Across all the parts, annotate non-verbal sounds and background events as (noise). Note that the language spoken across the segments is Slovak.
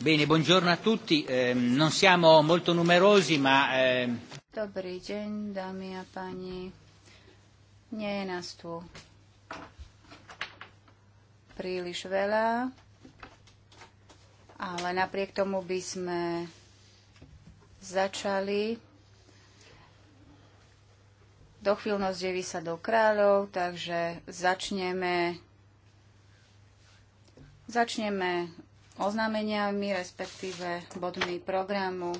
Bene, buongiorno a tutti. Eh, non siamo molto numerosi, ma... Eh... Dobrý deň, dámy a páni. Nie je nás tu príliš veľa, ale napriek tomu by sme začali. chvíľnosť deví sa do kráľov, takže začneme Začneme oznámeniami, respektíve bodmi programu.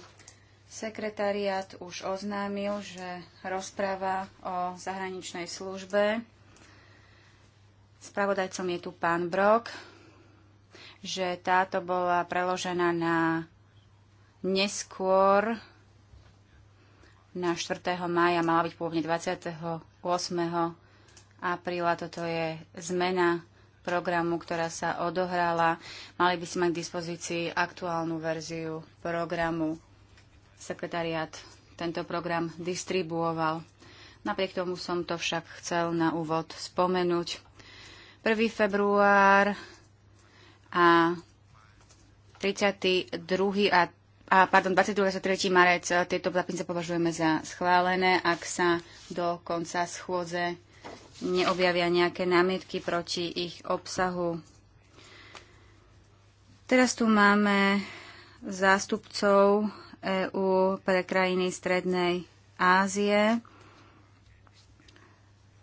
Sekretariat už oznámil, že rozpráva o zahraničnej službe. Spravodajcom je tu pán Brok, že táto bola preložená na neskôr na 4. mája, mala byť pôvodne 28. apríla. Toto je zmena programu, ktorá sa odohrala. Mali by si mať k dispozícii aktuálnu verziu programu. Sekretariat tento program distribuoval. Napriek tomu som to však chcel na úvod spomenúť. 1. február a 32. a, a pardon, 22. a 3. marec e, tieto zápisnice považujeme za schválené, ak sa do konca schôdze neobjavia nejaké námietky proti ich obsahu. Teraz tu máme zástupcov EÚ pre krajiny Strednej Ázie.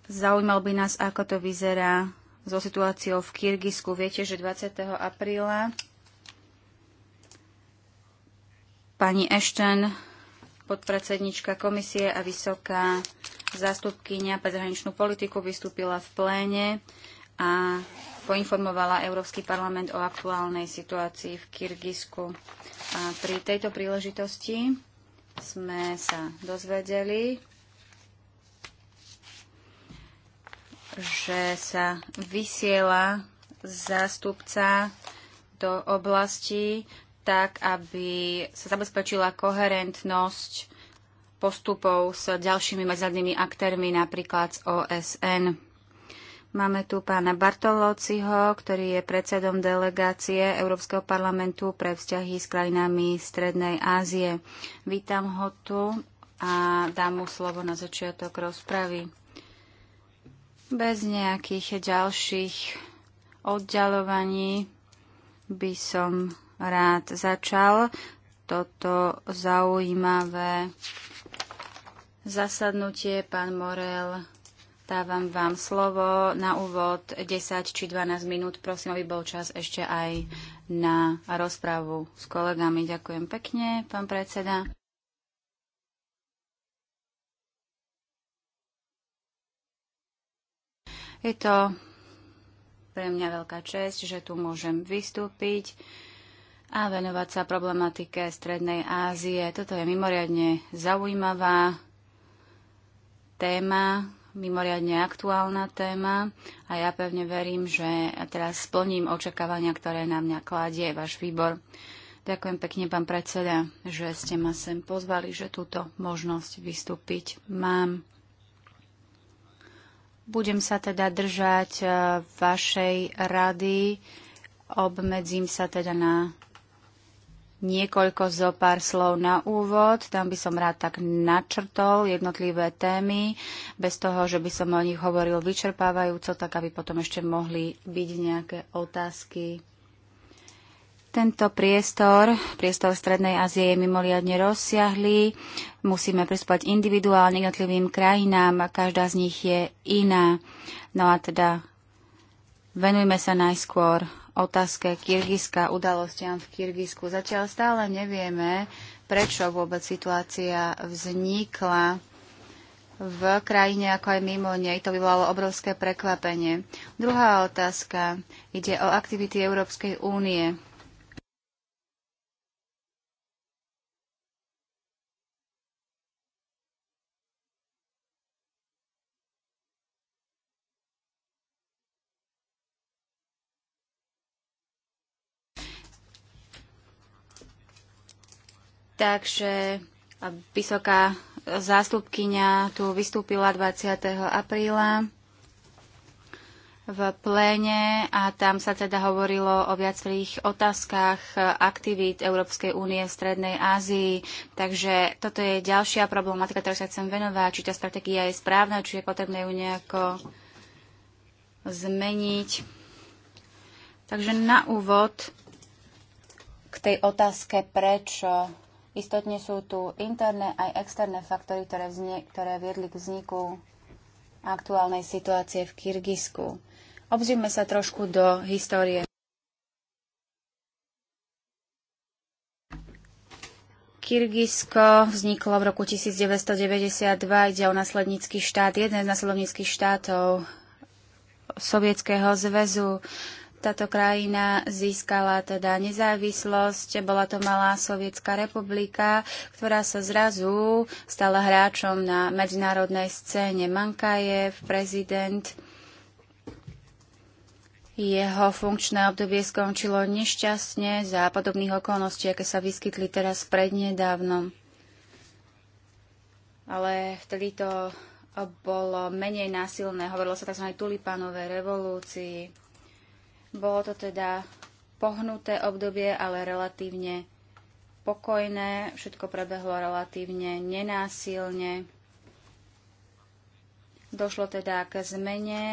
Zaujímal by nás, ako to vyzerá so situáciou v Kyrgyzsku. Viete, že 20. apríla pani Ashton podpredsednička komisie a vysoká zástupkynia pre zahraničnú politiku vystúpila v pléne a poinformovala Európsky parlament o aktuálnej situácii v Kyrgyzsku. A pri tejto príležitosti sme sa dozvedeli, že sa vysiela zástupca do oblasti, tak aby sa zabezpečila koherentnosť postupov s ďalšími medzinárodnými aktérmi, napríklad z OSN. Máme tu pána Bartolociho, ktorý je predsedom delegácie Európskeho parlamentu pre vzťahy s krajinami Strednej Ázie. Vítam ho tu a dám mu slovo na začiatok rozpravy. Bez nejakých ďalších oddialovaní by som rád začal toto zaujímavé zasadnutie. Pán Morel, dávam vám slovo na úvod 10 či 12 minút. Prosím, aby bol čas ešte aj na rozpravu s kolegami. Ďakujem pekne, pán predseda. Je to pre mňa veľká čest, že tu môžem vystúpiť a venovať sa problematike Strednej Ázie. Toto je mimoriadne zaujímavá téma, mimoriadne aktuálna téma a ja pevne verím, že teraz splním očakávania, ktoré na mňa kladie váš výbor. Ďakujem pekne, pán predseda, že ste ma sem pozvali, že túto možnosť vystúpiť mám. Budem sa teda držať eh, vašej rady, obmedzím sa teda na niekoľko zo pár slov na úvod. Tam by som rád tak načrtol jednotlivé témy, bez toho, že by som o nich hovoril vyčerpávajúco, tak aby potom ešte mohli byť nejaké otázky. Tento priestor, priestor Strednej Ázie je mimoriadne rozsiahlý. Musíme prispať individuálne jednotlivým krajinám a každá z nich je iná. No a teda venujme sa najskôr otázke Kyrgyzska, udalostiam v Kyrgyzsku. Zatiaľ stále nevieme, prečo vôbec situácia vznikla v krajine, ako aj mimo nej. To vyvolalo obrovské prekvapenie. Druhá otázka ide o aktivity Európskej únie Takže vysoká zástupkyňa tu vystúpila 20. apríla v pléne a tam sa teda hovorilo o viacerých otázkach aktivít Európskej únie v Strednej Ázii. Takže toto je ďalšia problematika, ktorú sa chcem venovať. Či tá stratégia je správna, či je potrebné ju nejako zmeniť. Takže na úvod k tej otázke prečo Istotne sú tu interné aj externé faktory, ktoré, vznie, ktoré viedli k vzniku aktuálnej situácie v Kyrgyzsku. Obzrime sa trošku do histórie. Kyrgyzsko vzniklo v roku 1992, ide o naslednícky štát, jeden z nasledníckých štátov Sovietskeho zväzu. Táto krajina získala teda nezávislosť, bola to malá sovietská republika, ktorá sa zrazu stala hráčom na medzinárodnej scéne. Mankajev, prezident, jeho funkčné obdobie skončilo nešťastne za podobných okolností, aké sa vyskytli teraz prednedávnom. Ale vtedy to bolo menej násilné. Hovorilo sa tzv. tulipánovej revolúcii. Bolo to teda pohnuté obdobie, ale relatívne pokojné. Všetko prebehlo relatívne nenásilne. Došlo teda k zmene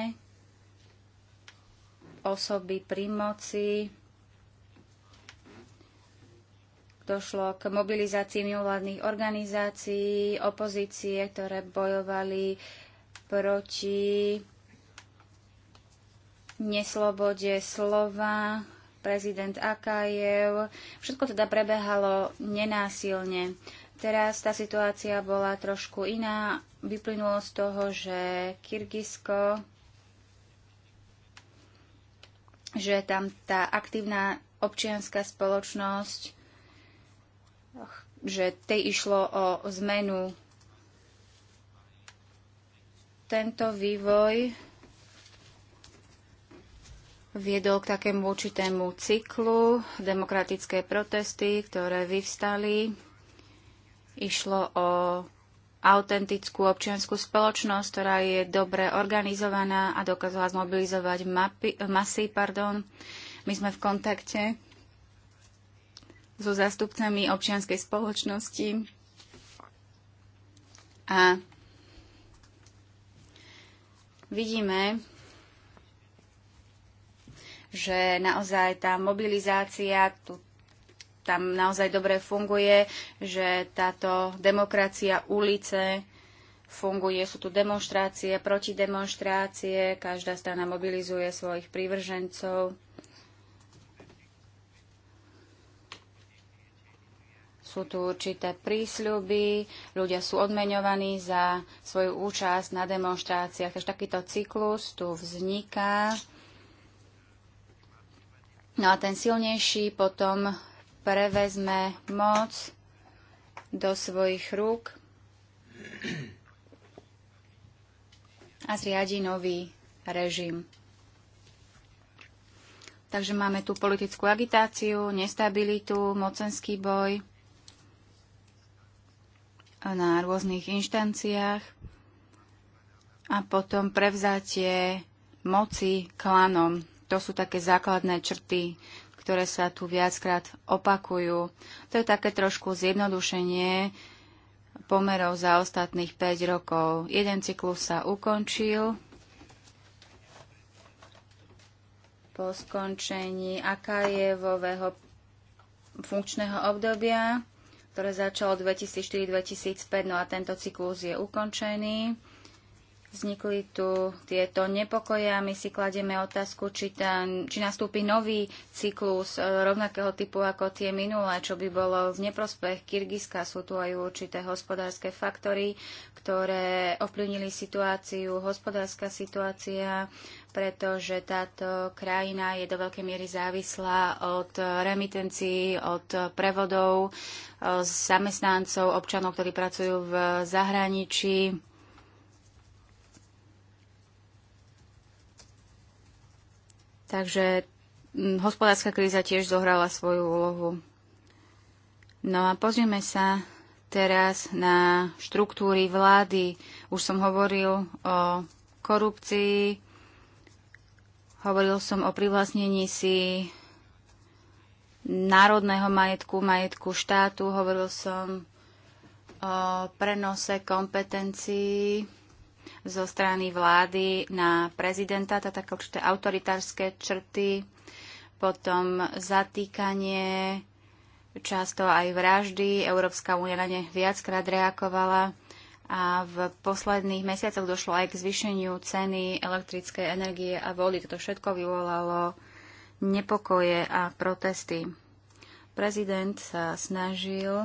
osoby pri moci. Došlo k mobilizácii mimovládnych organizácií, opozície, ktoré bojovali proti neslobode slova, prezident Akajev. Všetko teda prebehalo nenásilne. Teraz tá situácia bola trošku iná. Vyplynulo z toho, že Kyrgyzsko, že tam tá aktívna občianská spoločnosť, že tej išlo o zmenu. Tento vývoj viedol k takému určitému cyklu demokratické protesty, ktoré vyvstali. Išlo o autentickú občianskú spoločnosť, ktorá je dobre organizovaná a dokázala zmobilizovať mapy, masy. Pardon. My sme v kontakte so zástupcami občianskej spoločnosti a vidíme, že naozaj tá mobilizácia, tu, tam naozaj dobre funguje, že táto demokracia ulice funguje, sú tu demonstrácie, protidemonstrácie, každá strana mobilizuje svojich prívržencov. Sú tu určité prísľuby, ľudia sú odmeňovaní za svoju účasť na demonstráciách. Takže takýto cyklus tu vzniká. No a ten silnejší potom prevezme moc do svojich rúk a zriadi nový režim. Takže máme tu politickú agitáciu, nestabilitu, mocenský boj na rôznych inštanciách a potom prevzatie moci klanom to sú také základné črty, ktoré sa tu viackrát opakujú. To je také trošku zjednodušenie pomerov za ostatných 5 rokov. Jeden cyklus sa ukončil, po skončení Akajevového funkčného obdobia, ktoré začalo 2004-2005, no a tento cyklus je ukončený. Vznikli tu tieto nepokoje a my si kladieme otázku, či, tam, či nastúpi nový cyklus e, rovnakého typu ako tie minulé, čo by bolo v neprospech Kyrgyzska. Sú tu aj určité hospodárske faktory, ktoré ovplyvnili situáciu, hospodárska situácia, pretože táto krajina je do veľkej miery závislá od remitencií, od prevodov, e, zamestnancov, občanov, ktorí pracujú v zahraničí Takže mm, hospodárska kríza tiež zohrala svoju úlohu. No a pozrieme sa teraz na štruktúry vlády. Už som hovoril o korupcii, hovoril som o privlastnení si národného majetku, majetku štátu, hovoril som o prenose kompetencií zo strany vlády na prezidenta, tá také určité autoritárske črty, potom zatýkanie, často aj vraždy. Európska únia na ne viackrát reagovala a v posledných mesiacoch došlo aj k zvýšeniu ceny elektrickej energie a vody. Toto všetko vyvolalo nepokoje a protesty. Prezident sa snažil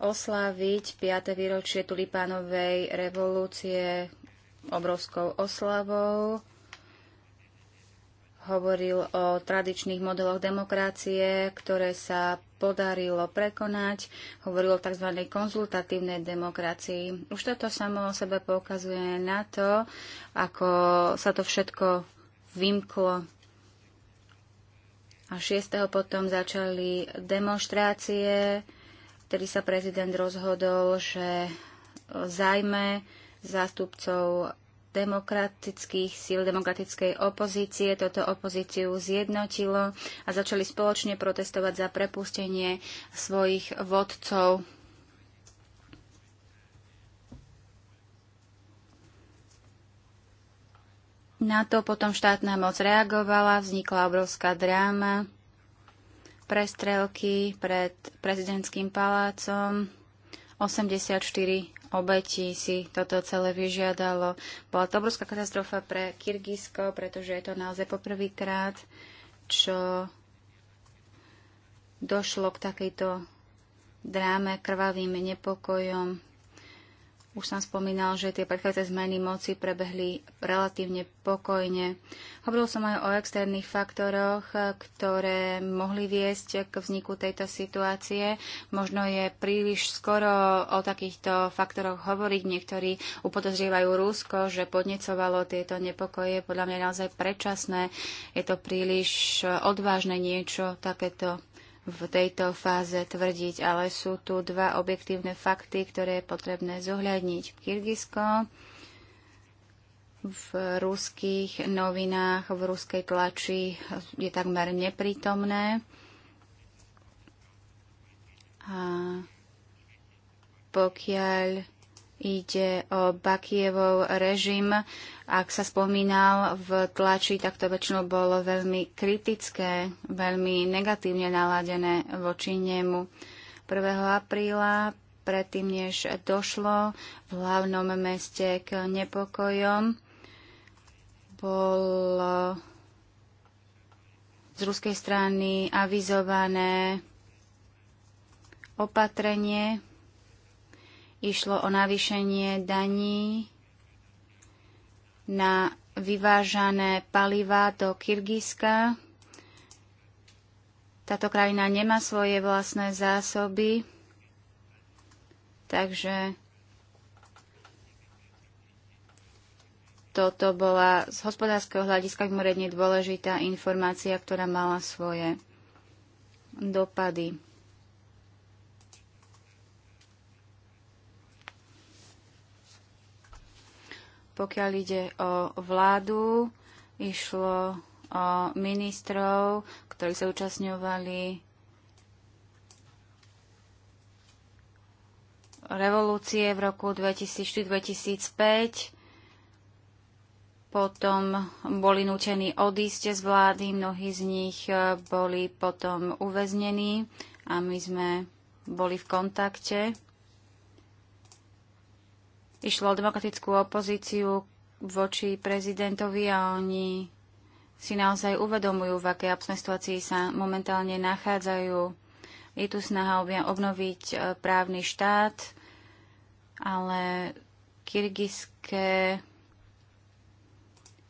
osláviť 5. výročie tulipánovej revolúcie obrovskou oslavou. Hovoril o tradičných modeloch demokracie, ktoré sa podarilo prekonať. Hovoril o tzv. konzultatívnej demokracii. Už toto samo o sebe poukazuje na to, ako sa to všetko vymklo a 6. potom začali demonstrácie, Vtedy sa prezident rozhodol, že e, zajme zástupcov demokratických síl, demokratickej opozície. Toto opozíciu zjednotilo a začali spoločne protestovať za prepustenie svojich vodcov. Na to potom štátna moc reagovala, vznikla obrovská dráma prestrelky pred prezidentským palácom. 84 obetí si toto celé vyžiadalo. Bola to obrovská katastrofa pre Kyrgyzsko, pretože je to naozaj poprvýkrát, čo došlo k takejto dráme, krvavým nepokojom už som spomínal, že tie predchádzajúce zmeny moci prebehli relatívne pokojne. Hovoril som aj o externých faktoroch, ktoré mohli viesť k vzniku tejto situácie. Možno je príliš skoro o takýchto faktoroch hovoriť. Niektorí upodozrievajú Rusko, že podnecovalo tieto nepokoje. Podľa mňa je naozaj predčasné. Je to príliš odvážne niečo takéto v tejto fáze tvrdiť, ale sú tu dva objektívne fakty, ktoré je potrebné zohľadniť. Kyrgyzsko v ruských novinách, v ruskej tlači je takmer neprítomné. A pokiaľ ide o Bakievov režim. Ak sa spomínal v tlači, tak to väčšinou bolo veľmi kritické, veľmi negatívne naladené voči nemu. 1. apríla, predtým než došlo v hlavnom meste k nepokojom, bol z ruskej strany avizované opatrenie, Išlo o navýšenie daní na vyvážané paliva do Kyrgyzska. Táto krajina nemá svoje vlastné zásoby, takže toto bola z hospodárskeho hľadiska mimoriadne dôležitá informácia, ktorá mala svoje dopady. Pokiaľ ide o vládu, išlo o ministrov, ktorí sa účastňovali revolúcie v roku 2004-2005. Potom boli nútení odísť z vlády, mnohí z nich e, boli potom uväznení a my sme boli v kontakte Išlo o demokratickú opozíciu voči prezidentovi a oni si naozaj uvedomujú, v akej absnej sa momentálne nachádzajú. Je tu snaha obnoviť e, právny štát, ale kyrgyzské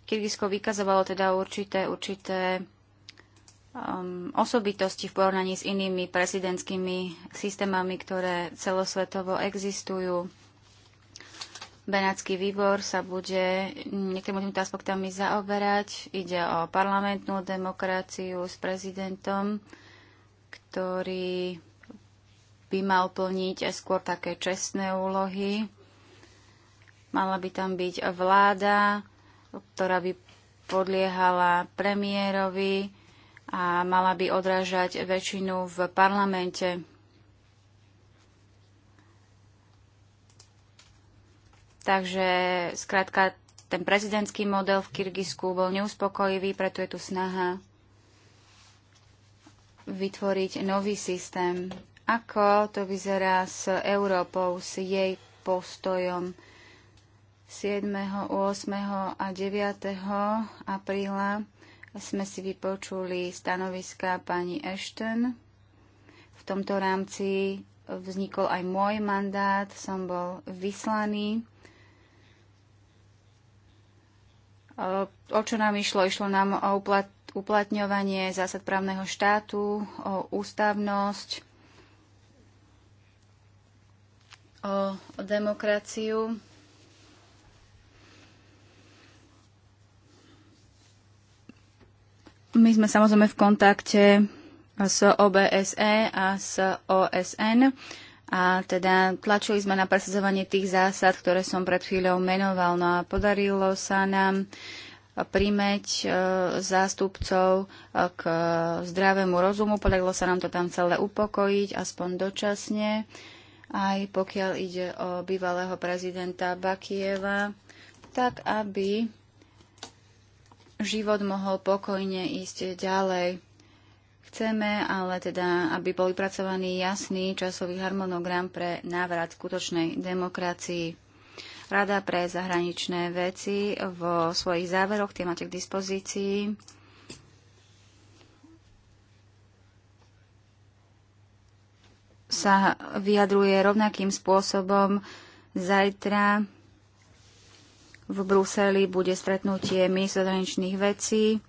Kyrgyzsko vykazovalo teda určité, určité um, osobitosti v porovnaní s inými prezidentskými systémami, ktoré celosvetovo existujú. Benátsky výbor sa bude niektorými týmito aspektami zaoberať. Ide o parlamentnú demokraciu s prezidentom, ktorý by mal plniť aj skôr také čestné úlohy. Mala by tam byť vláda, ktorá by podliehala premiérovi a mala by odrážať väčšinu v parlamente. Takže skrátka ten prezidentský model v Kyrgyzsku bol neuspokojivý, preto je tu snaha vytvoriť nový systém. Ako to vyzerá s Európou, s jej postojom 7., 8. a 9. apríla sme si vypočuli stanoviska pani Ashton. V tomto rámci vznikol aj môj mandát, som bol vyslaný O čo nám išlo? Išlo nám o uplatňovanie zásad právneho štátu, o ústavnosť, o demokraciu. My sme samozrejme v kontakte s OBSE a s OSN. Uh, a teda tlačili sme na presadzovanie tých zásad, ktoré som pred chvíľou menoval. No a podarilo sa nám eh, prímeť eh, zástupcov eh, k zdravému rozumu. Podarilo sa nám to tam celé upokojiť, aspoň dočasne. Aj pokiaľ ide o bývalého prezidenta Bakieva, tak aby život mohol pokojne ísť ďalej chceme, ale teda, aby bol vypracovaný jasný časový harmonogram pre návrat skutočnej demokracii. Rada pre zahraničné veci vo svojich záveroch, tie máte k dispozícii. sa vyjadruje rovnakým spôsobom. Zajtra v Bruseli bude stretnutie ministra zahraničných vecí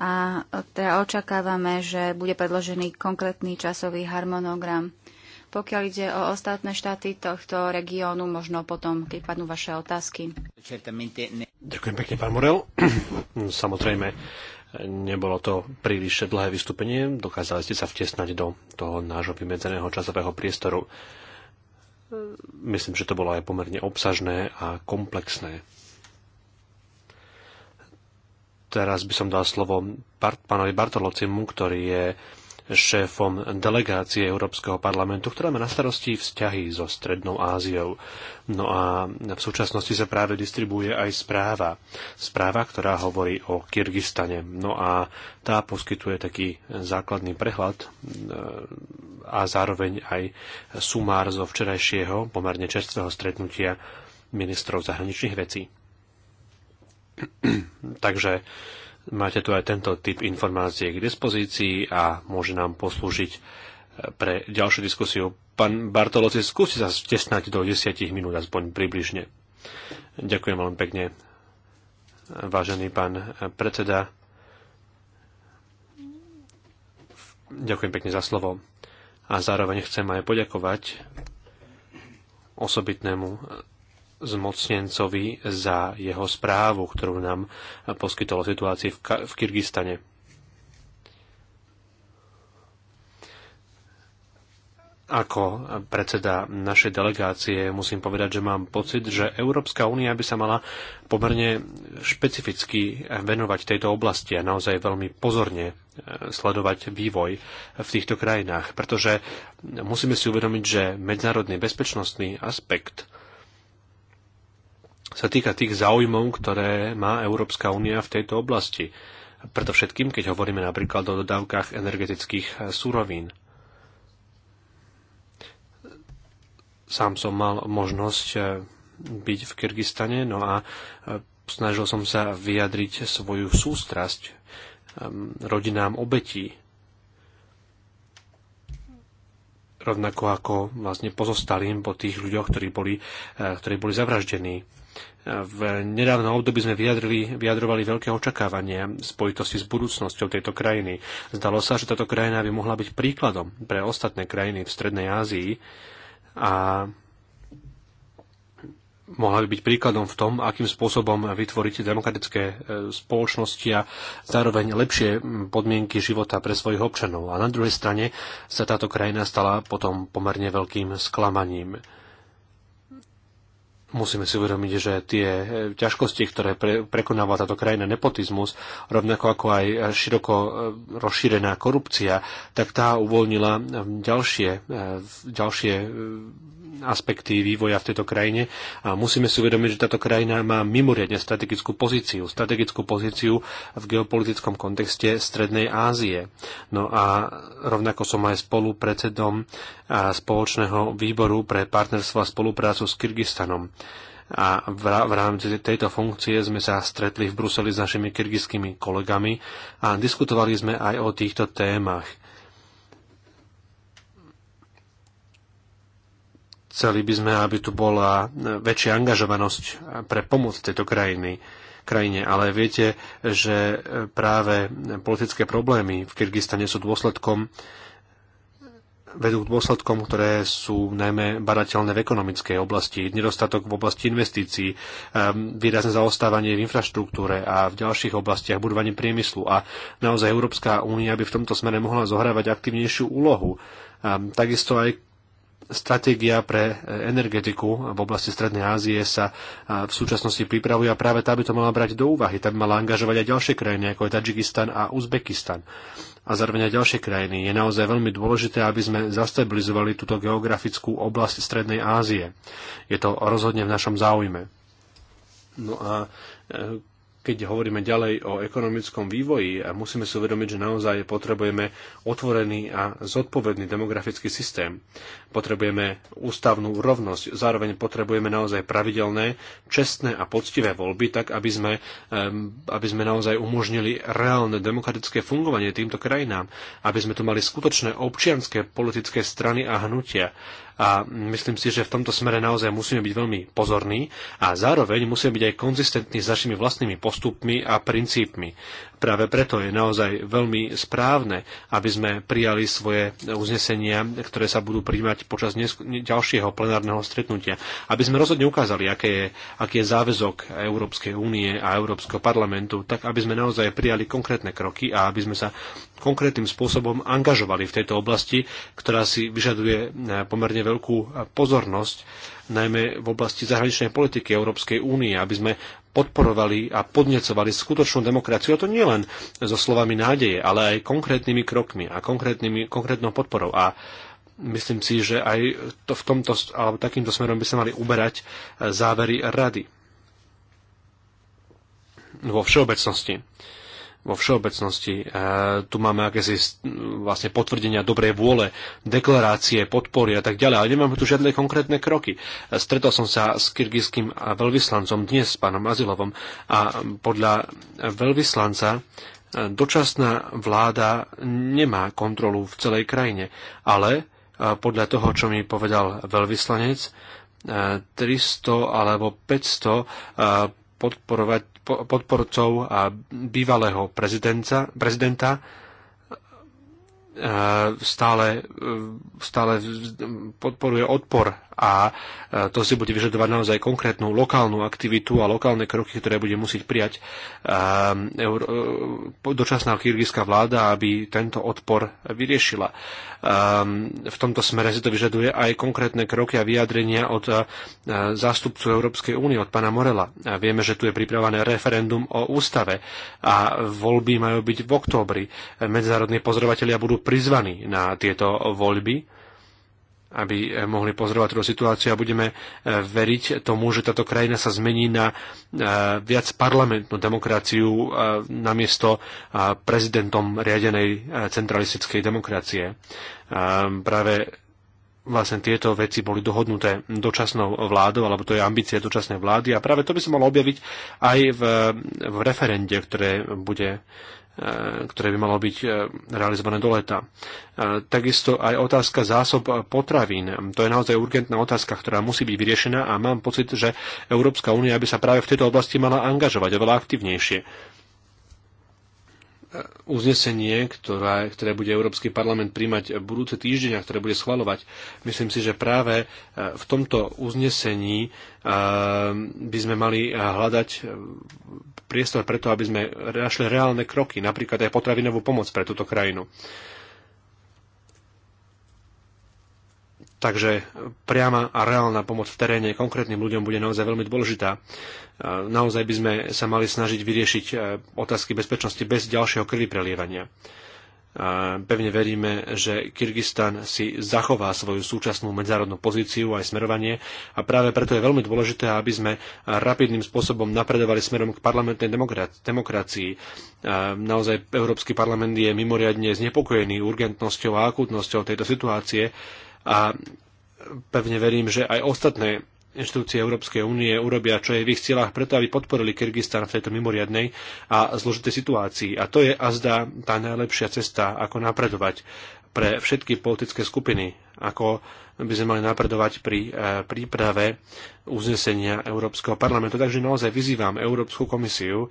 a teda očakávame, že bude predložený konkrétny časový harmonogram. Pokiaľ ide o ostatné štáty tohto regiónu, možno potom, keď padnú vaše otázky. Ďakujem pekne, pán Morel. (clears throat) Samozrejme, nebolo to príliš dlhé vystúpenie, dokázali ste sa vtesnať do toho nášho vymedzeného časového priestoru. Myslím, že to bolo aj pomerne obsažné a komplexné. Teraz by som dal slovo Bart, pánovi Bartolocimu, ktorý je šéfom delegácie Európskeho parlamentu, ktorá má na starosti vzťahy so Strednou Áziou. No a v súčasnosti sa práve distribuje aj správa. Správa, ktorá hovorí o Kyrgyzstane. No a tá poskytuje taký základný prehľad e, a zároveň aj sumár zo včerajšieho pomerne čerstvého stretnutia ministrov zahraničných vecí. (clears throat) Takže máte tu aj tento typ informácie k dispozícii a môže nám poslúžiť eh, pre ďalšiu diskusiu. Pán Bartoloci, skúste sa vtesnať do 10 minút aspoň približne. Ďakujem veľmi pekne, vážený pán eh, predseda. Ďakujem pekne za slovo a zároveň chcem aj poďakovať osobitnému eh, zmocnencovi za jeho správu, ktorú nám poskytol situácii v, Ka- v Kyrgyzstane. Ako predseda našej delegácie musím povedať, že mám pocit, že Európska únia by sa mala pomerne špecificky venovať tejto oblasti a naozaj veľmi pozorne e, sledovať vývoj v týchto krajinách, pretože musíme si uvedomiť, že medzinárodný bezpečnostný aspekt sa týka tých záujmov, ktoré má Európska únia v tejto oblasti. Preto všetkým, keď hovoríme napríklad o dodávkach energetických súrovín. Sám som mal možnosť eh, byť v Kyrgyzstane, no a eh, snažil som sa vyjadriť svoju sústrasť ehm, rodinám obetí. Rovnako ako vlastne pozostalým po tých ľuďoch, ktorí boli, eh, ktorí boli zavraždení v nedávnom období sme vyjadrili, vyjadrovali veľké očakávania v spojitosti s budúcnosťou tejto krajiny. Zdalo sa, že táto krajina by mohla byť príkladom pre ostatné krajiny v Strednej Ázii a mohla by byť príkladom v tom, akým spôsobom vytvoriť demokratické e, spoločnosti a zároveň lepšie podmienky života pre svojich občanov. A na druhej strane sa táto krajina stala potom pomerne veľkým sklamaním musíme si uvedomiť, že tie e, ťažkosti, ktoré pre, prekonáva táto krajina nepotizmus, rovnako ako aj e, široko e, rozšírená korupcia, tak tá uvoľnila ďalšie, ďalšie aspekty vývoja v tejto krajine a musíme si uvedomiť, že táto krajina má mimoriadne strategickú pozíciu, strategickú pozíciu v geopolitickom kontexte Strednej Ázie. No a rovnako som aj spolupredsedom spoločného výboru pre partnerstvo a spoluprácu s Kyrgyzstanom a v rámci tejto funkcie sme sa stretli v Bruseli s našimi kyrgyzskými kolegami a diskutovali sme aj o týchto témach. Chceli by sme, aby tu bola väčšia angažovanosť pre pomoc tejto krajiny, krajine, ale viete, že práve politické problémy v Kyrgyzstane sú dôsledkom vedú k dôsledkom, ktoré sú najmä barateľné v ekonomickej oblasti, nedostatok v oblasti investícií, ehm, výrazné zaostávanie v infraštruktúre a v ďalších oblastiach budovanie priemyslu. A naozaj Európska únia by v tomto smere mohla zohrávať aktívnejšiu úlohu. Ehm, takisto aj stratégia pre e, energetiku v oblasti Strednej Ázie sa e, v súčasnosti pripravuje a práve tá by to mala brať do úvahy. Tá by mala angažovať aj ďalšie krajiny, ako je Tadžikistan a Uzbekistan a zároveň aj ďalšie krajiny. Je naozaj veľmi dôležité, aby sme zastabilizovali túto geografickú oblasť Strednej Ázie. Je to rozhodne v našom záujme. No a e, keď hovoríme ďalej o ekonomickom vývoji, a musíme si uvedomiť, že naozaj potrebujeme otvorený a zodpovedný demografický systém. Potrebujeme ústavnú rovnosť, zároveň potrebujeme naozaj pravidelné, čestné a poctivé voľby, tak aby sme, aby sme naozaj umožnili reálne demokratické fungovanie týmto krajinám, aby sme tu mali skutočné občianské politické strany a hnutia, a myslím si, že v tomto smere naozaj musíme byť veľmi pozorní a zároveň musíme byť aj konzistentní s našimi vlastnými postupmi a princípmi. Práve preto je naozaj veľmi správne, aby sme prijali svoje uznesenia, ktoré sa budú príjmať počas ďalšieho plenárneho stretnutia, aby sme rozhodne ukázali, aké je, aký je záväzok Európskej únie a Európskeho parlamentu, tak aby sme naozaj prijali konkrétne kroky a aby sme sa konkrétnym spôsobom angažovali v tejto oblasti, ktorá si vyžaduje eh, pomerne veľkú pozornosť, najmä v oblasti zahraničnej politiky Európskej únie, aby sme podporovali a podnecovali skutočnú demokraciu. A to nie len so slovami nádeje, ale aj konkrétnymi krokmi a konkrétnymi, konkrétnou podporou. A myslím si, že aj to v tomto, alebo takýmto smerom by sa mali uberať e, závery rady. Vo všeobecnosti vo všeobecnosti. E, tu máme akési vlastne potvrdenia dobrej vôle, deklarácie, podpory a tak ďalej, ale nemáme tu žiadne konkrétne kroky. E, stretol som sa s kyrgyzským veľvyslancom dnes, s pánom Azilovom, a podľa veľvyslanca e, dočasná vláda nemá kontrolu v celej krajine, ale podľa toho, čo mi povedal veľvyslanec, 300 alebo 500 podporovať podporcov bývalého prezidenta, prezidenta e, stále, e, stále podporuje odpor a e, to si bude vyžadovať naozaj konkrétnu lokálnu aktivitu a lokálne kroky, ktoré bude musieť prijať e, e, dočasná kyrgyzská vláda, aby tento odpor vyriešila. V tomto smere si to vyžaduje aj konkrétne kroky a vyjadrenia od zástupcu Európskej únie, od pána Morela. A vieme, že tu je pripravené referendum o ústave a voľby majú byť v októbri. Medzinárodní pozorovatelia budú prizvaní na tieto voľby aby eh, mohli pozorovať túto situáciu a budeme eh, veriť tomu, že táto krajina sa zmení na eh, viac parlamentnú demokraciu namiesto prezidentom riadenej centralistickej demokracie. Práve vlastne tieto veci boli dohodnuté dočasnou vládou, alebo to je ambície dočasnej vlády a práve to by sa malo objaviť aj v, v referende, ktoré bude E, ktoré by malo byť e, realizované do leta. E, takisto aj otázka zásob potravín. To je naozaj urgentná otázka, ktorá musí byť vyriešená a mám pocit, že Európska únia by sa práve v tejto oblasti mala angažovať oveľa aktívnejšie uznesenie, ktoré, ktoré bude Európsky parlament príjmať v budúce týždeň a ktoré bude schvalovať. Myslím si, že práve e, v tomto uznesení e, by sme mali e, hľadať priestor preto, aby sme našli reálne kroky, napríklad aj potravinovú pomoc pre túto krajinu. Takže priama a reálna pomoc v teréne konkrétnym ľuďom bude naozaj veľmi dôležitá. Naozaj by sme sa mali snažiť vyriešiť e, otázky bezpečnosti bez ďalšieho krvi prelievania. Pevne veríme, že Kyrgyzstan si zachová svoju súčasnú medzárodnú pozíciu aj smerovanie a práve preto je veľmi dôležité, aby sme rapidným spôsobom napredovali smerom k parlamentnej demokracii. Naozaj Európsky parlament je mimoriadne znepokojený urgentnosťou a akútnosťou tejto situácie a pevne verím, že aj ostatné inštitúcie Európskej únie urobia, čo je v ich silách preto aby podporili Kyrgyzstan v tejto mimoriadnej a zložitej situácii. A to je azda tá najlepšia cesta, ako napredovať pre všetky politické skupiny, ako by sme mali napredovať pri eh, príprave uznesenia Európskeho parlamentu. Takže naozaj vyzývam Európsku komisiu,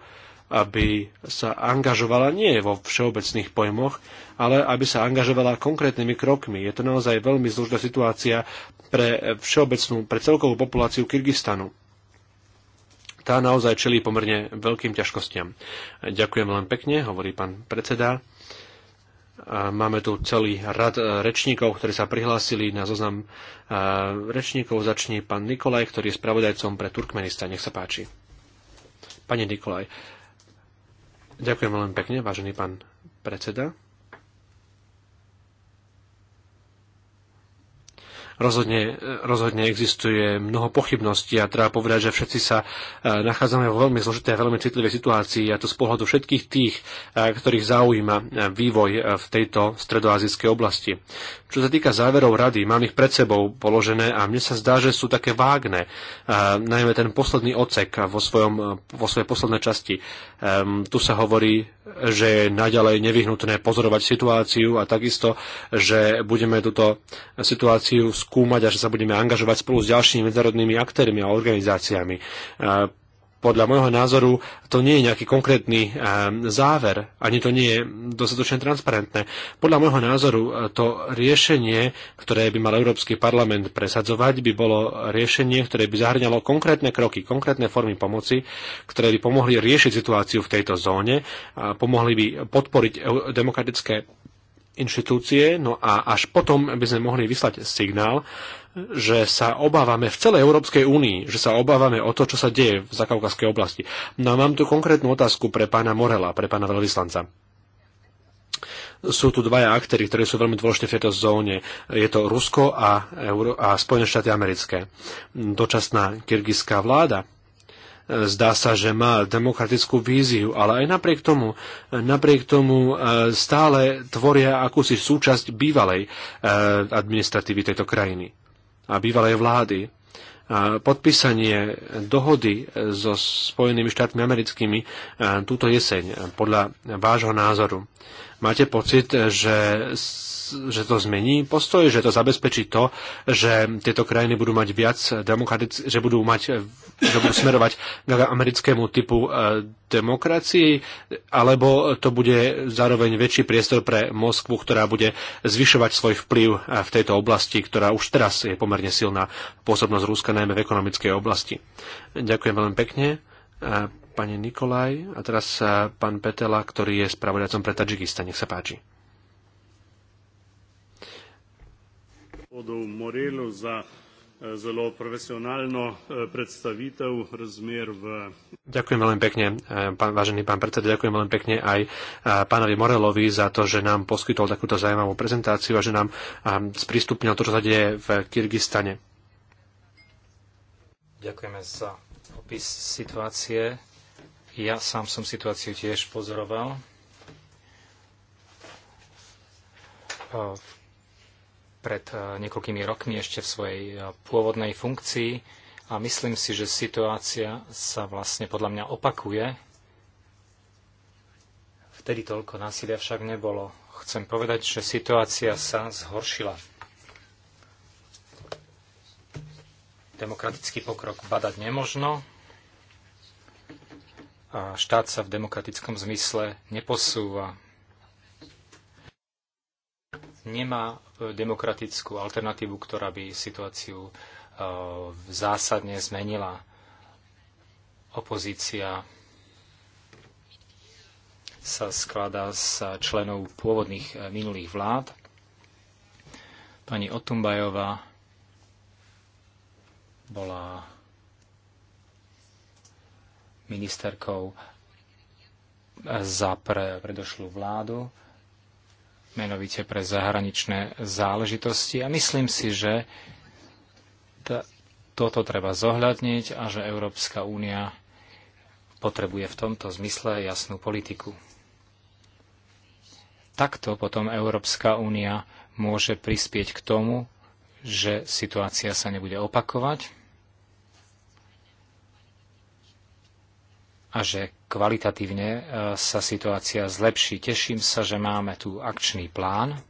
aby sa angažovala nie vo všeobecných pojmoch, ale aby sa angažovala konkrétnymi krokmi. Je to naozaj veľmi zložitá situácia pre všeobecnú, pre celkovú populáciu Kyrgyzstanu tá naozaj čelí pomerne veľkým ťažkostiam. Ďakujem len pekne, hovorí pán predseda. Máme tu celý rad e, rečníkov, ktorí sa prihlásili na zoznam e, rečníkov. Začne pán Nikolaj, ktorý je spravodajcom pre Turkmenistan. Nech sa páči. Pane Nikolaj, Ďakujem veľmi pekne, vážený pán predseda. Rozhodne, rozhodne existuje mnoho pochybností a treba povedať, že všetci sa e, nachádzame vo veľmi zložitej a veľmi citlivej situácii a to z pohľadu všetkých tých, e, ktorých zaujíma e, vývoj v tejto stredoazijskej oblasti. Čo sa týka záverov rady, mám ich pred sebou položené a mne sa zdá, že sú také vágne, najmä ten posledný ocek vo, svojom, vo svojej poslednej časti. Tu sa hovorí, že je naďalej nevyhnutné pozorovať situáciu a takisto, že budeme túto situáciu skúšať skúmať a že sa budeme angažovať spolu s ďalšími medzinárodnými aktérmi a organizáciami. E, podľa môjho názoru to nie je nejaký konkrétny e, záver, ani to nie je dostatočne transparentné. Podľa môjho názoru e, to riešenie, ktoré by mal Európsky parlament presadzovať, by bolo riešenie, ktoré by zahrňalo konkrétne kroky, konkrétne formy pomoci, ktoré by pomohli riešiť situáciu v tejto zóne, a pomohli by podporiť demokratické inštitúcie, no a až potom by sme mohli vyslať signál, že sa obávame v celej Európskej únii, že sa obávame o to, čo sa deje v Zakaukaskej oblasti. No a mám tu konkrétnu otázku pre pána Morela, pre pána veľvyslanca sú tu dvaja aktéry, ktorí sú veľmi dôležité v tejto zóne. Je to Rusko a, Euro- a Spojené štáty americké. Dočasná kyrgyzská vláda zdá sa, že má demokratickú víziu, ale aj napriek tomu, napriek tomu e, stále tvoria akúsi súčasť bývalej e, administratívy tejto krajiny a bývalej vlády. A podpísanie dohody e, so Spojenými štátmi americkými túto jeseň, podľa vášho názoru. Máte pocit, že že to zmení postoj, že to zabezpečí to, že tieto krajiny budú mať viac demokratic, že budú mať, že budú smerovať k americkému typu e, demokracii, alebo to bude zároveň väčší priestor pre Moskvu, ktorá bude zvyšovať svoj vplyv e, v tejto oblasti, ktorá už teraz je pomerne silná pôsobnosť Rúska najmä v ekonomickej oblasti. Ďakujem veľmi pekne e, pani Nikolaj a teraz pán Petela, ktorý je spravodajcom pre Tadžikistan. Nech sa páči. gospodu Morelu za eh, zelo profesionálno eh, predstavitev rozmer v... Ďakujem veľmi pekne, eh, pán, vážený pán predseda, ďakujem veľmi pekne aj pánovi Morelovi za to, že nám poskytol takúto zaujímavú prezentáciu a že nám sprístupnil to, čo sa deje v Kyrgyzstane. Ďakujeme za opis situácie. Ja sám som situáciu tiež pozoroval pred e, niekoľkými rokmi ešte v svojej e, pôvodnej funkcii a myslím si, že situácia sa vlastne podľa mňa opakuje. Vtedy toľko násilia však nebolo. Chcem povedať, že situácia sa zhoršila. Demokratický pokrok badať nemožno a štát sa v demokratickom zmysle neposúva. Nemá demokratickú alternatívu, ktorá by situáciu uh, zásadne zmenila. Opozícia sa skladá z členov pôvodných eh, minulých vlád. Pani Otumbajová bola ministerkou eh, za pre, predošlú vládu menovite pre zahraničné záležitosti. A myslím si, že t- toto treba zohľadniť a že Európska únia potrebuje v tomto zmysle jasnú politiku. Takto potom Európska únia môže prispieť k tomu, že situácia sa nebude opakovať a že kvalitatívne e, sa situácia zlepší. Teším sa, že máme tu akčný plán.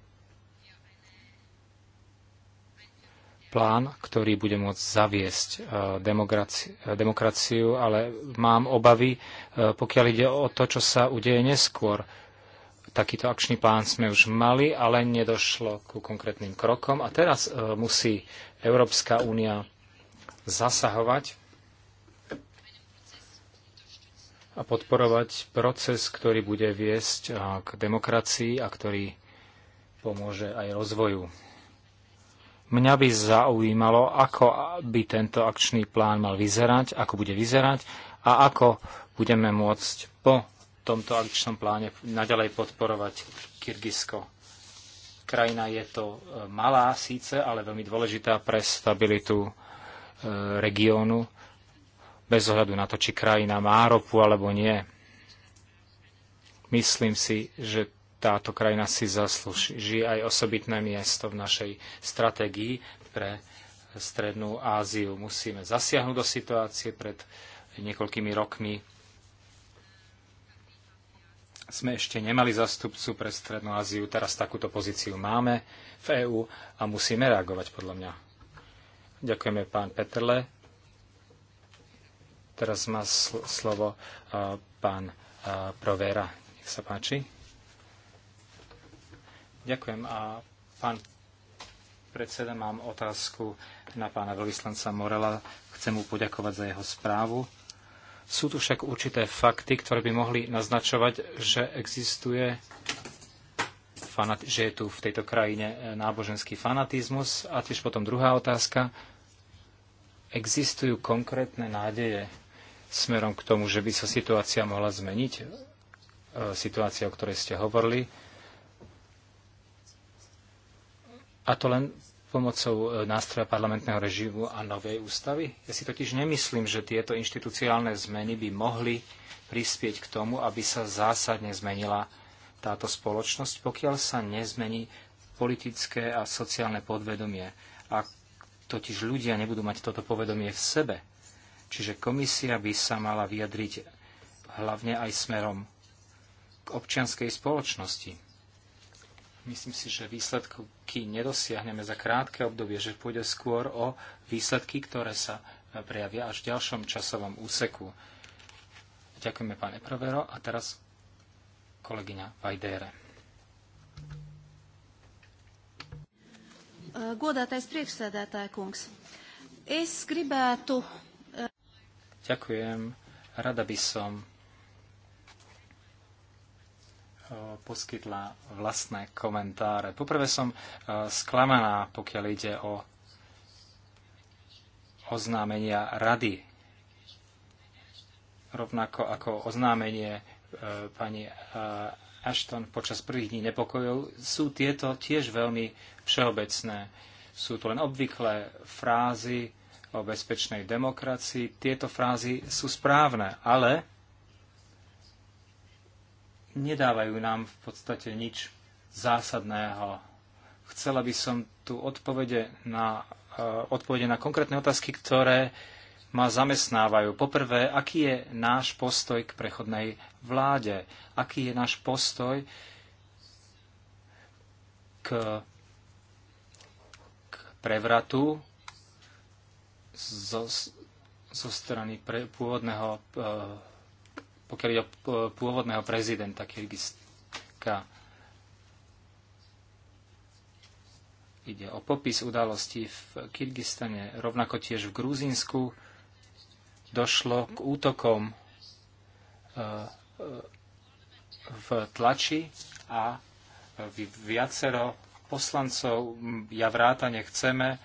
Plán, ktorý bude môcť zaviesť e, e, demokraciu, ale mám obavy, pokiaľ ide o to, čo sa udeje neskôr. Takýto akčný plán sme už mali, ale nedošlo ku konkrétnym krokom. A teraz musí Európska únia zasahovať a podporovať proces, ktorý bude viesť k demokracii a ktorý pomôže aj rozvoju. Mňa by zaujímalo, ako by tento akčný plán mal vyzerať, ako bude vyzerať a ako budeme môcť po tomto akčnom pláne naďalej podporovať Kyrgyzsko. Krajina je to e, malá síce, ale veľmi dôležitá pre stabilitu e, regiónu bez ohľadu na to, či krajina má ropu alebo nie. Myslím si, že táto krajina si zaslúži aj osobitné miesto v našej stratégii pre Strednú Áziu. Musíme zasiahnuť do situácie pred niekoľkými rokmi. Sme ešte nemali zastupcu pre Strednú Áziu, teraz takúto pozíciu máme v EÚ a musíme reagovať podľa mňa. Ďakujeme pán Peterle. Teraz má slovo pán Provera. Nech sa páči. Ďakujem. A pán predseda, mám otázku na pána veľvyslanca Morela. Chcem mu poďakovať za jeho správu. Sú tu však určité fakty, ktoré by mohli naznačovať, že existuje že je tu v tejto krajine e, náboženský fanatizmus. A tiež potom druhá otázka. Existujú konkrétne nádeje smerom k tomu, že by sa situácia mohla zmeniť, e, situácia, o ktorej ste hovorili. A to len pomocou e, nástroja parlamentného režimu a novej ústavy? Ja si totiž nemyslím, že tieto inštitucionálne zmeny by mohli prispieť k tomu, aby sa zásadne zmenila táto spoločnosť, pokiaľ sa nezmení politické a sociálne podvedomie. Ak totiž ľudia nebudú mať toto povedomie v sebe, Čiže komisia by sa mala vyjadriť hlavne aj smerom k občianskej spoločnosti. Myslím si, že výsledky nedosiahneme za krátke obdobie, že pôjde skôr o výsledky, ktoré sa prejavia až v ďalšom časovom úseku. Ďakujeme, pán Epravero. A teraz kolegyňa Vajdére. Godātais priekšsēdētāja kungs, es gribētu Ďakujem. Rada by som eh, poskytla vlastné komentáre. Poprvé som eh, sklamaná, pokiaľ ide o oznámenia rady, rovnako ako oznámenie eh, pani Ashton počas prvých dní nepokojov, sú tieto tiež veľmi všeobecné. Sú to len obvyklé frázy, o bezpečnej demokracii. Tieto frázy sú správne, ale nedávajú nám v podstate nič zásadného. Chcela by som tu odpovede na, e, odpovede na konkrétne otázky, ktoré ma zamestnávajú. Poprvé, aký je náš postoj k prechodnej vláde? Aký je náš postoj k, k prevratu zo, zo strany pre, pôvodného, eh, pokiaľ ide o pôvodného prezidenta Kyrgyzka. Ide o popis udalostí v Kyrgyzstane, rovnako tiež v Gruzínsku došlo k útokom eh, v tlači a viacero poslancov, ja vrátane chceme,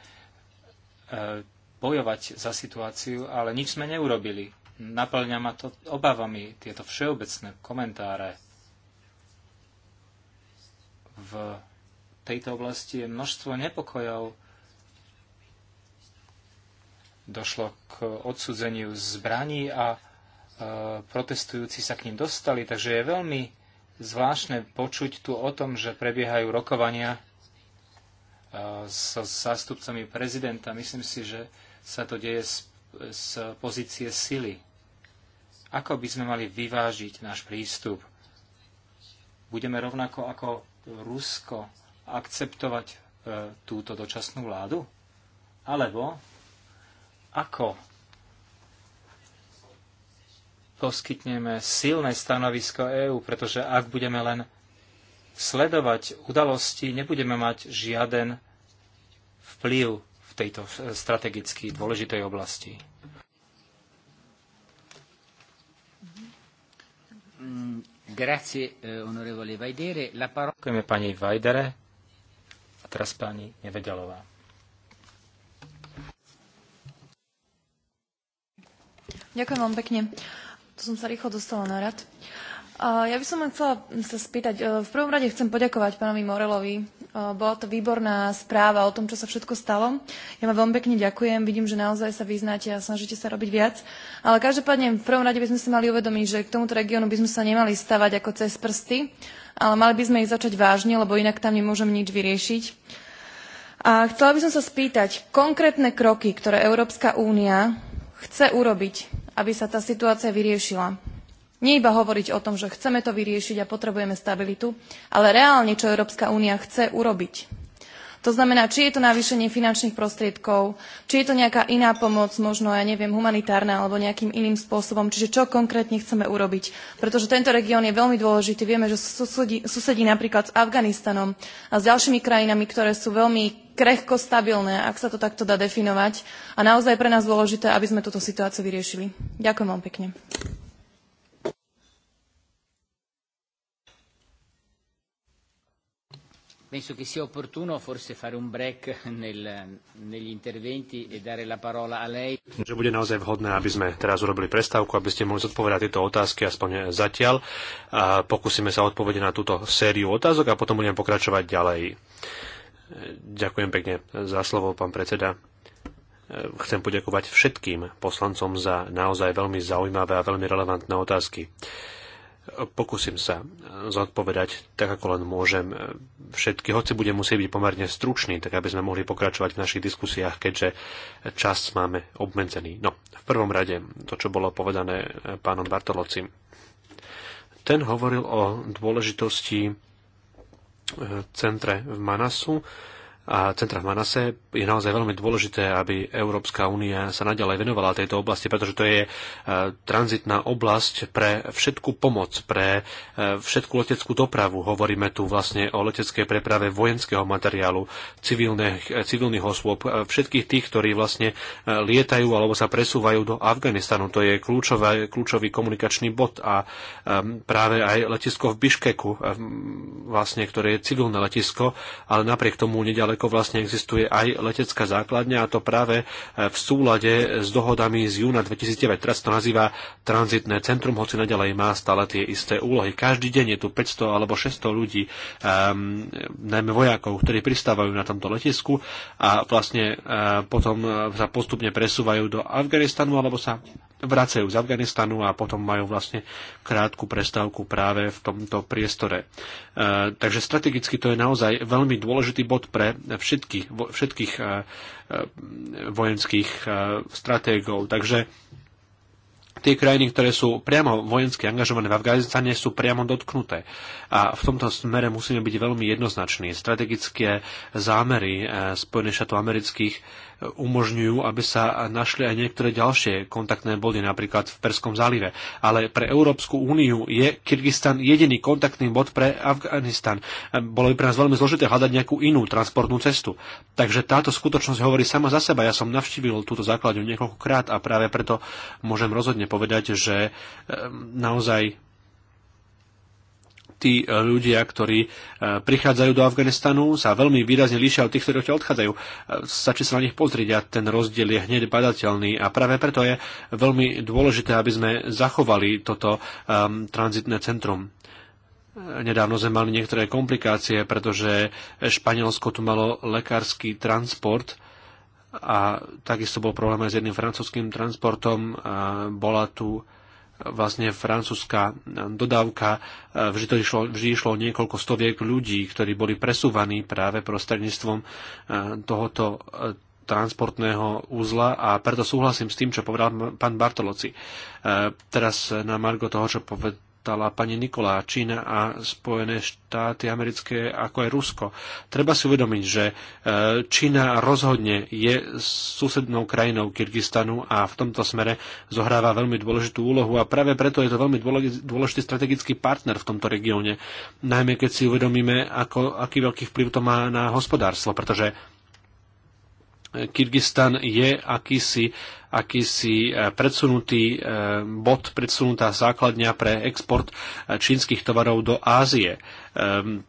eh, bojovať za situáciu, ale nič sme neurobili. Naplňa ma to obavami, tieto všeobecné komentáre. V tejto oblasti je množstvo nepokojov. Došlo k odsudzeniu zbraní a e, protestujúci sa k ním dostali, takže je veľmi zvláštne počuť tu o tom, že prebiehajú rokovania e, so zástupcami prezidenta. Myslím si, že sa to deje z, z pozície sily. Ako by sme mali vyvážiť náš prístup? Budeme rovnako ako Rusko akceptovať e, túto dočasnú vládu? Alebo ako poskytneme silné stanovisko EÚ, pretože ak budeme len sledovať udalosti, nebudeme mať žiaden vplyv tejto strategicky dôležitej oblasti. Mm, eh, Ďakujeme pani Vajdere. A teraz pani Nevedelová. Ďakujem vám pekne. To som sa rýchlo dostala na rad. ja by som len chcela sa spýtať. Eh, v prvom rade chcem poďakovať pánovi Morelovi bola to výborná správa o tom, čo sa všetko stalo. Ja vám veľmi pekne ďakujem. Vidím, že naozaj sa vyznáte a snažíte sa robiť viac. Ale každopádne v prvom rade by sme si mali uvedomiť, že k tomuto regiónu by sme sa nemali stavať ako cez prsty, ale mali by sme ich začať vážne, lebo inak tam nemôžeme nič vyriešiť. A chcela by som sa spýtať konkrétne kroky, ktoré Európska únia chce urobiť, aby sa tá situácia vyriešila. Nie iba hovoriť o tom, že chceme to vyriešiť a potrebujeme stabilitu, ale reálne, čo Európska únia chce urobiť. To znamená, či je to navýšenie finančných prostriedkov, či je to nejaká iná pomoc, možno, ja neviem, humanitárna alebo nejakým iným spôsobom, čiže čo konkrétne chceme urobiť. Pretože tento región je veľmi dôležitý. Vieme, že susedí, susedí napríklad s Afganistanom a s ďalšími krajinami, ktoré sú veľmi krehko stabilné, ak sa to takto dá definovať. A naozaj pre nás dôležité, aby sme túto situáciu vyriešili. Ďakujem vám pekne. Penso che sia opportuno forse fare un break nel, negli interventi e dare la parola a lei. Že bude naozaj vhodné, aby sme teraz urobili prestávku, aby ste mohli zodpovedať tieto otázky, aspoň zatiaľ. A pokúsime sa odpovedať na túto sériu otázok a potom budeme pokračovať ďalej. Ďakujem pekne za slovo, pán predseda. Chcem poďakovať všetkým poslancom za naozaj veľmi zaujímavé a veľmi relevantné otázky. Pokúsim sa zodpovedať tak, ako len môžem všetky, hoci budem musieť byť pomerne stručný, tak aby sme mohli pokračovať v našich diskusiách, keďže čas máme obmedzený. No, v prvom rade to, čo bolo povedané pánom Bartolocim. Ten hovoril o dôležitosti e, centre v Manasu, a centra v Manase, je naozaj veľmi dôležité, aby Európska únia sa naďalej venovala tejto oblasti, pretože to je e, tranzitná oblasť pre všetku pomoc, pre e, všetku leteckú dopravu. Hovoríme tu vlastne o leteckej preprave vojenského materiálu, civilných, e, civilných osôb, všetkých tých, ktorí vlastne lietajú alebo sa presúvajú do Afganistanu. To je kľúčový, kľúčový komunikačný bod a práve aj letisko v Biškeku, vlastne, ktoré je civilné letisko, ale napriek tomu nedalej nedaleko vlastne existuje aj letecká základňa a to práve e, v súlade s dohodami z júna 2009. Teraz to nazýva tranzitné centrum, hoci nadalej má stále tie isté úlohy. Každý deň je tu 500 alebo 600 ľudí, um, najmä vojakov, ktorí pristávajú na tomto letisku a vlastne uh, potom e, sa postupne presúvajú do Afganistanu alebo sa vracajú z Afganistanu a potom majú vlastne krátku prestávku práve v tomto priestore. E, takže strategicky to je naozaj veľmi dôležitý bod pre všetkých, všetkých eh, vojenských eh, stratégov. Takže tie krajiny, ktoré sú priamo vojensky angažované v Afganistane, sú priamo dotknuté. A v tomto smere musíme byť veľmi jednoznační. Strategické zámery eh, Spojených štátov amerických umožňujú, aby sa našli aj niektoré ďalšie kontaktné body, napríklad v Perskom zálive. Ale pre Európsku úniu je Kyrgyzstan jediný kontaktný bod pre Afganistan. Bolo by pre nás veľmi zložité hľadať nejakú inú transportnú cestu. Takže táto skutočnosť hovorí sama za seba. Ja som navštívil túto základňu niekoľkokrát a práve preto môžem rozhodne povedať, že ehm, naozaj tí e, ľudia, ktorí e, prichádzajú do Afganistanu, sa veľmi výrazne líšia od tých, ktorí odtiaľ odchádzajú. E, stačí sa na nich pozrieť a ten rozdiel je hneď badateľný. A práve preto je veľmi dôležité, aby sme zachovali toto um, tranzitné centrum. Nedávno sme mali niektoré komplikácie, pretože Španielsko tu malo lekársky transport a takisto bol problém aj s jedným francúzským transportom. A bola tu vlastne francúzska dodávka e, vždy, išlo, vždy išlo niekoľko stoviek ľudí, ktorí boli presúvaní práve prostredníctvom e, tohoto e, transportného úzla a preto súhlasím s tým, čo povedal pán Bartoloci. Teraz na Margo toho, čo, poved, pýtala pani Nikolá, Čína a Spojené štáty americké, ako aj Rusko. Treba si uvedomiť, že e, Čína rozhodne je susednou krajinou Kyrgyzstanu a v tomto smere zohráva veľmi dôležitú úlohu a práve preto je to veľmi dôležitý strategický partner v tomto regióne, najmä keď si uvedomíme, ako, aký veľký vplyv to má na hospodárstvo, pretože Kyrgyzstan je akýsi, akýsi e, predsunutý e, bod, predsunutá základňa pre export e, čínskych tovarov do Ázie.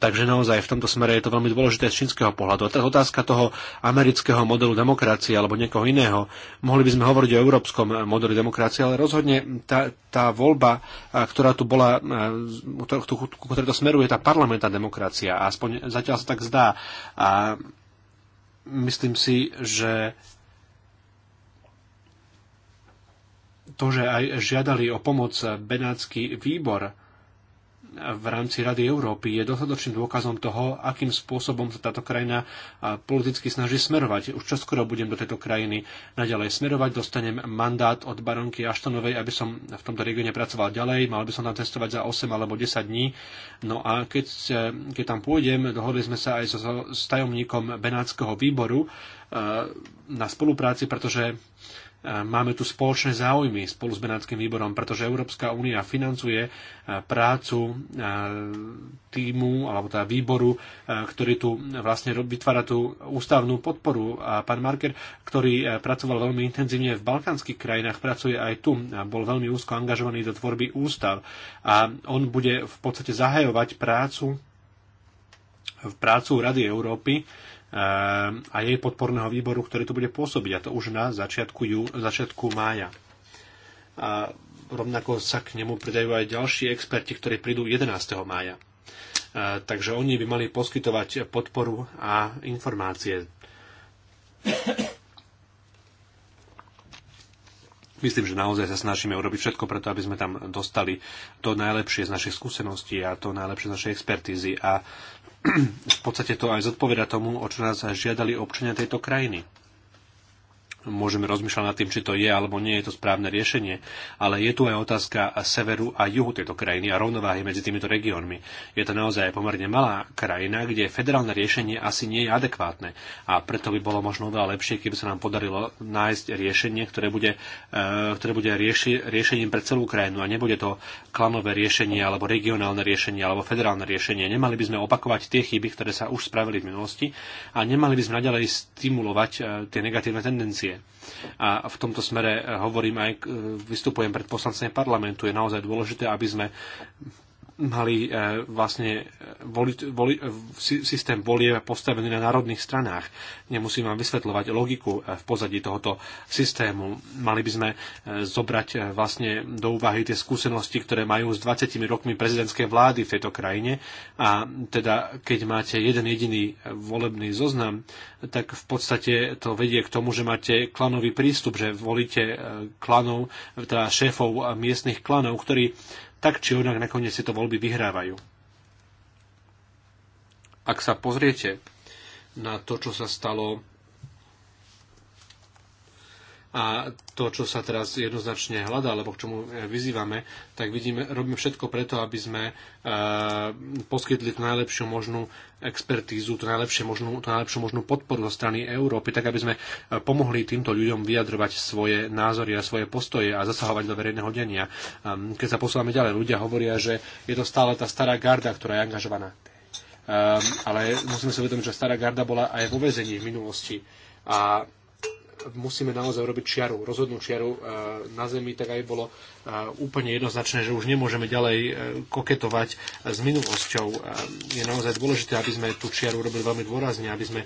Takže naozaj v tomto smere je to veľmi dôležité z čínskeho pohľadu. A teraz otázka toho amerického modelu demokracie alebo niekoho iného. Mohli by sme hovoriť o európskom modeli demokracie, ale rozhodne tá, tá voľba, ktorá tu bola, ktorá to smeruje tá parlamentná demokracia, aspoň zatiaľ sa tak zdá. A myslím si, že to, že aj žiadali o pomoc Benátsky výbor, v rámci Rady Európy je dostatočným dôkazom toho, akým spôsobom sa táto krajina politicky snaží smerovať. Už čoskoro budem do tejto krajiny naďalej smerovať, dostanem mandát od baronky Aštonovej, aby som v tomto regióne pracoval ďalej, mal by som tam testovať za 8 alebo 10 dní. No a keď, e, keď tam pôjdem, dohodli sme sa aj so, s tajomníkom Benátskeho výboru e, na spolupráci, pretože máme tu spoločné záujmy spolu s Benátským výborom, pretože Európska únia financuje prácu týmu alebo tá teda výboru, ktorý tu vlastne vytvára tú ústavnú podporu. A pán Marker, ktorý pracoval veľmi intenzívne v balkánskych krajinách, pracuje aj tu. Bol veľmi úzko angažovaný do tvorby ústav a on bude v podstate zahajovať prácu v prácu Rady Európy Ehm, a jej podporného výboru, ktorý tu bude pôsobiť, a to už na začiatku, jú, začiatku mája. A rovnako sa k nemu pridajú aj ďalší experti, ktorí prídu 11. mája. Ehm, takže oni by mali poskytovať podporu a informácie. Myslím, že naozaj sa snažíme urobiť všetko preto, aby sme tam dostali to najlepšie z našich skúseností a to najlepšie z našej expertízy a v podstate to aj zodpoveda tomu, o čo nás žiadali občania tejto krajiny môžeme rozmýšľať nad tým, či to je alebo nie je to správne riešenie, ale je tu aj otázka severu a juhu tejto krajiny a rovnováhy medzi týmito regiónmi. Je to naozaj pomerne malá krajina, kde federálne riešenie asi nie je adekvátne a preto by bolo možno oveľa lepšie, keby sa nám podarilo nájsť riešenie, ktoré bude, e, ktoré bude rieši, riešením pre celú krajinu a nebude to klanové riešenie alebo regionálne riešenie alebo federálne riešenie. Nemali by sme opakovať tie chyby, ktoré sa už spravili v minulosti a nemali by sme naďalej stimulovať e, tie negatívne tendencie únie. A v tomto smere hovorím aj, e, vystupujem pred poslancem parlamentu. Je naozaj dôležité, aby sme mali e, vlastne e, voli, voli, e, systém volie postavený na národných stranách. Nemusím vám vysvetľovať logiku v pozadí tohoto systému. Mali by sme zobrať vlastne do úvahy tie skúsenosti, ktoré majú s 20 rokmi prezidentské vlády v tejto krajine. A teda, keď máte jeden jediný volebný zoznam, tak v podstate to vedie k tomu, že máte klanový prístup, že volíte klanov, teda šéfov miestnych klanov, ktorí tak či onak nakoniec si to voľby vyhrávajú. Ak sa pozriete na to, čo sa stalo a to, čo sa teraz jednoznačne hľadá, alebo k čomu e, vyzývame, tak vidíme, robíme všetko preto, aby sme e, poskytli tú najlepšiu možnú expertízu, tú, možnú, tú najlepšiu možnú podporu zo strany Európy, tak aby sme e, pomohli týmto ľuďom vyjadrovať svoje názory a svoje postoje a zasahovať do verejného denia. Keď sa posúvame ďalej, ľudia hovoria, že je to stále tá stará garda, ktorá je angažovaná. Ehm, ale musíme si uvedomiť, že stará garda bola aj vo vezení v minulosti. A musíme naozaj robiť čiaru, rozhodnú čiaru e, na Zemi, tak aj bolo e, úplne jednoznačné, že už nemôžeme ďalej e, koketovať s minulosťou. Je naozaj dôležité, aby sme tú čiaru robili veľmi dôrazne, aby sme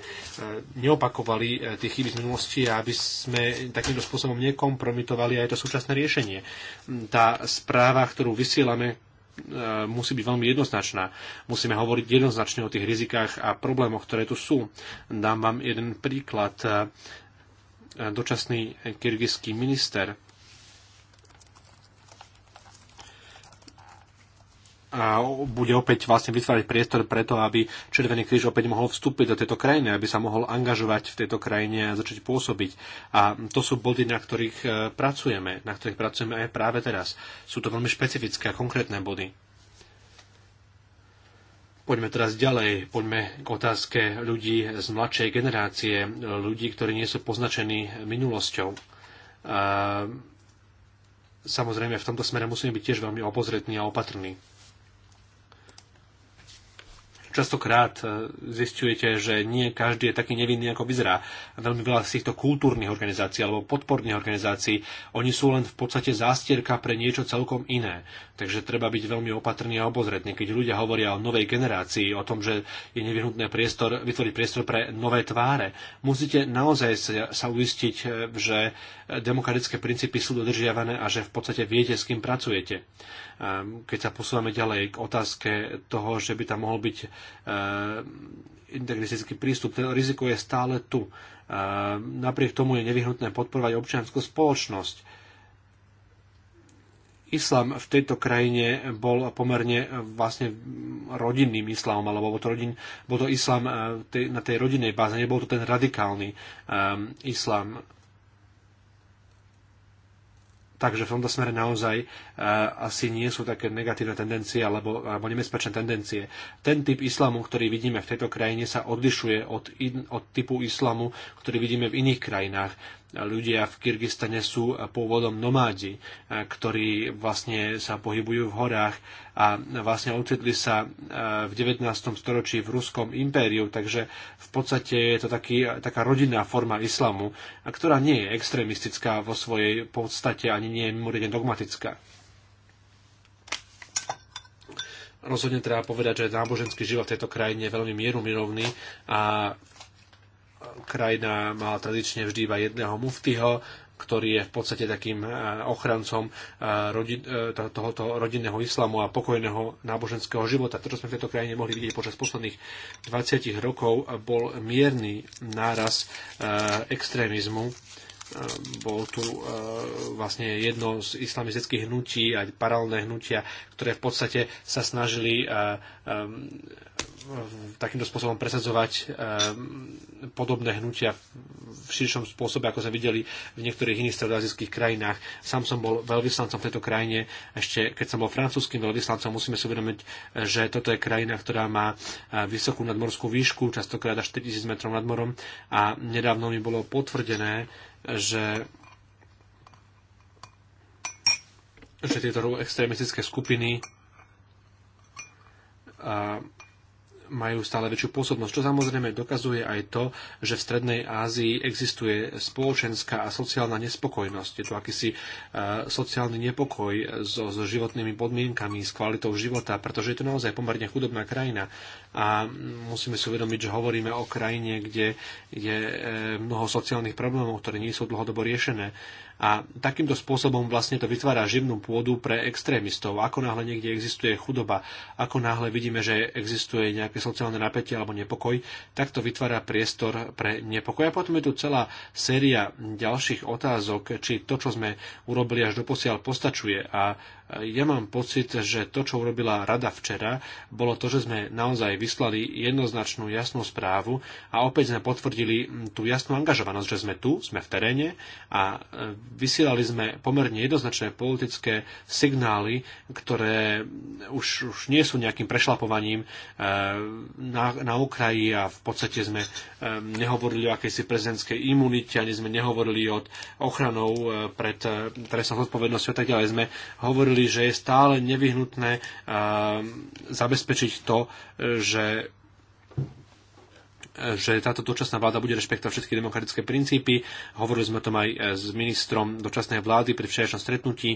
neopakovali tie chyby z minulosti a aby sme takýmto spôsobom nekompromitovali aj to súčasné riešenie. Tá správa, ktorú vysielame, musí byť veľmi jednoznačná. Musíme hovoriť jednoznačne o tých rizikách a problémoch, ktoré tu sú. Dám vám jeden príklad dočasný kyrgyzský minister. a bude opäť vlastne vytvárať priestor preto, aby Červený kríž opäť mohol vstúpiť do tejto krajiny, aby sa mohol angažovať v tejto krajine a začať pôsobiť. A to sú body, na ktorých e, pracujeme, na ktorých pracujeme aj práve teraz. Sú to veľmi špecifické a konkrétne body. Poďme teraz ďalej, poďme k otázke ľudí z mladšej generácie, ľudí, ktorí nie sú poznačení minulosťou. Samozrejme, v tomto smere musíme byť tiež veľmi obozretní a opatrní častokrát e, zistujete, že nie každý je taký nevinný, ako vyzerá. Veľmi veľa z týchto kultúrnych organizácií alebo podporných organizácií, oni sú len v podstate zástierka pre niečo celkom iné. Takže treba byť veľmi opatrný a obozretný. Keď ľudia hovoria o novej generácii, o tom, že je nevyhnutné priestor, vytvoriť priestor pre nové tváre, musíte naozaj sa uistiť, e, že demokratické princípy sú dodržiavané a že v podstate viete, s kým pracujete. Ehm, keď sa posúvame ďalej k otázke toho, že by tam mohol byť ehm, integristický prístup, ten riziko je stále tu. Ehm, napriek tomu je nevyhnutné podporovať občianskú spoločnosť. Islám v tejto krajine bol pomerne vlastne rodinným islámom, alebo bol to, rodin, bol to islám na tej rodinnej báze, nebol to ten radikálny um, islám Takže v tomto smere naozaj e, asi nie sú také negatívne tendencie alebo, alebo nebezpečné tendencie. Ten typ islamu, ktorý vidíme v tejto krajine, sa odlišuje od, in, od typu islamu, ktorý vidíme v iných krajinách ľudia v Kyrgyzstane sú pôvodom nomádi, ktorí vlastne sa pohybujú v horách a vlastne ocitli sa e, v 19. storočí v Ruskom impériu, takže v podstate je to taký, taká rodinná forma islamu, ktorá nie je extrémistická vo svojej podstate ani nie je mimoriadne dogmatická. Rozhodne treba povedať, že náboženský život v tejto krajine je veľmi mierumilovný a krajina mala tradične vždy iba jedného muftyho, ktorý je v podstate takým e, ochrancom e, e, tohoto rodinného islamu a pokojného náboženského života. To, čo sme v tejto krajine mohli vidieť počas posledných 20 rokov, bol mierny náraz extrémizmu. Bol tu vlastne jedno z islamistických hnutí a paralelné hnutia, ktoré v podstate sa snažili takýmto spôsobom presadzovať ehm, podobné hnutia v širšom spôsobe, ako sme videli v niektorých iných stredoazijských krajinách. Sám som bol veľvyslancom v tejto krajine, ešte keď som bol francúzským veľvyslancom, musíme si uvedomiť, že toto je krajina, ktorá má eh, vysokú nadmorskú výšku, častokrát až 4000 metrov nad morom a nedávno mi bolo potvrdené, že že tieto extrémistické skupiny eh, majú stále väčšiu pôsobnosť, čo samozrejme dokazuje aj to, že v Strednej Ázii existuje spoločenská a sociálna nespokojnosť. Je to akýsi e, sociálny nepokoj so, so životnými podmienkami, s kvalitou života, pretože je to naozaj pomerne chudobná krajina. A musíme si uvedomiť, že hovoríme o krajine, kde je e, mnoho sociálnych problémov, ktoré nie sú dlhodobo riešené a takýmto spôsobom vlastne to vytvára živnú pôdu pre extrémistov. Ako náhle niekde existuje chudoba, ako náhle vidíme, že existuje nejaké sociálne napätie alebo nepokoj, tak to vytvára priestor pre nepokoj. A potom je tu celá séria ďalších otázok, či to, čo sme urobili až doposiaľ, postačuje a ja mám pocit, že to, čo urobila rada včera, bolo to, že sme naozaj vyslali jednoznačnú jasnú správu a opäť sme potvrdili tú jasnú angažovanosť, že sme tu, sme v teréne a e, vysielali sme pomerne jednoznačné politické signály, ktoré už, už nie sú nejakým prešlapovaním e, na, na Ukraji a v podstate sme e, nehovorili o akejsi prezidentskej imunite, ani sme nehovorili od ochranou pred trestnou zodpovednosťou tak ďalej. Sme hovorili hovorili, že je stále nevyhnutné eh, zabezpečiť to, eh, že eh, že táto dočasná vláda bude rešpektovať všetky demokratické princípy. Hovorili sme o tom aj s ministrom dočasnej vlády pri včerajšom stretnutí.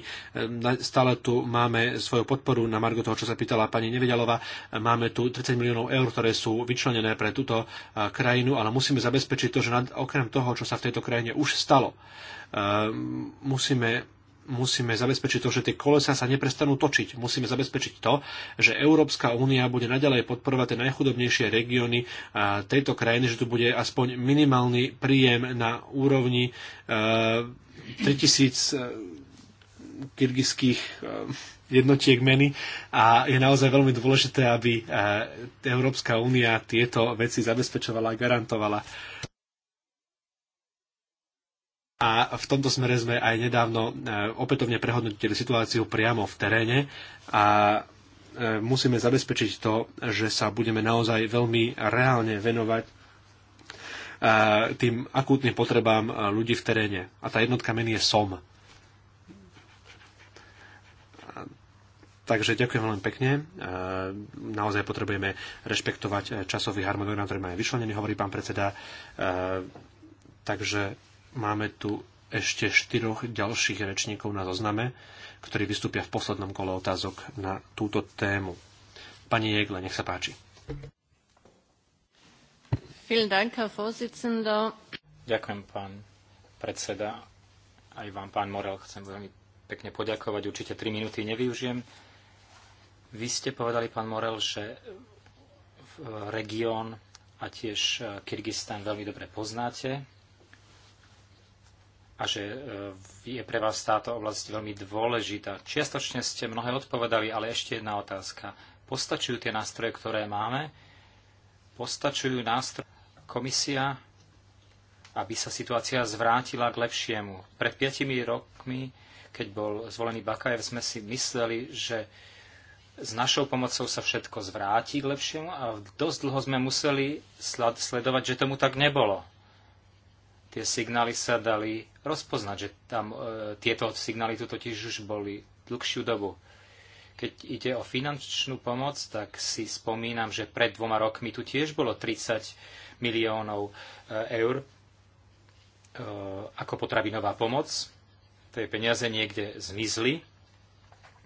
Stále tu máme svoju podporu na margo toho, čo sa pýtala pani Nevedalová. Máme tu 30 miliónov eur, ktoré sú vyčlenené pre túto krajinu, ale musíme zabezpečiť to, že nad, okrem toho, čo sa v tejto krajine už stalo, musíme musíme zabezpečiť to, že tie kolesa sa neprestanú točiť. Musíme zabezpečiť to, že Európska únia bude naďalej podporovať tie najchudobnejšie regióny tejto krajiny, že tu bude aspoň minimálny príjem na úrovni 3000 e, e, kyrgyzských e, jednotiek meny a je naozaj veľmi dôležité, aby Európska únia tieto veci zabezpečovala a garantovala a v tomto smere sme aj nedávno e, opätovne prehodnotili situáciu priamo v teréne a e, musíme zabezpečiť to, že sa budeme naozaj veľmi reálne venovať e, tým akútnym potrebám ľudí v teréne. A tá jednotka mení je SOM. Takže ďakujem veľmi pekne. Naozaj potrebujeme rešpektovať časový harmonogram, ktorý máme vyšlenený, hovorí pán predseda. Takže Máme tu ešte štyroch ďalších rečníkov na zozname, ktorí vystúpia v poslednom kole otázok na túto tému. Pani Jegle, nech sa páči. Ďakujem, pán predseda. Aj vám, pán Morel, chcem veľmi pekne poďakovať. Určite tri minúty nevyužijem. Vy ste povedali, pán Morel, že región a tiež eh, Kyrgyzstan veľmi dobre poznáte a že e, je pre vás táto oblasť veľmi dôležitá. Čiastočne ste mnohé odpovedali, ale ešte jedna otázka. Postačujú tie nástroje, ktoré máme? Postačujú nástroje komisia, aby sa situácia zvrátila k lepšiemu? Pred piatimi rokmi, keď bol zvolený Bakajev, sme si mysleli, že s našou pomocou sa všetko zvráti k lepšiemu a dosť dlho sme museli sledovať, že tomu tak nebolo. Tie signály sa dali rozpoznať, že tam e, tieto signály tu totiž už boli dlhšiu dobu. Keď ide o finančnú pomoc, tak si spomínam, že pred dvoma rokmi tu tiež bolo 30 miliónov e, eur e, ako potravinová pomoc. Tie peniaze niekde zmizli.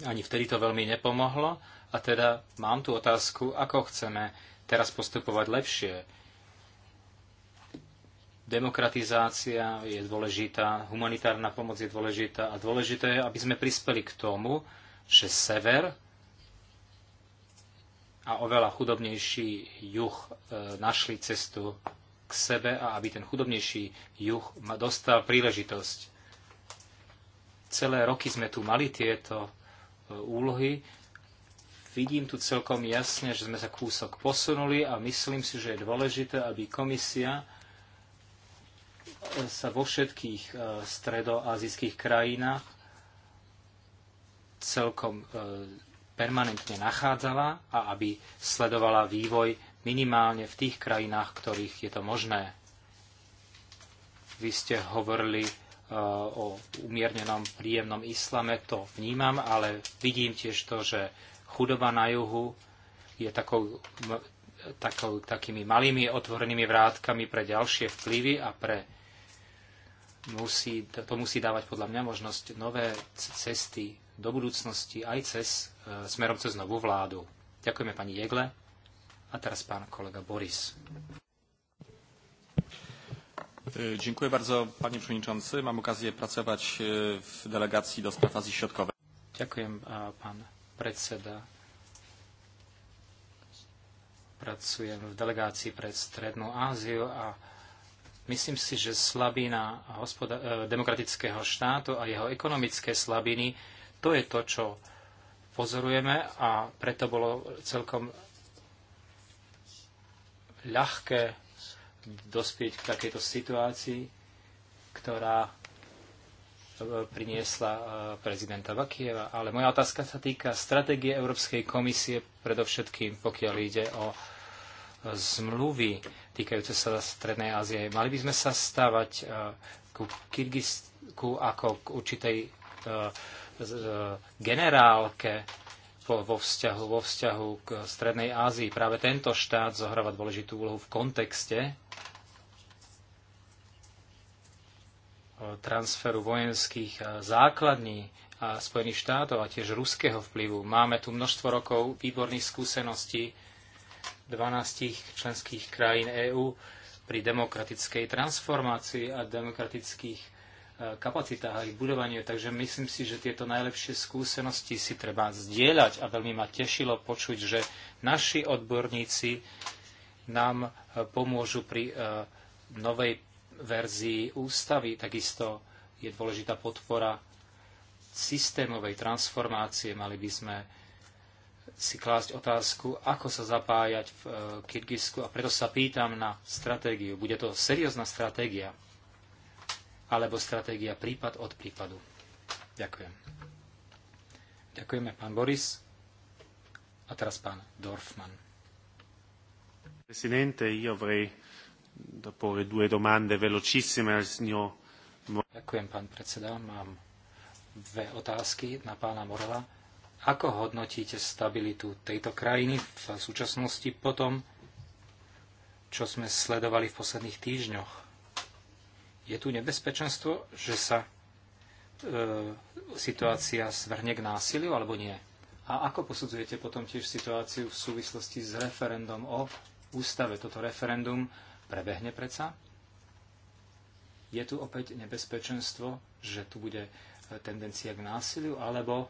Ani vtedy to veľmi nepomohlo. A teda mám tu otázku, ako chceme teraz postupovať lepšie Demokratizácia je dôležitá, humanitárna pomoc je dôležitá a dôležité je, aby sme prispeli k tomu, že sever a oveľa chudobnejší juh e, našli cestu k sebe a aby ten chudobnejší juh dostal príležitosť. Celé roky sme tu mali tieto e, úlohy. Vidím tu celkom jasne, že sme sa kúsok posunuli a myslím si, že je dôležité, aby komisia sa vo všetkých e, stredoazijských krajinách celkom e, permanentne nachádzala a aby sledovala vývoj minimálne v tých krajinách, ktorých je to možné. Vy ste hovorili e, o umiernenom príjemnom islame, to vnímam, ale vidím tiež to, že chudoba na juhu je takou, takou, takými malými otvorenými vrátkami pre ďalšie vplyvy a pre musí, to musí dávať podľa mňa možnosť nové cesty do budúcnosti aj cez, e, smerom cez novú vládu. Ďakujeme pani Jegle a teraz pán kolega Boris. E, dziękuję bardzo panie przewodniczący. Mam okazję pracować e, w delegacji do spraw Azji Środkowej. Dziękuję pan predseda. Pracuję w delegacji pre Strednú Áziu a Myslím si, že slabina e, demokratického štátu a jeho ekonomické slabiny, to je to, čo pozorujeme a preto bolo celkom ľahké dospieť k takejto situácii, ktorá e, priniesla e, prezidenta Vakieva. Ale moja otázka sa týka stratégie Európskej komisie, predovšetkým pokiaľ ide o zmluvy týkajúce sa Strednej Ázie. Mali by sme sa stávať e, ku Kyrgyzsku ako k určitej e, e, generálke vo vzťahu, vo vzťahu k Strednej Ázii. Práve tento štát zohráva dôležitú úlohu v kontexte transferu vojenských základní a Spojených štátov a tiež ruského vplyvu. Máme tu množstvo rokov výborných skúseností 12 členských krajín EÚ pri demokratickej transformácii a demokratických e, kapacitách a ich budovaniu. Takže myslím si, že tieto najlepšie skúsenosti si treba zdieľať a veľmi ma tešilo počuť, že naši odborníci nám e, pomôžu pri e, novej verzii ústavy. Takisto je dôležitá podpora systémovej transformácie. Mali by sme si klásť otázku, ako sa zapájať v e, Kyrgyzsku a preto sa pýtam na stratégiu. Bude to seriózna stratégia alebo stratégia prípad od prípadu? Ďakujem. Ďakujeme pán Boris a teraz pán Dorfman. Presidente, io avrei dopo le due domande velocissime al signor Ďakujem, pán predseda. Mám dve otázky na pána Morela ako hodnotíte stabilitu tejto krajiny v súčasnosti po tom, čo sme sledovali v posledných týždňoch? Je tu nebezpečenstvo, že sa e, situácia svrhne k násiliu alebo nie? A ako posudzujete potom tiež situáciu v súvislosti s referendum o ústave? Toto referendum prebehne predsa? Je tu opäť nebezpečenstvo, že tu bude e, tendencia k násiliu, alebo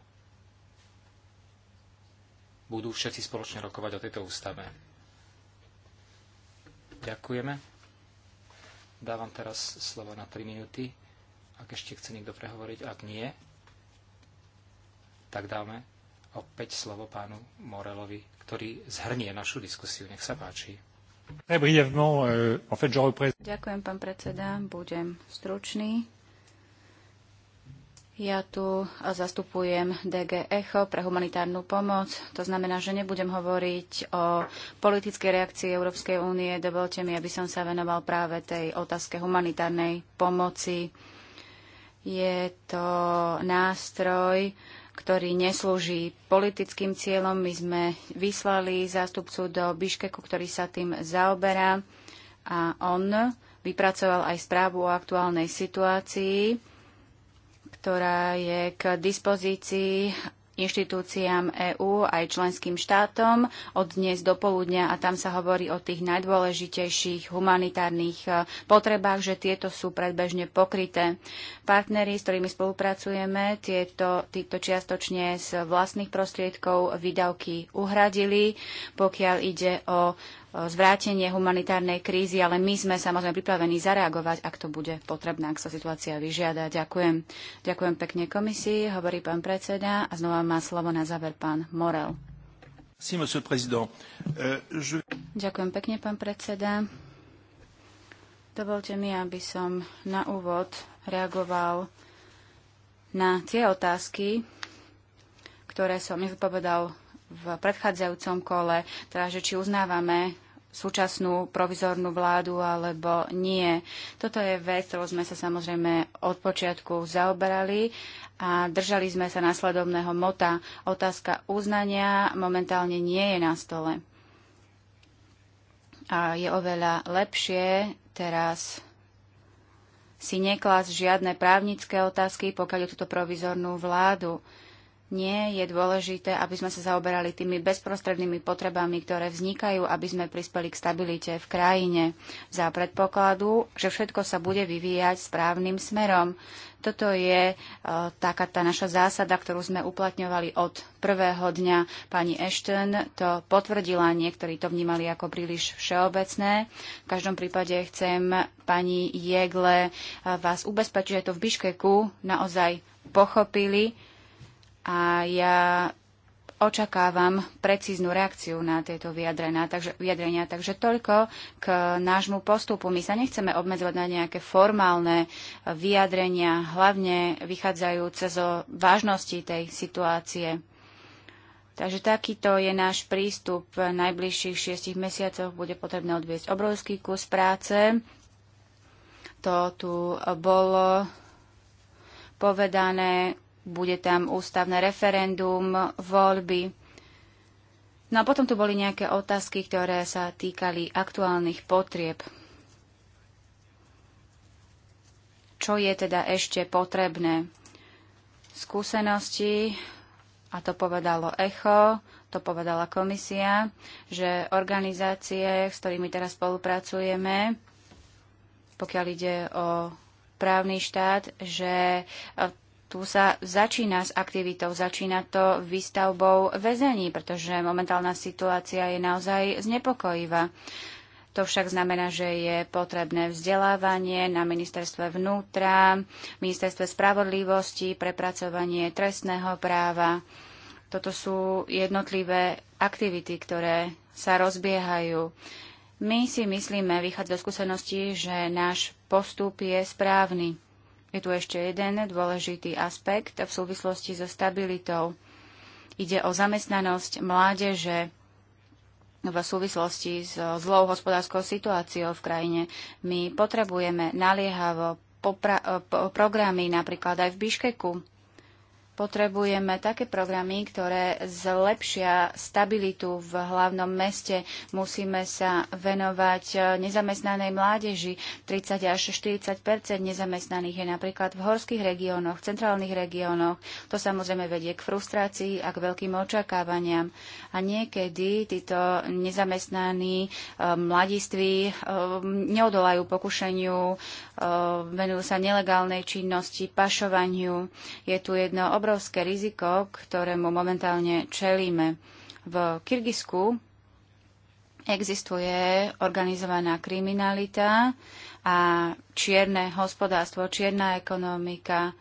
budú všetci spoločne rokovať o tejto ústave. Ďakujeme. Dávam teraz slovo na 3 minúty. Ak ešte chce niekto prehovoriť, ak nie, tak dáme opäť slovo pánu Morelovi, ktorý zhrnie našu diskusiu. Nech sa páči. Euh, Ďakujem, pán predseda. Budem stručný. Ja tu zastupujem DG ECHO pre humanitárnu pomoc. To znamená, že nebudem hovoriť o politickej reakcii Európskej únie. Dovolte mi, aby som sa venoval práve tej otázke humanitárnej pomoci. Je to nástroj, ktorý neslúži politickým cieľom. My sme vyslali zástupcu do Biškeku, ktorý sa tým zaoberá a on vypracoval aj správu o aktuálnej situácii ktorá je k dispozícii inštitúciám EÚ aj členským štátom od dnes do poludnia a tam sa hovorí o tých najdôležitejších humanitárnych e, potrebách, že tieto sú predbežne pokryté. Partnery, s ktorými spolupracujeme, tieto, títo čiastočne z vlastných prostriedkov výdavky uhradili, pokiaľ ide o zvrátenie humanitárnej krízy, ale my sme samozrejme pripravení zareagovať, ak to bude potrebné, ak sa situácia vyžiada. Ďakujem. Ďakujem pekne komisii, hovorí pán predseda a znova má slovo na záver pán Morel. Sí, euh, Je... Ďakujem pekne, pán predseda. Dovolte mi, aby som na úvod reagoval na tie otázky, ktoré som nezodpovedal v predchádzajúcom kole, teda že či uznávame súčasnú provizornú vládu alebo nie. Toto je vec, ktorou sme sa samozrejme od počiatku zaoberali a držali sme sa následovného mota. Otázka uznania momentálne nie je na stole. A je oveľa lepšie teraz si neklas žiadne právnické otázky, pokiaľ je túto provizornú vládu. Nie, je dôležité, aby sme sa zaoberali tými bezprostrednými potrebami, ktoré vznikajú, aby sme prispeli k stabilite v krajine. Za predpokladu, že všetko sa bude vyvíjať správnym smerom. Toto je e, taká tá naša zásada, ktorú sme uplatňovali od prvého dňa. Pani Ashton to potvrdila, niektorí to vnímali ako príliš všeobecné. V každom prípade chcem pani Jegle e, vás ubezpečiť, že to v Biškeku naozaj pochopili a ja očakávam precíznu reakciu na tieto vyjadrenia. Takže, vyjadrenia. takže toľko k nášmu postupu. My sa nechceme obmedzovať na nejaké formálne vyjadrenia, hlavne vychádzajúce zo vážnosti tej situácie. Takže takýto je náš prístup. V najbližších šiestich mesiacoch bude potrebné odviesť obrovský kus práce. To tu bolo povedané bude tam ústavné referendum, voľby. No a potom tu boli nejaké otázky, ktoré sa týkali aktuálnych potrieb. Čo je teda ešte potrebné? Skúsenosti, a to povedalo ECHO, to povedala komisia, že organizácie, s ktorými teraz spolupracujeme, pokiaľ ide o právny štát, že tu sa začína s aktivitou, začína to výstavbou väzení, pretože momentálna situácia je naozaj znepokojivá. To však znamená, že je potrebné vzdelávanie na ministerstve vnútra, ministerstve spravodlivosti, prepracovanie trestného práva. Toto sú jednotlivé aktivity, ktoré sa rozbiehajú. My si myslíme, vychádza do skúsenosti, že náš postup je správny. Je tu ešte jeden dôležitý aspekt v súvislosti so stabilitou. Ide o zamestnanosť mládeže v súvislosti s so zlou hospodárskou situáciou v krajine. My potrebujeme naliehavo programy napríklad aj v Biškeku Potrebujeme také programy, ktoré zlepšia stabilitu v hlavnom meste. Musíme sa venovať e, nezamestnanej mládeži. 30 až 40 nezamestnaných je napríklad v horských regiónoch, v centrálnych regiónoch. To samozrejme vedie k frustrácii a k veľkým očakávaniam. A niekedy títo nezamestnaní e, mladiství e, neodolajú pokušeniu, venujú sa nelegálnej činnosti, pašovaniu. Je tu jedno obrovské obrovské riziko, ktorému momentálne čelíme. V Kyrgyzsku existuje organizovaná kriminalita a čierne hospodárstvo, čierna ekonomika.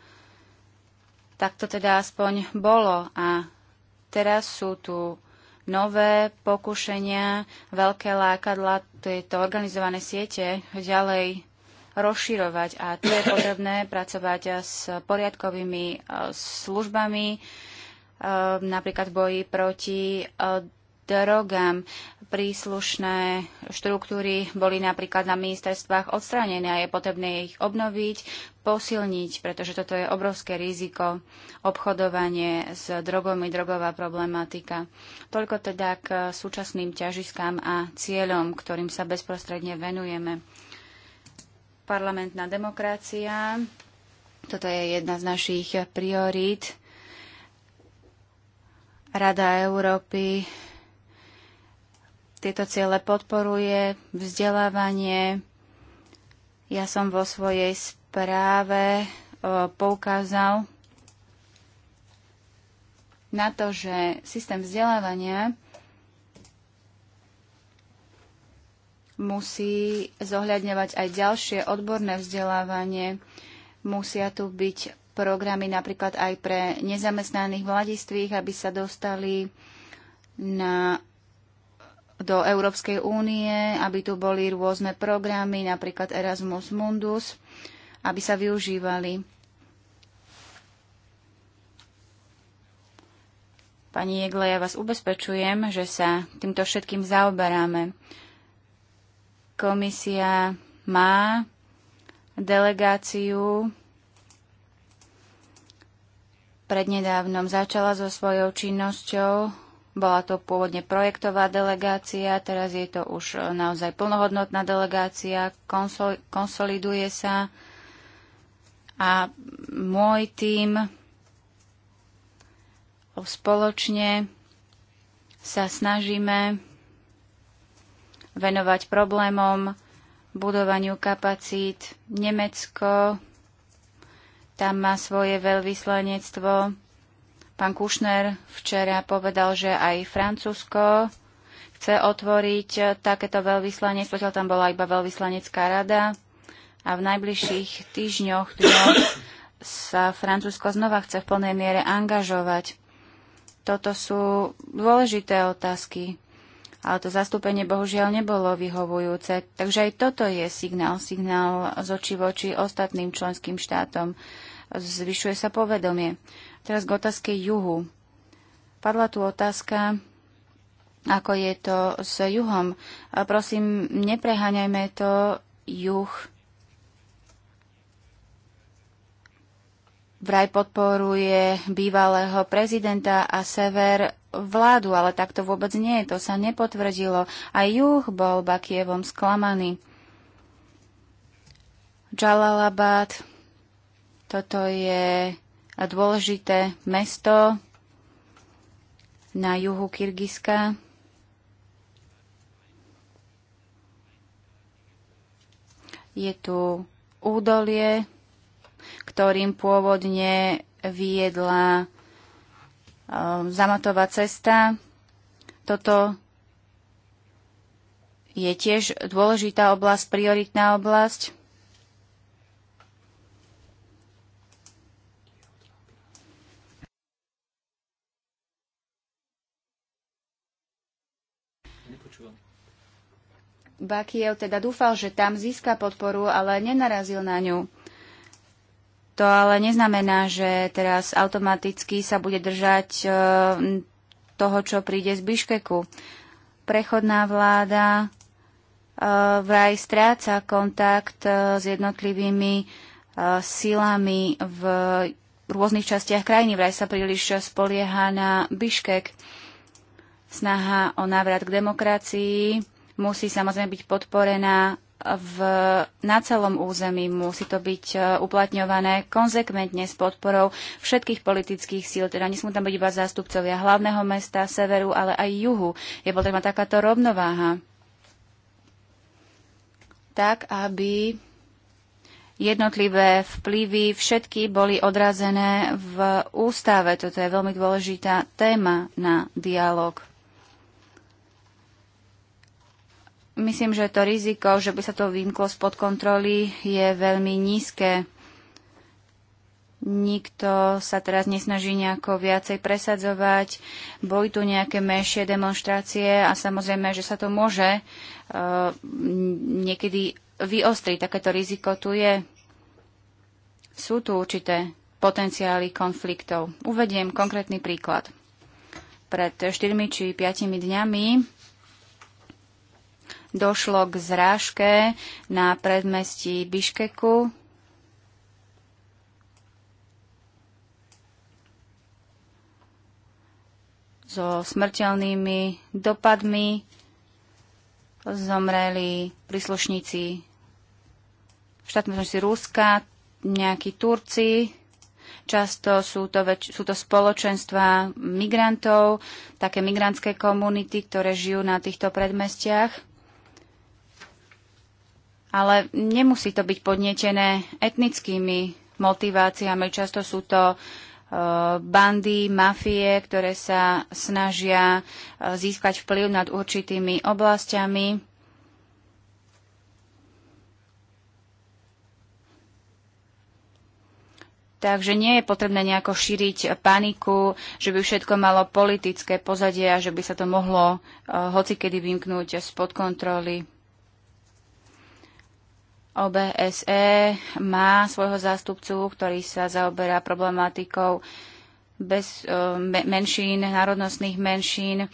Tak to teda aspoň bolo a teraz sú tu nové pokušenia, veľké lákadla tejto organizované siete ďalej rozširovať a tu je potrebné pracovať s poriadkovými e, službami, e, napríklad boji proti e, drogám. Príslušné štruktúry boli napríklad na ministerstvách odstranené a je potrebné ich obnoviť, posilniť, pretože toto je obrovské riziko, obchodovanie s drogami, drogová problematika. Toľko teda k súčasným ťažiskám a cieľom, ktorým sa bezprostredne venujeme parlamentná demokracia. Toto je jedna z našich priorít. Rada Európy tieto ciele podporuje, vzdelávanie. Ja som vo svojej správe poukázal na to, že systém vzdelávania musí zohľadňovať aj ďalšie odborné vzdelávanie. Musia tu byť programy napríklad aj pre nezamestnaných mladistvých, aby sa dostali na, do Európskej únie, aby tu boli rôzne programy, napríklad Erasmus Mundus, aby sa využívali. Pani Jegle, ja vás ubezpečujem, že sa týmto všetkým zaoberáme. Komisia má delegáciu prednedávnom začala so svojou činnosťou. Bola to pôvodne projektová delegácia, teraz je to už naozaj plnohodnotná delegácia, konsoliduje sa a môj tím spoločne sa snažíme venovať problémom, budovaniu kapacít. Nemecko, tam má svoje veľvyslanectvo. Pán Kušner včera povedal, že aj Francúzsko chce otvoriť takéto veľvyslanectvo. Zatiaľ tam bola iba veľvyslanecká rada a v najbližších týždňoch, dňoch sa Francúzsko znova chce v plnej miere angažovať. Toto sú dôležité otázky ale to zastúpenie bohužiaľ nebolo vyhovujúce. Takže aj toto je signál, signál z očí voči ostatným členským štátom. Zvyšuje sa povedomie. Teraz k otázke juhu. Padla tu otázka, ako je to s juhom. A prosím, nepreháňajme to juh. Vraj podporuje bývalého prezidenta a sever vládu, ale tak to vôbec nie, to sa nepotvrdilo. A juh bol Bakievom sklamaný. Jalalabad, toto je dôležité mesto na juhu Kyrgyzska. Je tu údolie, ktorým pôvodne viedla Ehm, zamatová cesta. Toto je tiež dôležitá oblasť, prioritná oblasť. Bakiev teda dúfal, že tam získa podporu, ale nenarazil na ňu. To ale neznamená, že teraz automaticky sa bude držať e, toho, čo príde z Biškeku. Prechodná vláda e, vraj stráca kontakt e, s jednotlivými silami v rôznych častiach krajiny. Vraj sa príliš spolieha na Biškek. Snaha o návrat k demokracii musí samozrejme byť podporená v, na celom území. Musí to byť e, uplatňované konzekventne s podporou všetkých politických síl. Teda nesmú tam byť iba zástupcovia hlavného mesta, severu, ale aj juhu. Je potrebná takáto rovnováha. Tak, aby jednotlivé vplyvy všetky boli odrazené v ústave. Toto je veľmi dôležitá téma na dialog. Myslím, že to riziko, že by sa to vymklo spod kontroly, je veľmi nízke. Nikto sa teraz nesnaží nejako viacej presadzovať. Boli tu nejaké menšie demonstrácie a samozrejme, že sa to môže uh, niekedy vyostriť. Takéto riziko tu je. Sú tu určité potenciály konfliktov. Uvediem konkrétny príklad. Pred 4 či 5 dňami došlo k zrážke na predmestí Biškeku. so smrteľnými dopadmi zomreli príslušníci štátnosti Ruska, nejakí Turci, Často sú to, väč- sú to spoločenstva migrantov, také migrantské komunity, ktoré žijú na týchto predmestiach ale nemusí to byť podnietené etnickými motiváciami. Často sú to e, bandy, mafie, ktoré sa snažia e, získať vplyv nad určitými oblastiami. Takže nie je potrebné nejako šíriť paniku, že by všetko malo politické pozadie a že by sa to mohlo e, hocikedy vymknúť spod kontroly. OBSE má svojho zástupcu, ktorý sa zaoberá problematikou bez, e, menšín, národnostných menšín. E,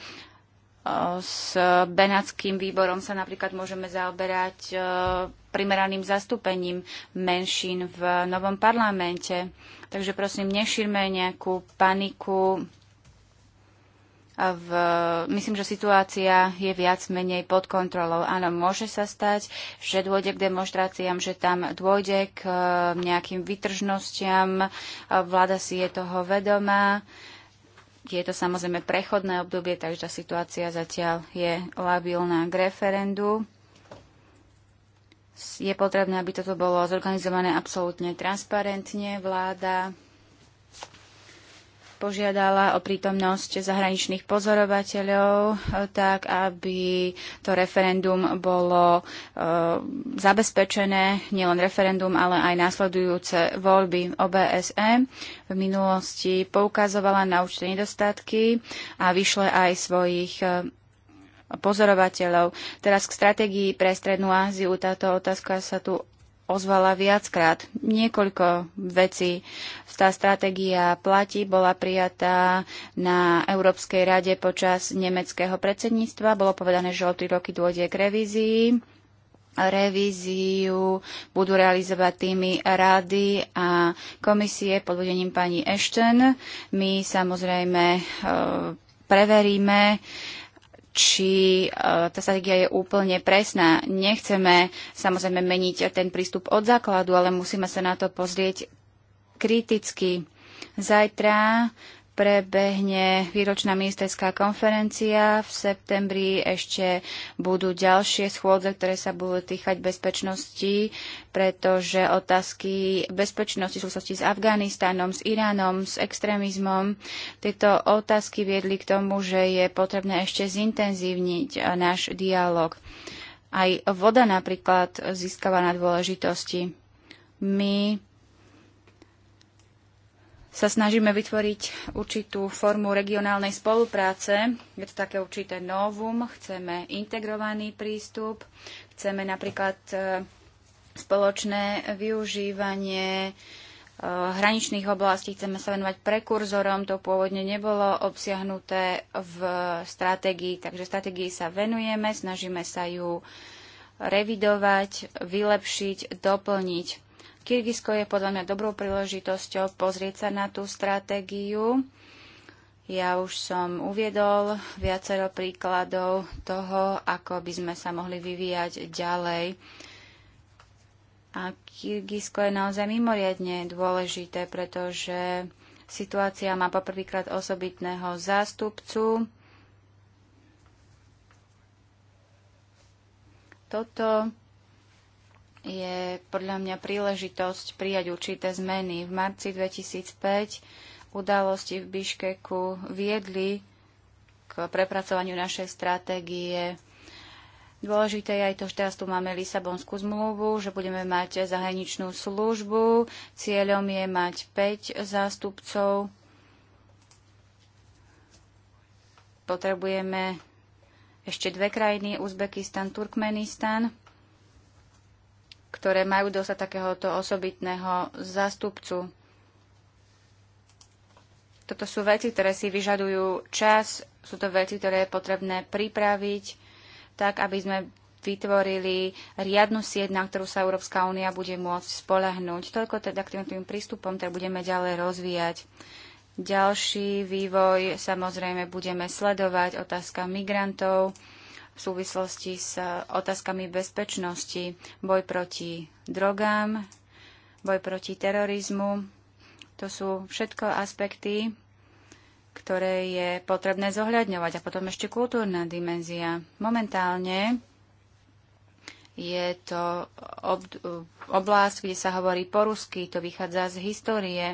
s Benátským výborom sa napríklad môžeme zaoberať e, primeraným zastúpením menšín v novom parlamente. Takže prosím, nešírme nejakú paniku v, myslím, že situácia je viac menej pod kontrolou. Áno, môže sa stať, že dôjde k demonstráciám, že tam dôjde k e, nejakým vytržnostiam, e, vláda si je toho vedomá. Je to samozrejme prechodné obdobie, takže tá situácia zatiaľ je labilná k referendu. Je potrebné, aby toto bolo zorganizované absolútne transparentne. Vláda požiadala o prítomnosť zahraničných pozorovateľov, e, tak aby to referendum bolo e, zabezpečené, nielen referendum, ale aj následujúce voľby OBSE. V minulosti poukazovala na určité nedostatky a vyšle aj svojich e, pozorovateľov. Teraz k stratégii pre Strednú Áziu. Táto otázka sa tu ozvala viackrát. Niekoľko vecí. Tá stratégia platí, bola prijatá na Európskej rade počas nemeckého predsedníctva. Bolo povedané, že o tri roky dôjde k revízii revíziu budú realizovať týmy rady a komisie pod vedením pani Ashton. My samozrejme eh, preveríme či e, tá strategia je úplne presná. Nechceme samozrejme meniť ten prístup od základu, ale musíme sa na to pozrieť kriticky. Zajtra prebehne výročná ministerská konferencia. V septembri ešte budú ďalšie schôdze, ktoré sa budú týkať bezpečnosti, pretože otázky bezpečnosti v súvislosti s Afganistánom, s Iránom, s extrémizmom, tieto otázky viedli k tomu, že je potrebné ešte zintenzívniť náš dialog. Aj voda napríklad získava na dôležitosti. My sa snažíme vytvoriť určitú formu regionálnej spolupráce. Je to také určité novum, chceme integrovaný prístup, chceme napríklad e, spoločné využívanie e, hraničných oblastí, chceme sa venovať prekurzorom, to pôvodne nebolo obsiahnuté v stratégii, takže stratégii sa venujeme, snažíme sa ju revidovať, vylepšiť, doplniť. Kyrgyzsko je podľa mňa dobrou príležitosťou pozrieť sa na tú stratégiu. Ja už som uviedol viacero príkladov toho, ako by sme sa mohli vyvíjať ďalej. A Kyrgyzsko je naozaj mimoriadne dôležité, pretože situácia má poprvýkrát osobitného zástupcu. Toto je podľa mňa príležitosť prijať určité zmeny. V marci 2005 udalosti v Biškeku viedli k prepracovaniu našej stratégie. Dôležité je aj to, že teraz tu máme Lisabonskú zmluvu, že budeme mať zahraničnú službu. Cieľom je mať 5 zástupcov. Potrebujeme ešte dve krajiny, Uzbekistan, Turkmenistan ktoré majú dosať takéhoto osobitného zástupcu. Toto sú veci, ktoré si vyžadujú čas, sú to veci, ktoré je potrebné pripraviť, tak aby sme vytvorili riadnu sieť, na ktorú sa Európska únia bude môcť spolahnúť. Toľko teda k tým prístupom, ktoré budeme ďalej rozvíjať. Ďalší vývoj samozrejme budeme sledovať, otázka migrantov, v súvislosti s otázkami bezpečnosti, boj proti drogám, boj proti terorizmu. To sú všetko aspekty, ktoré je potrebné zohľadňovať. A potom ešte kultúrna dimenzia. Momentálne je to ob- oblasť, kde sa hovorí po rusky, to vychádza z histórie,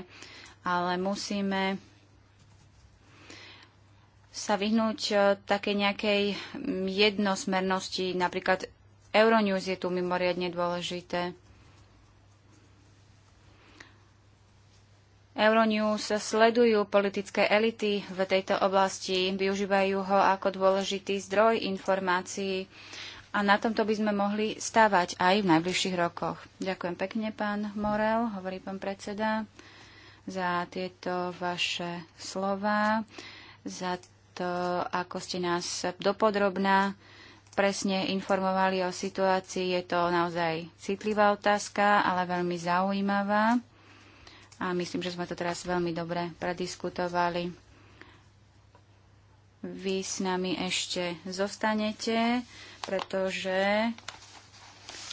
ale musíme sa vyhnúť e, také nejakej jednosmernosti. Napríklad Euronews je tu mimoriadne dôležité. Euronews sledujú politické elity v tejto oblasti, využívajú ho ako dôležitý zdroj informácií a na tomto by sme mohli stávať aj v najbližších rokoch. Ďakujem pekne, pán Morel, hovorí pán predseda, za tieto vaše slova, za to, ako ste nás dopodrobná presne informovali o situácii. Je to naozaj citlivá otázka, ale veľmi zaujímavá. A myslím, že sme to teraz veľmi dobre prediskutovali. Vy s nami ešte zostanete, pretože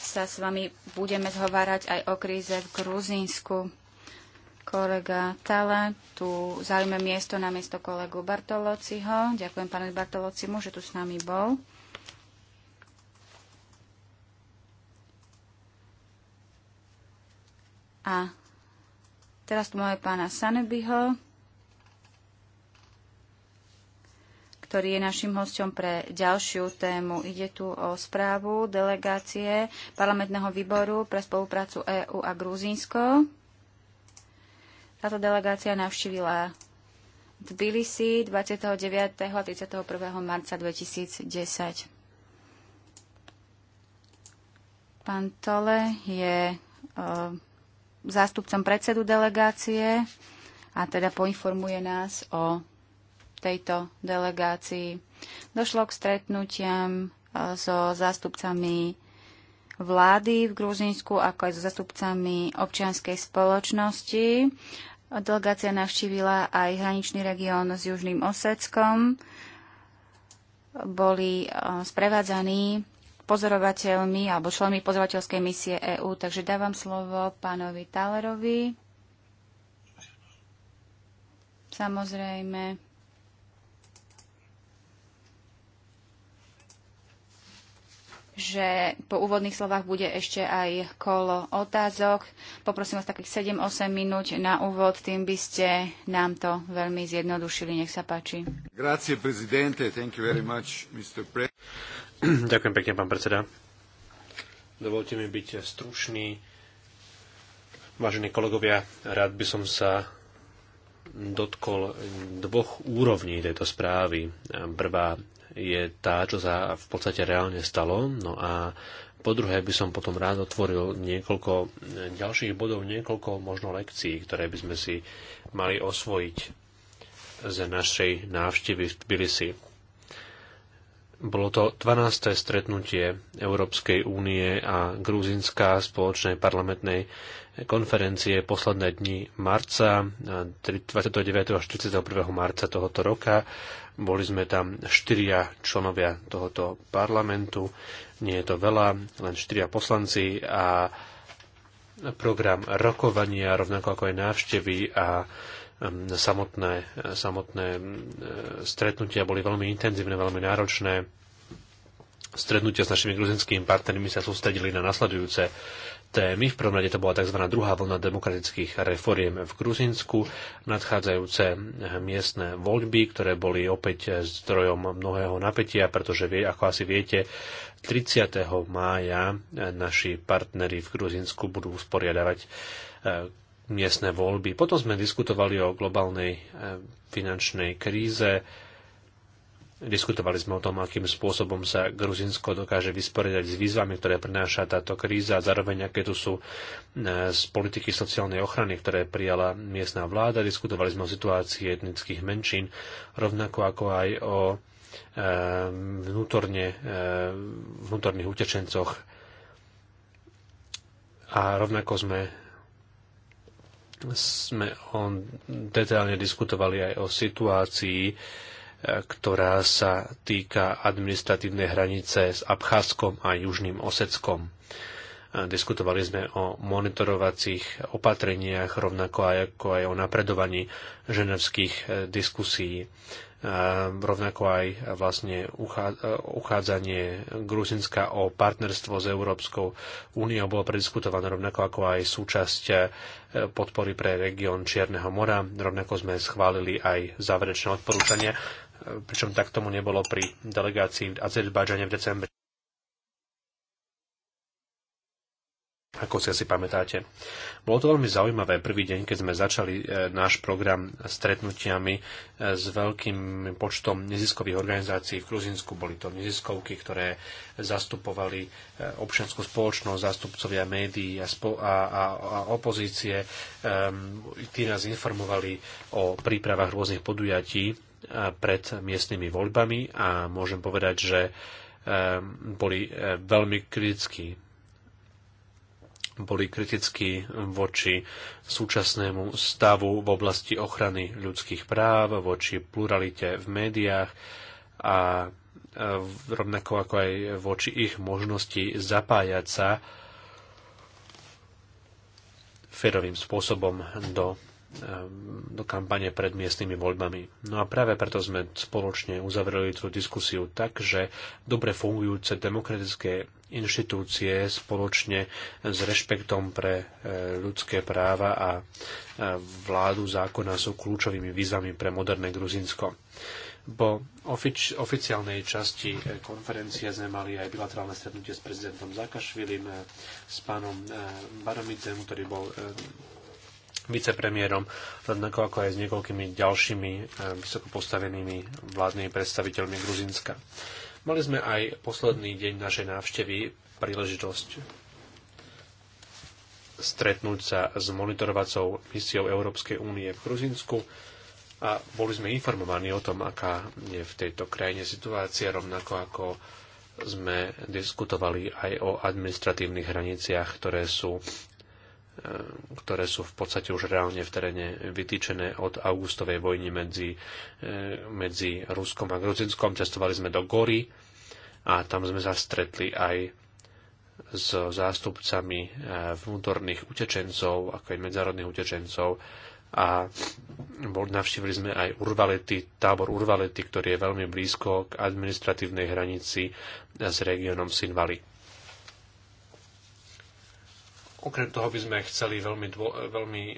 sa s vami budeme zhovárať aj o kríze v Gruzínsku kolega Tala tu zaujme miesto na miesto kolegu Bartolociho. Ďakujem pánu Bartolocimu, že tu s nami bol. A teraz tu máme pána Sanebyho, ktorý je našim hosťom pre ďalšiu tému. Ide tu o správu delegácie parlamentného výboru pre spoluprácu EÚ a Gruzínsko. Táto delegácia navštívila Tbilisi 29. a 31. marca 2010. Pán Tole je e, zástupcom predsedu delegácie a teda poinformuje nás o tejto delegácii. Došlo k stretnutiam e, so zástupcami vlády v Gruzínsku, ako aj so zastupcami občianskej spoločnosti. Delegácia navštívila aj hraničný región s Južným Oseckom. Boli e, sprevádzaní pozorovateľmi alebo členmi pozorovateľskej misie EÚ. Takže dávam slovo pánovi Talerovi. Samozrejme, že po úvodných slovách bude ešte aj kolo otázok. Poprosím vás takých 7-8 minút na úvod, tým by ste nám to veľmi zjednodušili. Nech sa páči. Grazie, Thank you very much, Mr. Pre... (clears throat) Ďakujem pekne, pán predseda. Dovolte mi byť stručný. Vážení kolegovia, rád by som sa dotkol dvoch úrovní tejto správy. Prvá je tá, čo sa v podstate reálne stalo. No a po druhé by som potom rád otvoril niekoľko e, ďalších bodov, niekoľko možno lekcií, ktoré by sme si mali osvojiť z našej návštevy v Tbilisi. Bolo to 12. stretnutie Európskej únie a Gruzinská spoločnej parlamentnej konferencie posledné dni marca, 29. až 31. marca tohoto roka boli sme tam štyria členovia tohoto parlamentu. Nie je to veľa, len štyria poslanci a program rokovania, rovnako ako aj návštevy a mm, samotné, samotné mm, stretnutia boli veľmi intenzívne, veľmi náročné. Stretnutia s našimi gruzinskými partnermi sa sústredili na nasledujúce témy. V prvom rade to bola tzv. druhá vlna demokratických reforiem v Gruzinsku, nadchádzajúce miestne voľby, ktoré boli opäť zdrojom mnohého napätia, pretože ako asi viete, 30. mája naši partneri v Gruzinsku budú usporiadavať e, miestne voľby. Potom sme diskutovali o globálnej e, finančnej kríze, Diskutovali sme o tom, akým spôsobom sa Gruzinsko dokáže vysporiadať s výzvami, ktoré prináša táto kríza a zároveň aké tu sú e, z politiky sociálnej ochrany, ktoré prijala miestna vláda. Diskutovali sme o situácii etnických menšín, rovnako ako aj o e, vnútorne, e, vnútorných utečencoch. A rovnako sme sme on detailne diskutovali aj o situácii ktorá sa týka administratívnej hranice s Abcházskom a Južným Oseckom. Diskutovali sme o monitorovacích opatreniach, rovnako aj, ako aj o napredovaní ženevských e, diskusí rovnako aj vlastne e, uchádzanie Gruzinska o partnerstvo s Európskou úniou bolo prediskutované rovnako ako aj súčasť e, podpory pre región Čierneho mora. Rovnako sme schválili aj záverečné odporúčania pričom tak tomu nebolo pri delegácii v Azerbajdžane v decembri. ako si asi pamätáte. Bolo to veľmi zaujímavé prvý deň, keď sme začali e, náš program stretnutiami e, s veľkým počtom neziskových organizácií v Gruzinsku. Boli to neziskovky, ktoré zastupovali e, občianskú spoločnosť, zástupcovia médií a, spo- a, a, a opozície. Ehm, tí nás informovali o prípravách rôznych podujatí pred miestnymi voľbami a môžem povedať, že ehm, boli eh, veľmi kritickí boli kritickí voči súčasnému stavu v oblasti ochrany ľudských práv, voči pluralite v médiách a eh, rovnako ako aj voči ich možnosti zapájať sa férovým spôsobom do do kampane pred miestnymi voľbami. No a práve preto sme spoločne uzavreli tú diskusiu tak, že dobre fungujúce demokratické inštitúcie spoločne s rešpektom pre e, ľudské práva a e, vládu zákona sú kľúčovými výzvami pre moderné Gruzinsko. Po ofič, oficiálnej časti e, konferencie sme mali aj bilaterálne stretnutie s prezidentom Zakašvilim, s pánom Baromitem, ktorý bol vicepremiérom, rovnako ako aj s niekoľkými ďalšími eh, vysokopostavenými vládnymi predstaviteľmi Gruzinska. Mali sme aj posledný deň našej návštevy príležitosť stretnúť sa s monitorovacou misiou Európskej únie v Gruzinsku a boli sme informovaní o tom, aká je v tejto krajine situácia, rovnako ako sme diskutovali aj o administratívnych hraniciach, ktoré sú E, ktoré sú v podstate už reálne v teréne vytýčené od augustovej vojny medzi, e, medzi Ruskom a Gruzinskom. Cestovali sme do Gory a tam sme sa stretli aj s zástupcami e, vnútorných utečencov, ako aj medzárodných utečencov a navštívili sme aj Urvalety, tábor Urvalety, ktorý je veľmi blízko k administratívnej hranici s regiónom Sinvali. Okrem toho by sme chceli veľmi, dvo, veľmi e,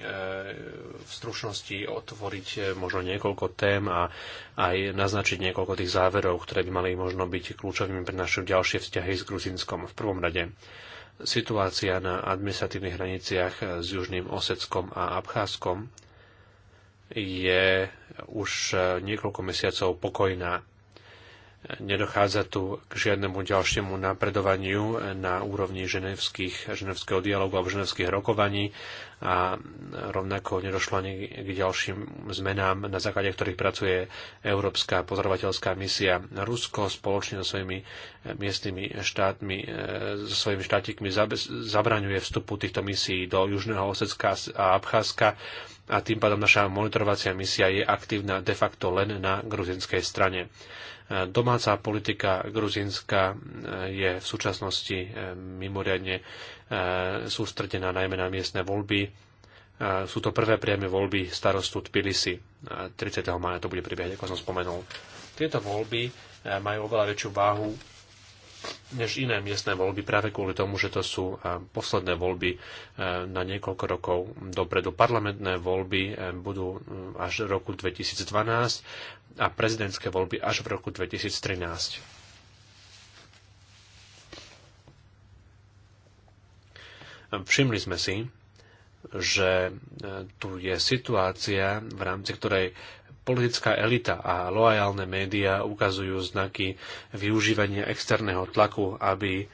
v stručnosti otvoriť e, možno niekoľko tém a aj naznačiť niekoľko tých záverov, ktoré by mali možno byť kľúčovými pre naše ďalšie vzťahy s Gruzinskom. V prvom rade situácia na administratívnych hraniciach s Južným Oseckom a Abcházskom je už e, niekoľko mesiacov pokojná Nedochádza tu k žiadnemu ďalšiemu napredovaniu na úrovni ženevských, ženevského dialogu alebo ženevských rokovaní a rovnako nedošlo ani k ďalším zmenám, na základe ktorých pracuje Európska pozorovateľská misia. Rusko spoločne so svojimi eh, miestnymi štátmi, eh, so svojimi štátikmi zabraňuje vstupu týchto misií do Južného Osecka a Abcházska a tým pádom naša monitorovacia misia je aktívna de facto len na gruzinskej strane. Eh, domáca politika gruzinska je v súčasnosti mimoriadne E, sústredená najmä na miestne voľby. E, sú to prvé priame voľby starostu Tbilisi. 30. E, maja to bude prebiehať, ako som spomenul. Tieto voľby majú oveľa väčšiu váhu než iné miestne voľby práve kvôli tomu, že to sú posledné voľby na niekoľko rokov dopredu. Parlamentné voľby budú až v roku 2012 a prezidentské voľby až v roku 2013. Všimli sme si, že e, tu je situácia, v rámci ktorej politická elita a loajálne médiá ukazujú znaky využívania externého tlaku, aby e,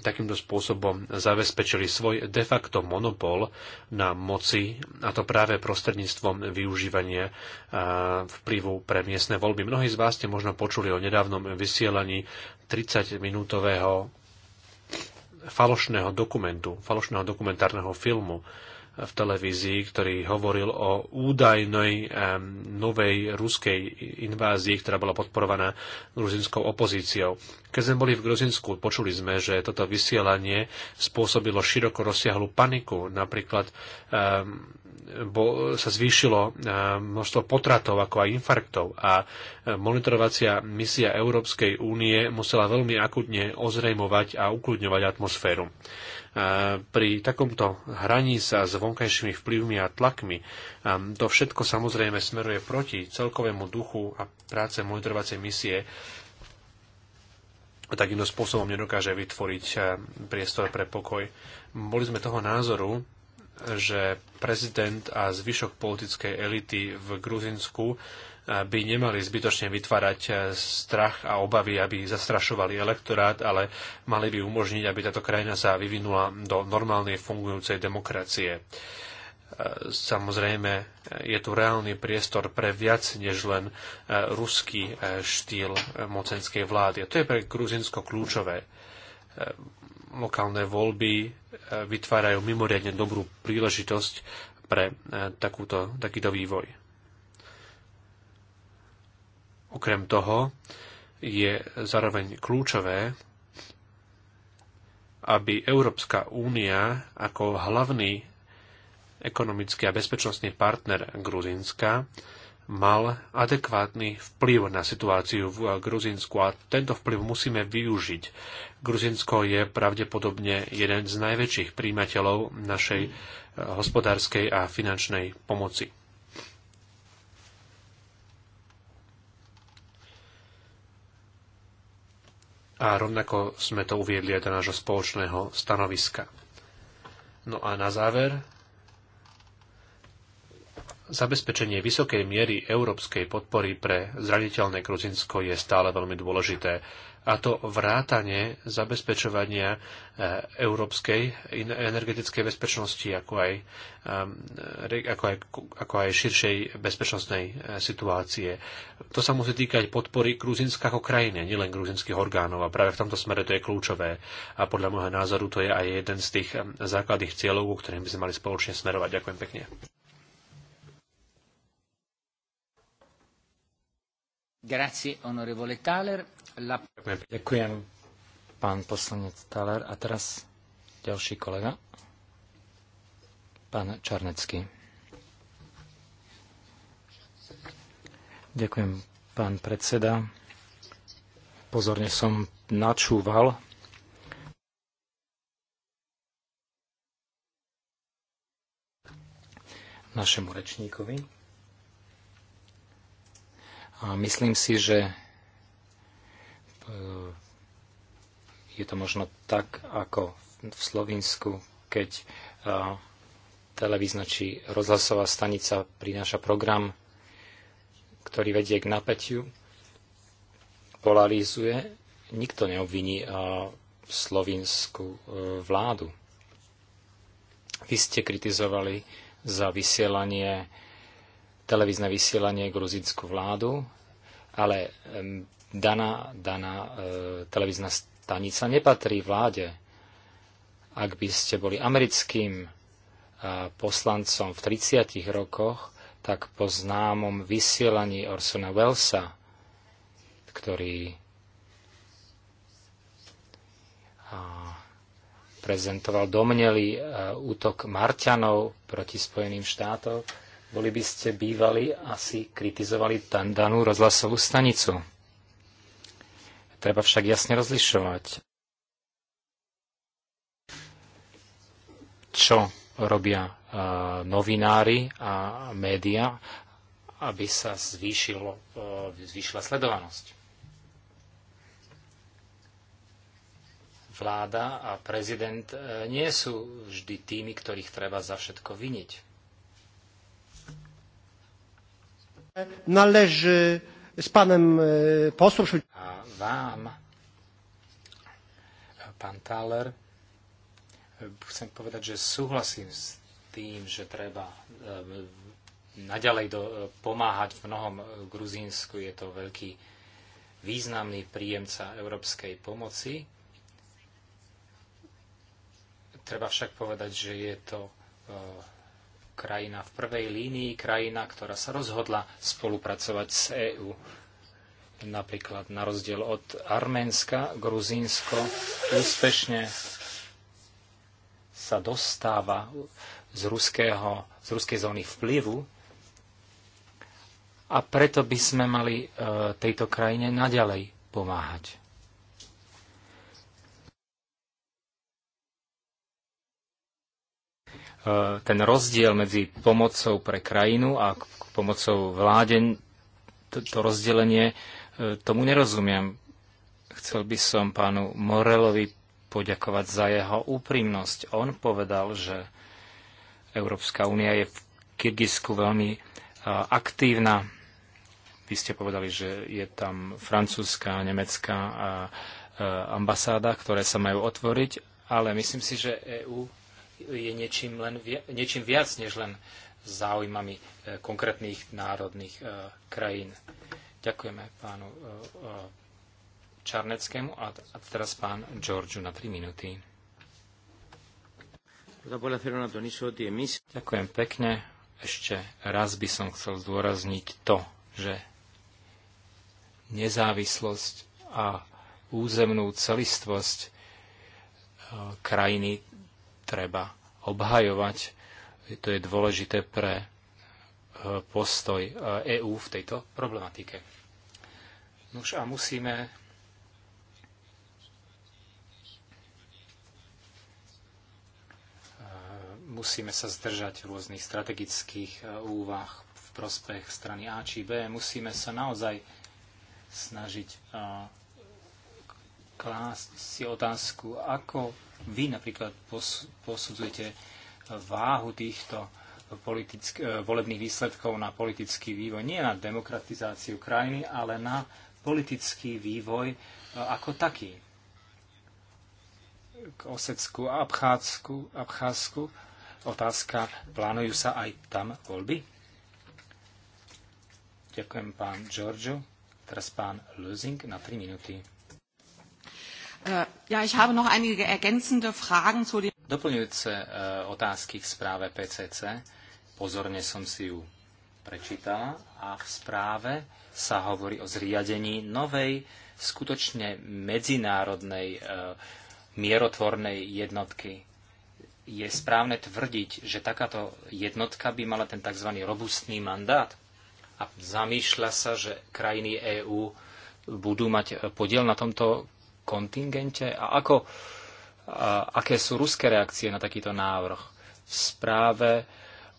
takýmto spôsobom zabezpečili svoj de facto monopol na moci, a to práve prostredníctvom využívania e, vplyvu pre miestne voľby. Mnohí z vás ste možno počuli o nedávnom vysielaní 30-minútového falošného dokumentu, falošného dokumentárneho filmu, v televízii, ktorý hovoril o údajnej novej ruskej invázii, ktorá bola podporovaná gruzinskou opozíciou. Keď sme boli v Gruzinsku, počuli sme, že toto vysielanie spôsobilo široko rozsiahlu paniku. Napríklad bo, sa zvýšilo množstvo potratov, ako aj infarktov a monitorovacia misia Európskej únie musela veľmi akutne ozrejmovať a ukludňovať atmosféru pri takomto hraní sa s vonkajšími vplyvmi a tlakmi to všetko samozrejme smeruje proti celkovému duchu a práce monitorovacej misie a takýmto spôsobom nedokáže vytvoriť priestor pre pokoj. Boli sme toho názoru, že prezident a zvyšok politickej elity v Gruzinsku by nemali zbytočne vytvárať eh, strach a obavy, aby zastrašovali elektorát, ale mali by umožniť, aby táto krajina sa vyvinula do normálnej fungujúcej demokracie. Eh, samozrejme, je tu reálny priestor pre viac než len eh, ruský štýl mocenskej vlády. A to je pre Gruzinsko kľúčové. Lokálne voľby vytvárajú mimoriadne dobrú príležitosť pre takúto, takýto vývoj. Okrem toho je zároveň kľúčové, aby Európska únia ako hlavný ekonomický a bezpečnostný partner Gruzinska mal adekvátny vplyv na situáciu v Gruzinsku a tento vplyv musíme využiť. Gruzinsko je pravdepodobne jeden z najväčších príjmateľov našej eh, hospodárskej a finančnej pomoci. a rovnako sme to uviedli aj do nášho spoločného stanoviska. No a na záver Zabezpečenie vysokej miery európskej podpory pre zraniteľné Gruzinsko je stále veľmi dôležité, a to vrátanie zabezpečovania e, európskej energetickej bezpečnosti, ako aj, ako aj, ako aj širšej bezpečnostnej e, situácie. To sa musí týkať podpory Gruzinska ako krajiny, nielen gruzinských orgánov a práve v tomto smere to je kľúčové. A podľa môjho názoru to je aj jeden z tých e, základných cieľov, ktorým by sme mali spoločne smerovať. Ďakujem pekne. Ďakujem, pán poslanec Thaler. A teraz ďalší kolega, pán Čarnecký. Ďakujem, pán predseda. Pozorne som načúval našemu rečníkovi. A myslím si, že e, je to možno tak, ako v Slovinsku, keď e, televízna či rozhlasová stanica prináša program, ktorý vedie k napätiu, polarizuje, nikto neobviní e, slovinskú vládu. Vy ste kritizovali za vysielanie televízne vysielanie gruzínsku vládu, ale daná, daná e, televízna stanica nepatrí vláde. Ak by ste boli americkým e, poslancom v 30 rokoch, tak po známom vysielaní Orsona Wellsa, ktorý prezentoval domnelý e, útok Marťanov proti Spojeným štátom, boli by ste bývali asi kritizovali danú rozhlasovú stanicu. Treba však jasne rozlišovať, čo robia e, novinári a média, aby sa zvýšilo, e, zvýšila sledovanosť. Vláda a prezident e, nie sú vždy tými, ktorých treba za všetko viniť należy z panem e, posłem... A wam, pan Thaler, chcem povedať, že súhlasím s tým, že treba e, nadalej do, pomáhať v mnohom Gruzínsku. Je to veľký významný príjemca európskej pomoci. Treba však povedať, že je to e, krajina v prvej línii, krajina, ktorá sa rozhodla spolupracovať s EÚ. Napríklad na rozdiel od Arménska, Gruzínsko úspešne sa dostáva z, ruského, z ruskej zóny vplyvu a preto by sme mali e, tejto krajine naďalej pomáhať. E, ten rozdiel medzi pomocou pre krajinu a pomocou vláde, to, to rozdelenie, e, tomu nerozumiem. Chcel by som pánu Morelovi poďakovať za jeho úprimnosť. On povedal, že Európska únia je v Kyrgyzsku veľmi e, aktívna. Vy ste povedali, že je tam francúzska, nemecká ambasáda, ktoré sa majú otvoriť, ale myslím si, že EÚ je niečím, len, niečím viac než len záujmami eh, konkrétnych národných eh, krajín. Ďakujeme pánu eh, Čarneckému a teraz pán Georgiu na 3 minúty. Ďakujem pekne. Ešte raz by som chcel zdôrazniť to, že nezávislosť a územnú celistvosť krajiny treba obhajovať. To je dôležité pre e, postoj EÚ e v tejto problematike. Nuž a musíme e, musíme sa zdržať v rôznych strategických úvah v prospech strany A či B. Musíme sa naozaj snažiť klásť si otázku, ako vy napríklad posudzujete váhu týchto e, volebných výsledkov na politický vývoj, nie na demokratizáciu krajiny, ale na politický vývoj e, ako taký. K Osecku a Abcházsku, Abcházsku otázka, plánujú sa aj tam voľby? Ďakujem pán Giorgio. Teraz pán Lusing na 3 minúty. Doplňujúce otázky k správe PCC. Pozorne som si ju prečítala a v správe sa hovorí o zriadení novej, skutočne medzinárodnej äh, mierotvornej jednotky. Je správne tvrdiť, že takáto jednotka by mala ten tzv. robustný mandát a zamýšľa sa, že krajiny EÚ budú mať äh, podiel na tomto kontingente a ako, aké sú ruské reakcie na takýto návrh. V správe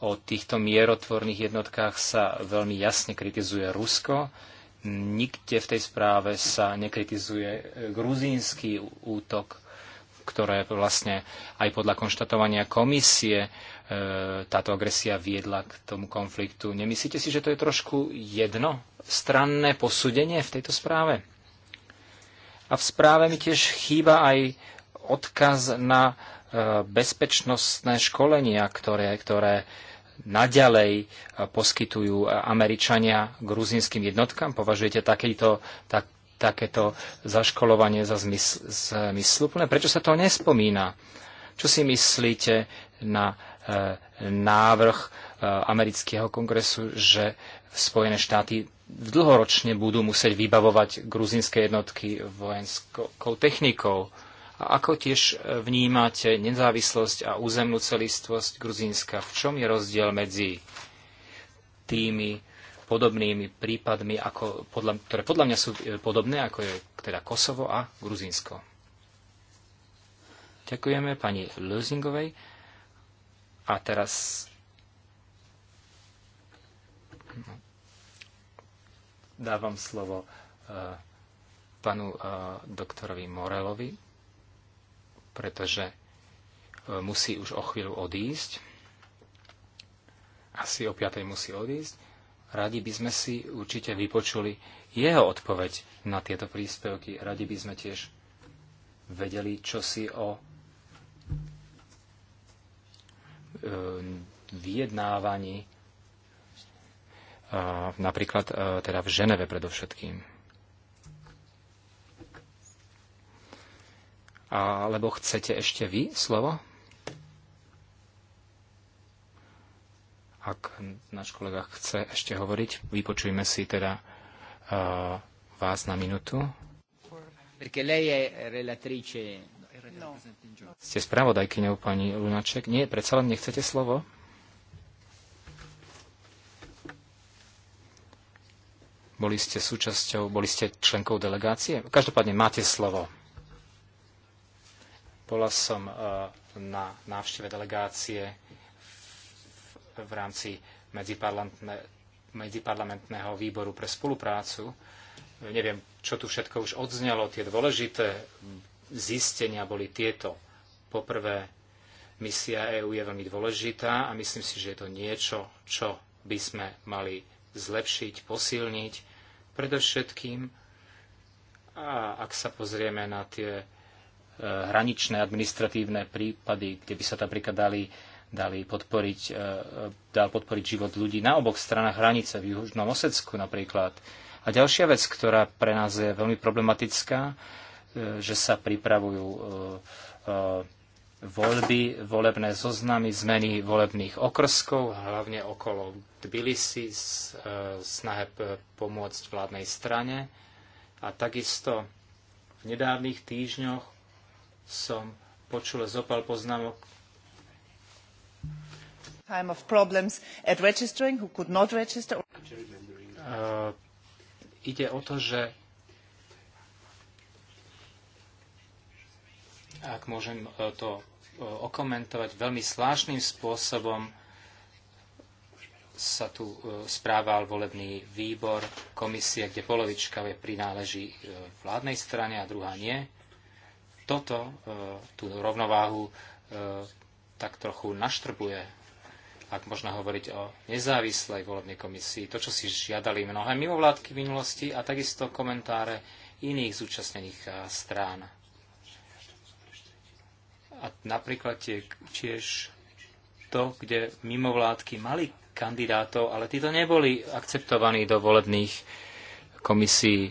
o týchto mierotvorných jednotkách sa veľmi jasne kritizuje Rusko. Nikde v tej správe sa nekritizuje gruzínsky útok, ktoré vlastne aj podľa konštatovania komisie e, táto agresia viedla k tomu konfliktu. Nemyslíte si, že to je trošku jedno stranné posúdenie v tejto správe? A v správe mi tiež chýba aj odkaz na e, bezpečnostné školenia, ktoré, ktoré naďalej e, poskytujú Američania gruzinským jednotkám? Považujete takýto, tak, takéto zaškolovanie za zmysl, zmysluplné? Prečo sa to nespomína? Čo si myslíte na e, návrh amerického kongresu, že Spojené štáty dlhoročne budú musieť vybavovať gruzinské jednotky vojenskou technikou. A ako tiež vnímate nezávislosť a územnú celistvosť Gruzínska? V čom je rozdiel medzi tými podobnými prípadmi, ako podľa, ktoré podľa mňa sú e, podobné, ako je teda Kosovo a Gruzínsko? Ďakujeme pani Lusingovej. A teraz Dávam slovo e, panu e, doktorovi Morelovi, pretože e, musí už o chvíľu odísť. Asi o 5. musí odísť. Radi by sme si určite vypočuli jeho odpoveď na tieto príspevky. Radi by sme tiež vedeli, čo si o vyjednávaní napríklad e, teda v Ženeve predovšetkým. Alebo chcete ešte vy slovo? Ak náš kolega chce ešte hovoriť, vypočujme si teda uh, vás na minutu. No. Ste spravodajkyňou, pani Lunaček. Nie, predsa len nechcete slovo? Boli ste súčasťou, boli ste členkou delegácie? Každopádne máte slovo. Bola som e, na návšteve delegácie v rámci medziparlamentného výboru pre spoluprácu. Neviem, čo tu všetko už odznelo. Tie dôležité zistenia boli tieto. Poprvé, misia EÚ je veľmi dôležitá a myslím si, že je to niečo, čo by sme mali zlepšiť, posilniť. Predovšetkým, a ak sa pozrieme na tie e, hraničné administratívne prípady, kde by sa napríklad dali, dali podporiť, e, e, dal podporiť život ľudí na oboch stranách hranice, v Južnom Osecku napríklad. A ďalšia vec, ktorá pre nás je veľmi problematická, že sa pripravujú voľby, volebné zoznamy, zmeny volebných okrskov, hlavne okolo Tbilisi, e, snahe pomôcť vládnej strane. A takisto v nedávnych týždňoch som počul zopal poznámok time of problems at registering, who could not register. Uh, ide o to, že ak môžem e, to okomentovať. Veľmi zvláštnym spôsobom sa tu e, správal volebný výbor komisie, kde polovička je prináleží e, vládnej strane a druhá nie. Toto, e, tú rovnováhu tak trochu naštrbuje ak možno hovoriť o nezávislej volebnej komisii, to, čo si žiadali mnohé mimovládky v minulosti a takisto komentáre iných zúčastnených strán. A napríklad tie, tiež to, kde mimovládky mali kandidátov, ale títo neboli akceptovaní do volebných komisí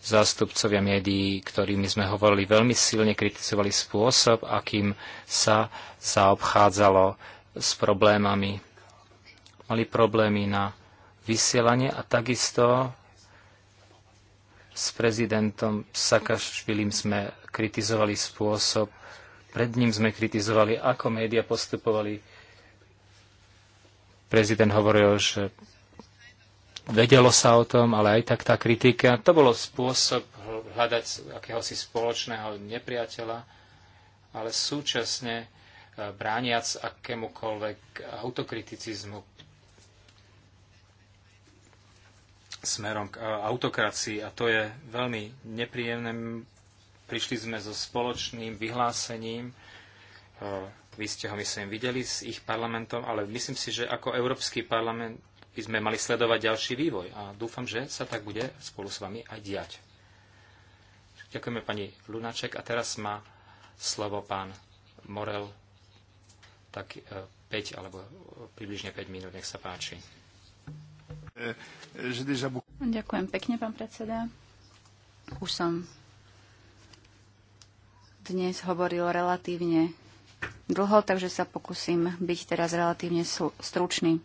zástupcovia médií, ktorými sme hovorili, veľmi silne kritizovali spôsob, akým sa zaobchádzalo s problémami. Mali problémy na vysielanie a takisto s prezidentom Sakašvilim sme kritizovali spôsob, pred ním sme kritizovali, ako média postupovali. Prezident hovoril, že vedelo sa o tom, ale aj tak tá kritika, to bolo spôsob hľadať akéhosi spoločného nepriateľa, ale súčasne e, brániac akémukoľvek autokriticizmu smerom k e, autokracii a to je veľmi nepríjemné. Prišli sme so spoločným vyhlásením, e, vy ste ho myslím videli s ich parlamentom, ale myslím si, že ako Európsky parlament by sme mali sledovať ďalší vývoj a dúfam, že sa tak bude spolu s vami aj diať. Ďakujeme pani Lunaček a teraz má slovo pán Morel, tak 5 e, alebo e, približne 5 minút, nech sa páči. Ďakujem pekne, pán predseda. Už som dnes hovoril relatívne dlho, takže sa pokúsim byť teraz relatívne stručný.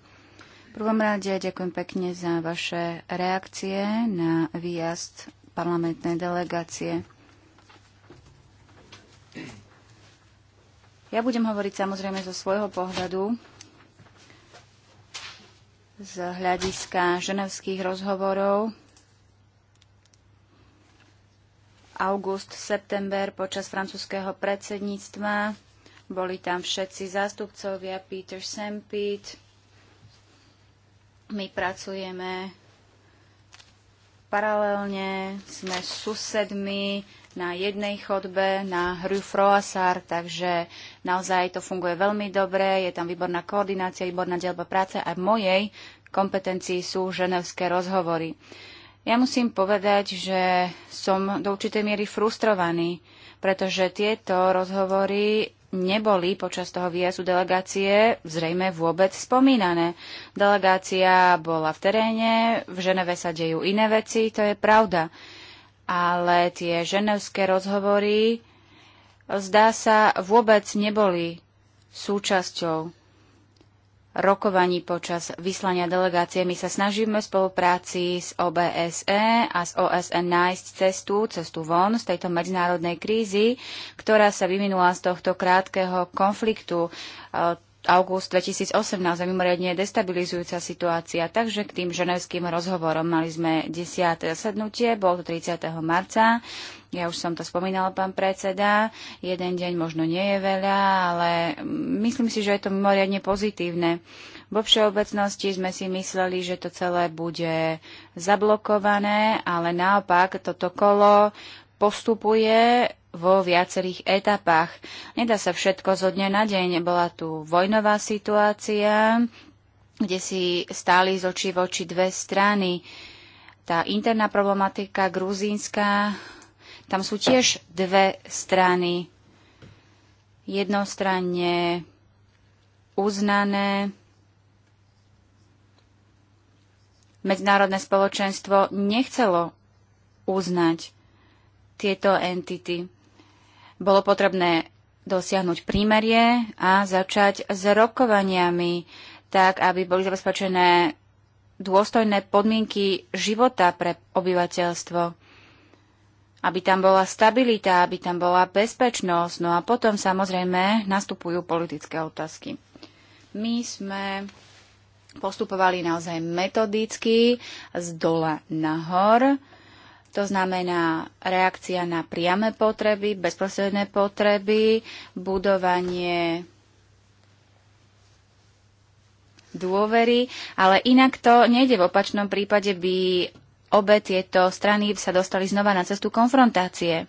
V prvom rade ďakujem pekne za vaše reakcie na výjazd parlamentnej delegácie. Ja budem hovoriť samozrejme zo svojho pohľadu, z hľadiska ženevských rozhovorov august, september počas francúzského predsedníctva. Boli tam všetci zástupcovia, Peter Sempit. My pracujeme paralelne, sme susedmi na jednej chodbe, na hru Froasar, takže naozaj to funguje veľmi dobre, je tam výborná koordinácia, výborná dielba práce a v mojej kompetencii sú ženevské rozhovory. Uh, ja musím povedať, že som do určitej miery frustrovaný, pretože tieto rozhovory neboli počas toho výjazdu delegácie zrejme vôbec spomínané. Delegácia bola v teréne, v Ženeve sa dejú iné veci, to je pravda. Ale tie ženevské rozhovory, zdá sa, vôbec neboli súčasťou rokovaní počas vyslania delegácie. My sa snažíme v spolupráci s OBSE a s OSN nájsť cestu, cestu von z tejto medzinárodnej krízy, ktorá sa vyvinula z tohto krátkeho konfliktu. E, august 2018 naozaj mimoriadne destabilizujúca situácia, takže k tým ženevským rozhovorom mali sme 10. zasadnutie, bolo to 30. marca. Ja už som to spomínal, pán predseda. Jeden deň možno nie je veľa, ale myslím si, že je to mimoriadne pozitívne. Vo všeobecnosti sme si mysleli, že to celé bude zablokované, ale naopak toto kolo postupuje vo viacerých etapách. Nedá sa všetko zo dňa na deň. Bola tu vojnová situácia, kde si stáli z očí v oči dve strany. Tá interná problematika gruzínska, tam sú tiež dve strany. Jednostranne uznané medzinárodné spoločenstvo nechcelo uznať tieto entity. Bolo potrebné dosiahnuť prímerie a začať s rokovaniami, tak aby boli zabezpečené dôstojné podmienky života pre obyvateľstvo. Aby tam bola stabilita, aby tam bola bezpečnosť. No a potom samozrejme nastupujú politické otázky. My sme postupovali naozaj metodicky z dola nahor to znamená reakcia na priame potreby, bezprostredné potreby, budovanie dôvery, ale inak to nejde. V opačnom prípade by obe tieto strany sa dostali znova na cestu konfrontácie.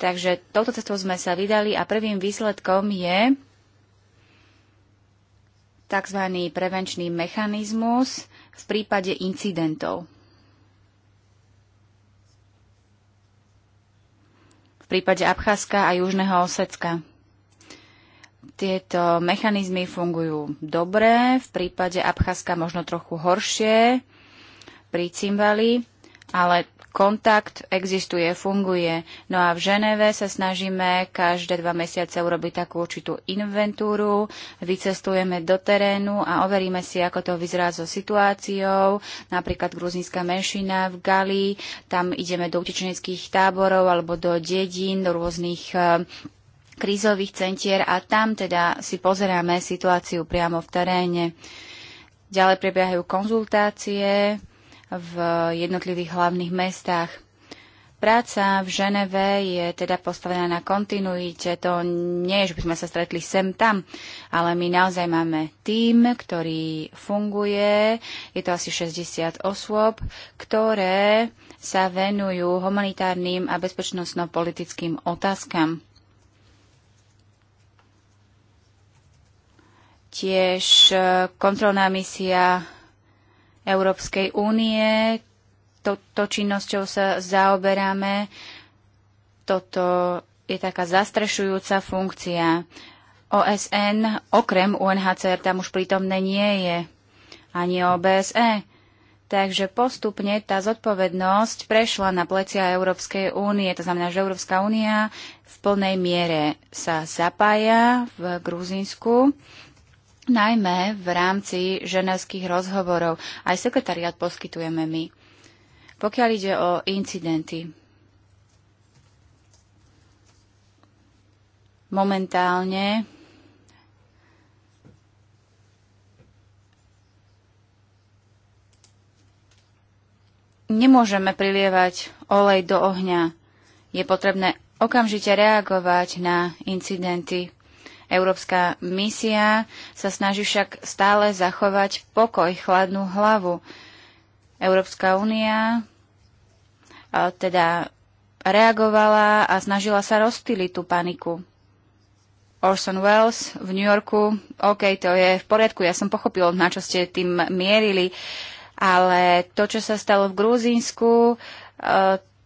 Takže touto cestou sme sa vydali a prvým výsledkom je tzv. prevenčný mechanizmus v prípade incidentov. prípade Abcházska a Južného Osecka. Tieto mechanizmy fungujú dobre, v prípade Abcházska možno trochu horšie pri Cimbali, ale kontakt existuje, funguje. No a v Ženeve sa snažíme každé dva mesiace urobiť takú určitú inventúru, vycestujeme do terénu a overíme si, ako to vyzerá so situáciou. Napríklad gruzínska menšina v gali, tam ideme do utečeneckých táborov alebo do dedín, do rôznych e, krízových centier a tam teda si pozeráme situáciu priamo v teréne. Ďalej prebiehajú konzultácie v jednotlivých hlavných mestách. Práca v Ženeve je teda postavená na kontinuite. To nie je, že by sme sa stretli sem tam, ale my naozaj máme tým, ktorý funguje. Je to asi 60 osôb, ktoré sa venujú humanitárnym a bezpečnostno-politickým otázkam. Tiež eh, kontrolná misia Európskej únie. Toto činnosťou sa zaoberáme. Toto je taká zastrešujúca funkcia. OSN okrem UNHCR tam už prítomné nie je, ani OBSE. Takže postupne tá zodpovednosť prešla na plecia Európskej únie. To znamená, že Európska únia v plnej miere sa zapája v Gruzínsku najmä v rámci ženevských rozhovorov. Aj sekretariat poskytujeme my. Pokiaľ ide o incidenty, momentálne nemôžeme prilievať olej do ohňa. Je potrebné okamžite reagovať na incidenty, Európska misia sa snaží však stále zachovať pokoj, chladnú hlavu. Európska únia teda reagovala a snažila sa rozptýliť tú paniku. Orson Welles v New Yorku, OK, to je v poriadku, ja som pochopil, na čo ste tým mierili, ale to, čo sa stalo v Gruzínsku,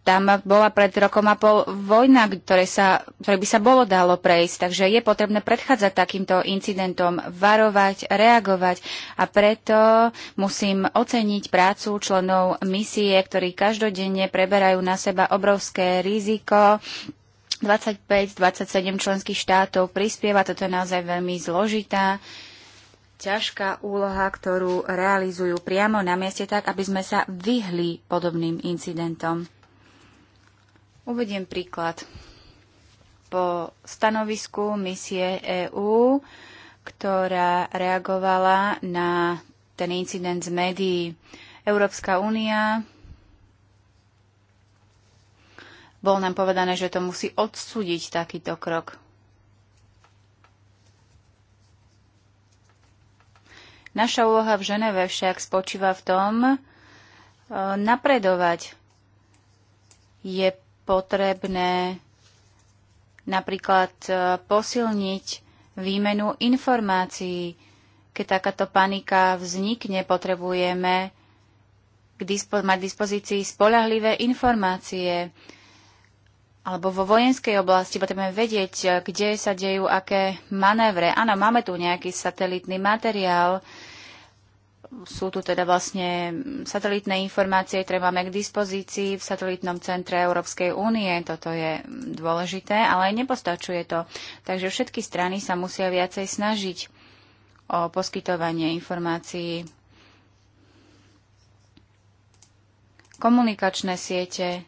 tam bola pred rokom a pol vojna, ktoré, sa, ktoré by sa bolo dalo prejsť, takže je potrebné predchádzať takýmto incidentom, varovať, reagovať a preto musím oceniť prácu členov misie, ktorí každodenne preberajú na seba obrovské riziko 25-27 členských štátov prispieva. Toto je naozaj veľmi zložitá, ťažká úloha, ktorú realizujú priamo na mieste tak, aby sme sa vyhli podobným incidentom. Uvediem príklad. Po stanovisku misie EÚ, ktorá reagovala na ten incident z médií, Európska únia bol nám povedané, že to musí odsúdiť takýto krok. Naša úloha v Ženeve však spočíva v tom eh, napredovať. Je potrebné napríklad e, posilniť výmenu informácií. Keď takáto panika vznikne, potrebujeme k dispo- mať dispozícii spolahlivé informácie. Alebo vo vojenskej oblasti potrebujeme vedieť, e, kde sa dejú aké manévre. Áno, máme tu nejaký satelitný materiál, sú tu teda vlastne satelitné informácie, ktoré máme k dispozícii v satelitnom centre Európskej únie. Toto je dôležité, ale nepostačuje to. Takže všetky strany sa musia viacej snažiť o poskytovanie informácií. Komunikačné siete,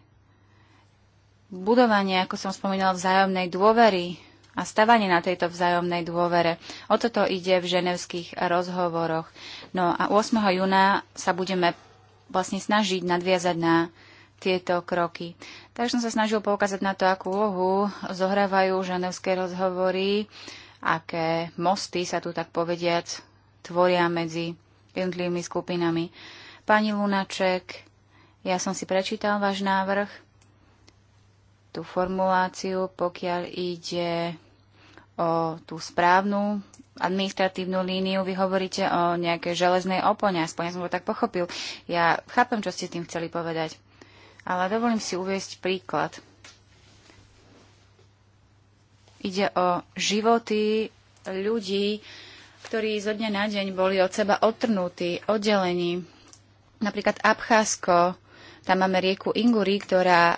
budovanie, ako som spomínala, vzájomnej dôvery a stavanie na tejto vzájomnej dôvere. O toto ide v ženevských rozhovoroch. No a 8. júna sa budeme vlastne snažiť nadviazať na tieto kroky. Takže som sa snažil poukázať na to, akú úlohu zohrávajú ženevské rozhovory, aké mosty sa tu tak povediac tvoria medzi jednotlivými skupinami. Pani Lunaček, ja som si prečítal váš návrh, tú formuláciu, pokiaľ ide o tú správnu administratívnu líniu, vy hovoríte o nejakej železnej opone, aspoň ja som to tak pochopil. Ja chápem, čo ste tým chceli povedať, ale dovolím si uviesť príklad. Ide o životy ľudí, ktorí zo dňa na deň boli od seba otrnutí, oddelení. Napríklad Abcházsko, tam máme rieku Inguri, ktorá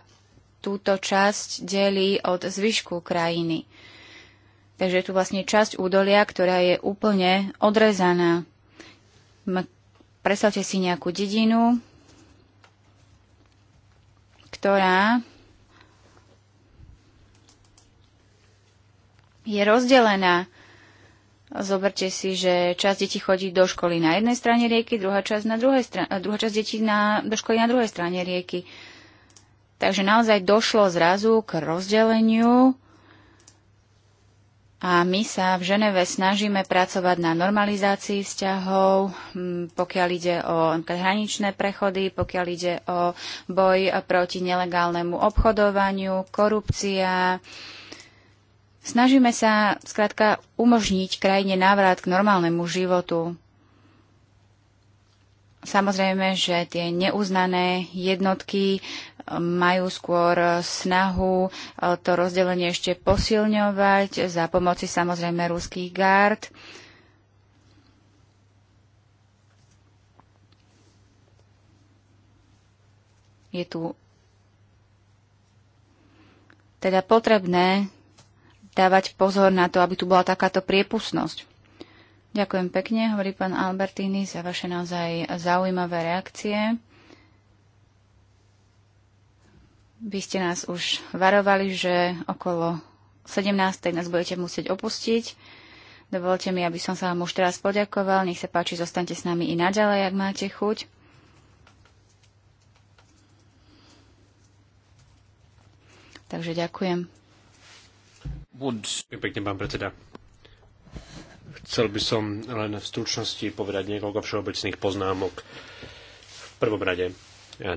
túto časť delí od zvyšku krajiny. Takže je tu vlastne časť údolia, ktorá je úplne odrezaná. Predstavte si nejakú dedinu, ktorá je rozdelená. Zoberte si, že časť detí chodí do školy na jednej strane rieky, druhá časť, na druhej strane, eh, druhá časť detí na, do školy na druhej strane rieky. Takže naozaj došlo zrazu k rozdeleniu a my sa v Ženeve snažíme pracovať na normalizácii vzťahov, pokiaľ ide o hraničné prechody, pokiaľ ide o boj proti nelegálnemu obchodovaniu, korupcia. Snažíme sa skrátka umožniť krajine návrat k normálnemu životu. Samozrejme, že tie neuznané jednotky e, majú skôr snahu e, to rozdelenie ešte posilňovať za pomoci samozrejme ruských gard. Je tu teda potrebné dávať pozor na to, aby tu bola takáto priepustnosť. Ďakujem pekne, hovorí pán Albertini, za vaše naozaj zaujímavé reakcie. Vy ste nás už varovali, že okolo 17. nás budete musieť opustiť. Dovolte mi, aby som sa vám už teraz poďakoval. Nech sa páči, zostanete s nami i naďalej, ak máte chuť. Takže ďakujem. Pekne, pán predseda. Chcel by som len v stručnosti povedať niekoľko všeobecných poznámok. V prvom rade, e,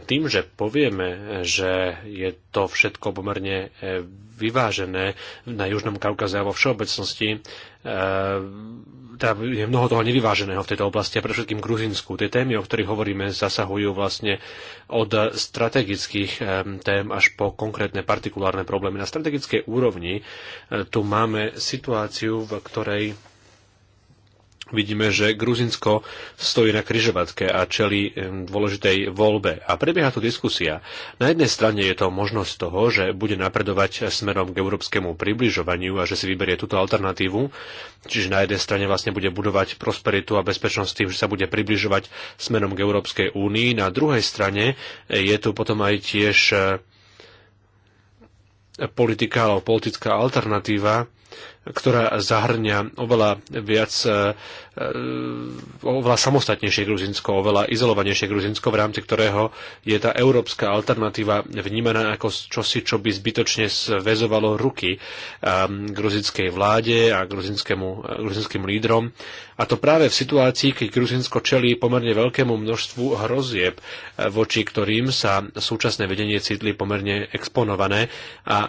tým, že povieme, že je to všetko pomerne e, vyvážené na Južnom Kaukaze a vo všeobecnosti, e, teda je mnoho toho nevyváženého v tejto oblasti a pre všetkým Gruzinsku. Tie témy, o ktorých hovoríme, zasahujú vlastne od strategických tém až po konkrétne partikulárne problémy. Na strategickej úrovni tu máme situáciu, v ktorej vidíme, že Gruzinsko stojí na kryžovatke a čeli dôležitej voľbe. A prebieha tu diskusia. Na jednej strane je to možnosť toho, že bude napredovať smerom k európskemu približovaniu a že si vyberie túto alternatívu. Čiže na jednej strane vlastne bude budovať prosperitu a bezpečnosť tým, že sa bude približovať smerom k Európskej únii. Na druhej strane je tu potom aj tiež eh, politika alebo politická alternatíva, ktorá zahrňa oveľa viac, e, e, oveľa samostatnejšie Gruzinsko, oveľa izolovanejšie Gruzinsko, v rámci ktorého je tá európska alternatíva vnímaná ako čosi, čo by zbytočne zväzovalo ruky e, gruzinskej vláde a gruzinským lídrom. A to práve v situácii, keď Gruzinsko čelí pomerne veľkému množstvu hrozieb, voči ktorým sa súčasné vedenie cítli pomerne exponované a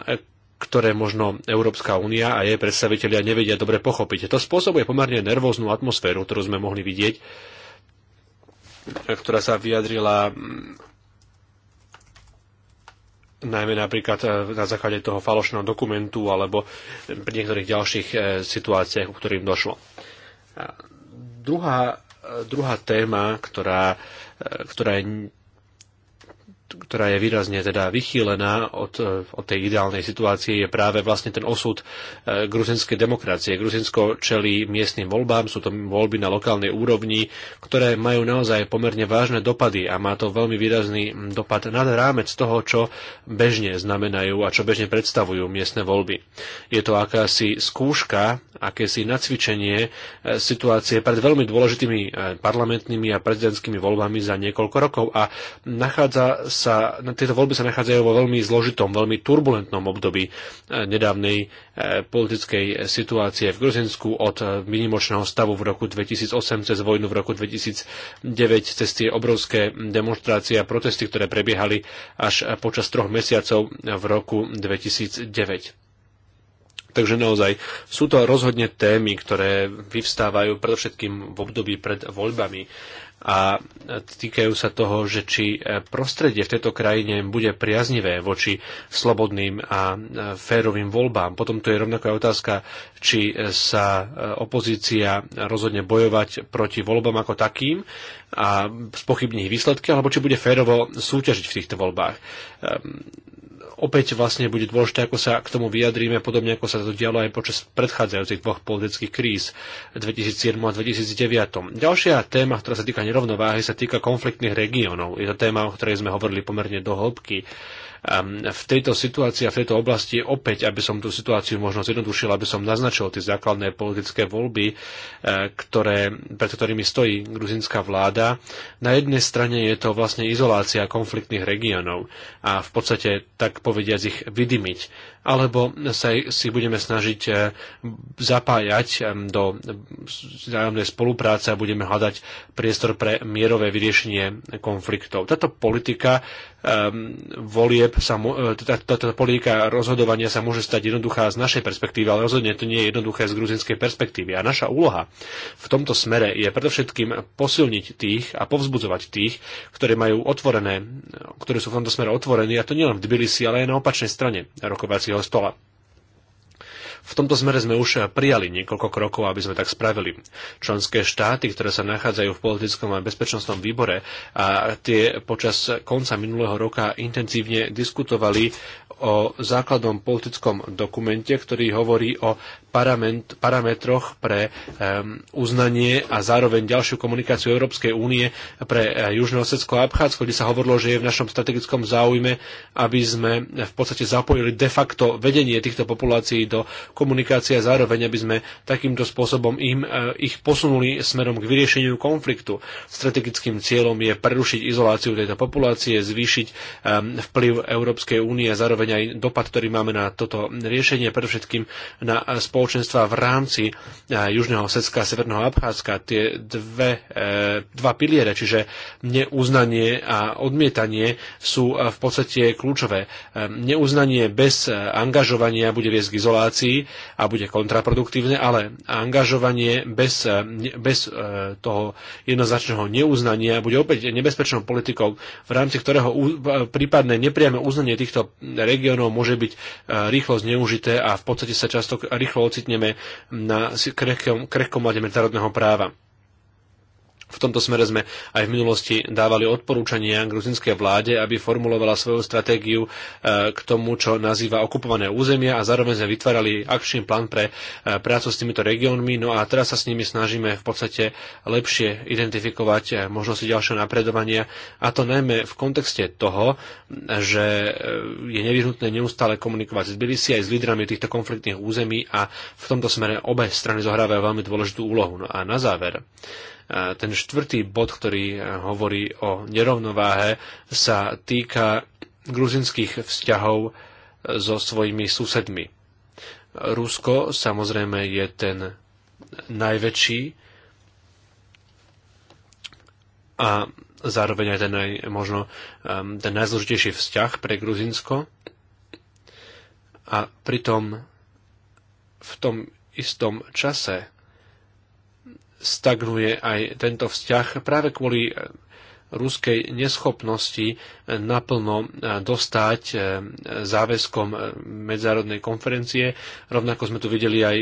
ktoré možno Európska únia a jej predstavitelia nevedia dobre pochopiť. To spôsobuje pomerne nervóznu atmosféru, ktorú sme mohli vidieť, ktorá sa vyjadrila mm, najmä napríklad e, na základe toho falošného dokumentu alebo pri niektorých ďalších e, situáciách, u ktorým došlo. A druhá, e, druhá téma, ktorá, ktorá je ktorá je výrazne teda vychýlená od, e, od tej ideálnej situácie, je práve vlastne ten osud e, gruzinskej demokracie. Gruzinsko čelí miestnym voľbám, sú to voľby na lokálnej úrovni, ktoré majú naozaj pomerne vážne dopady a má to veľmi výrazný dopad nad rámec toho, čo bežne znamenajú a čo bežne predstavujú miestne voľby. Je to akási skúška, akési nacvičenie e, situácie pred veľmi dôležitými parlamentnými a prezidentskými voľbami za niekoľko rokov a nachádza sa, no, tieto voľby sa nachádzajú vo veľmi zložitom, veľmi turbulentnom období eh, nedávnej eh, politickej situácie v Gruzinsku od eh, minimočného stavu v roku 2008 cez vojnu v roku 2009 cez tie obrovské demonstrácie a protesty, ktoré prebiehali až počas troch mesiacov v roku 2009. Takže naozaj sú to rozhodne témy, ktoré vyvstávajú predovšetkým v období pred voľbami a týkajú sa toho, že či prostredie v tejto krajine bude priaznivé voči slobodným a férovým voľbám. Potom tu je rovnaká otázka, či sa opozícia rozhodne bojovať proti voľbám ako takým a spochybní ich výsledky, alebo či bude férovo súťažiť v týchto voľbách opäť vlastne bude dôležité, ako sa k tomu vyjadríme, podobne ako sa to dialo aj počas predchádzajúcich dvoch politických kríz 2007 a 2009. Ďalšia téma, ktorá sa týka nerovnováhy, sa týka konfliktných regiónov. Je to téma, o ktorej sme hovorili pomerne do hĺbky Ehm, v tejto situácii a v tejto oblasti opäť, aby som tú situáciu možno zjednodušil, aby som naznačil tie základné politické voľby, eh, ktoré, pred ktorými stojí gruzinská vláda. Na jednej strane je to vlastne izolácia konfliktných regiónov a v podstate tak povediať ich vydymiť alebo sa si budeme snažiť e, zapájať e, do vzájomnej spolupráce a budeme hľadať priestor pre mierové vyriešenie konfliktov. Táto politika volieb, sa, e, táto politika rozhodovania sa môže stať jednoduchá z našej perspektívy, ale rozhodne to nie je jednoduché z gruzinskej perspektívy. A naša úloha v tomto smere je predovšetkým posilniť tých a povzbudzovať tých, ktorí majú otvorené, ktorí sú v tomto smere otvorení, a to nielen v Tbilisi, ale aj na opačnej strane rokovacieho rokovacieho stola. V tomto smere sme už prijali niekoľko krokov, aby sme tak spravili. Členské štáty, ktoré sa nachádzajú v politickom a bezpečnostnom výbore, a tie počas konca minulého roka intenzívne diskutovali o základnom politickom dokumente, ktorý hovorí o parament, parametroch pre um, uznanie a zároveň ďalšiu komunikáciu Európskej únie pre eh, Južné Osecko a Abchádzko, kde sa hovorilo, že je v našom strategickom záujme, aby sme v podstate zapojili de facto vedenie týchto populácií do komunikácie a zároveň, aby sme takýmto spôsobom im, eh, ich posunuli smerom k vyriešeniu konfliktu. Strategickým cieľom je prerušiť izoláciu tejto populácie, zvýšiť um, vplyv Európskej únie a zároveň aj dopad, ktorý máme na toto riešenie, predovšetkým na spoločenstva v rámci eh, Južného Secka a Severného Abcházska. Tie dve, eh, dva piliere, čiže neuznanie a odmietanie sú eh, v podstate kľúčové. Neuznanie bez angažovania bude viesť k izolácii a bude kontraproduktívne, ale angažovanie bez, bez toho jednoznačného neuznania bude opäť nebezpečnou politikou, v rámci ktorého prípadne nepriame uznanie týchto regiónov regiónov môže byť e, rýchlo zneužité a v podstate sa často rýchlo ocitneme na krehkom, krehkom mlade medzinárodného práva. V tomto smere sme aj v minulosti dávali odporúčania gruzinskej vláde, aby formulovala svoju stratégiu e, k tomu, čo nazýva okupované územia a zároveň sme vytvárali akčný plán pre e, prácu s týmito regiónmi. No a teraz sa s nimi snažíme v podstate lepšie identifikovať e, možnosti ďalšieho napredovania a to najmä v kontexte toho, že je nevyhnutné neustále komunikovať s Bilisi aj s lídrami týchto konfliktných území a v tomto smere obe strany zohrávajú veľmi dôležitú úlohu. No a na záver, ten štvrtý bod, ktorý e, hovorí o nerovnováhe, sa týka gruzinských vzťahov e, so svojimi susedmi. Rusko samozrejme je ten najväčší a zároveň aj ten naj, možno ten najzložitejší vzťah pre Gruzinsko. A pritom v tom istom čase stagnuje aj tento vzťah práve kvôli eh, ruskej neschopnosti eh, naplno eh, dostať záväzkom medzárodnej konferencie. Rovnako sme tu videli aj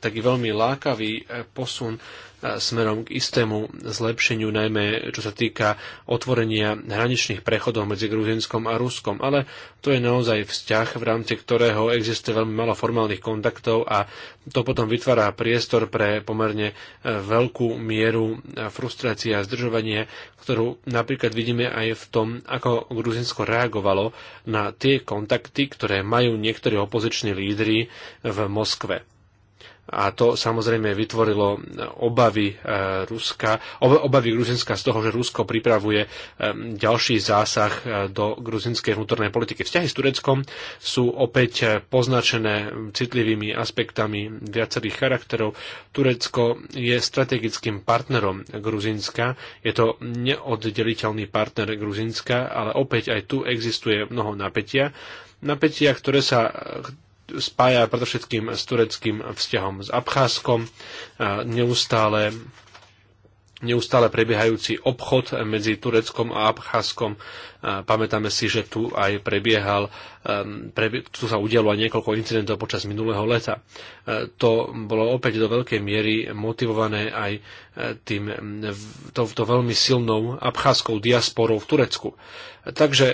taký veľmi lákavý posun smerom k istému zlepšeniu, najmä čo sa týka otvorenia hraničných prechodov medzi Gruzinskom a Ruskom, ale to je naozaj vzťah, v rámci ktorého existuje veľmi malo formálnych kontaktov a to potom vytvára priestor pre pomerne e, veľkú mieru e, frustrácie a zdržovanie, ktorú napríklad vidíme aj v tom, ako Gruzinsko reagovalo na tie kontakty, ktoré majú niektorí opoziční lídry v Moskve a to samozrejme vytvorilo e, obavy e, Ruska, obavy Gruzinska z toho, že Rusko pripravuje e, ďalší zásah do gruzinskej vnútornej politiky. Vzťahy s Tureckom sú opäť poznačené citlivými aspektami viacerých charakterov. Turecko je strategickým partnerom Gruzinska, je to neoddeliteľný partner Gruzinska, ale opäť aj tu existuje mnoho napätia napätia, ktoré sa spája predovšetkým s tureckým vzťahom s Abcházskom. neustále neustále prebiehajúci obchod medzi Tureckom a Abcházskom Pamätáme si, že tu aj prebiehal, tu sa udialo aj niekoľko incidentov počas minulého leta. E, to bolo opäť do veľkej miery motivované aj e, tým, e, to, to veľmi silnou abcházskou diasporou v Turecku. Takže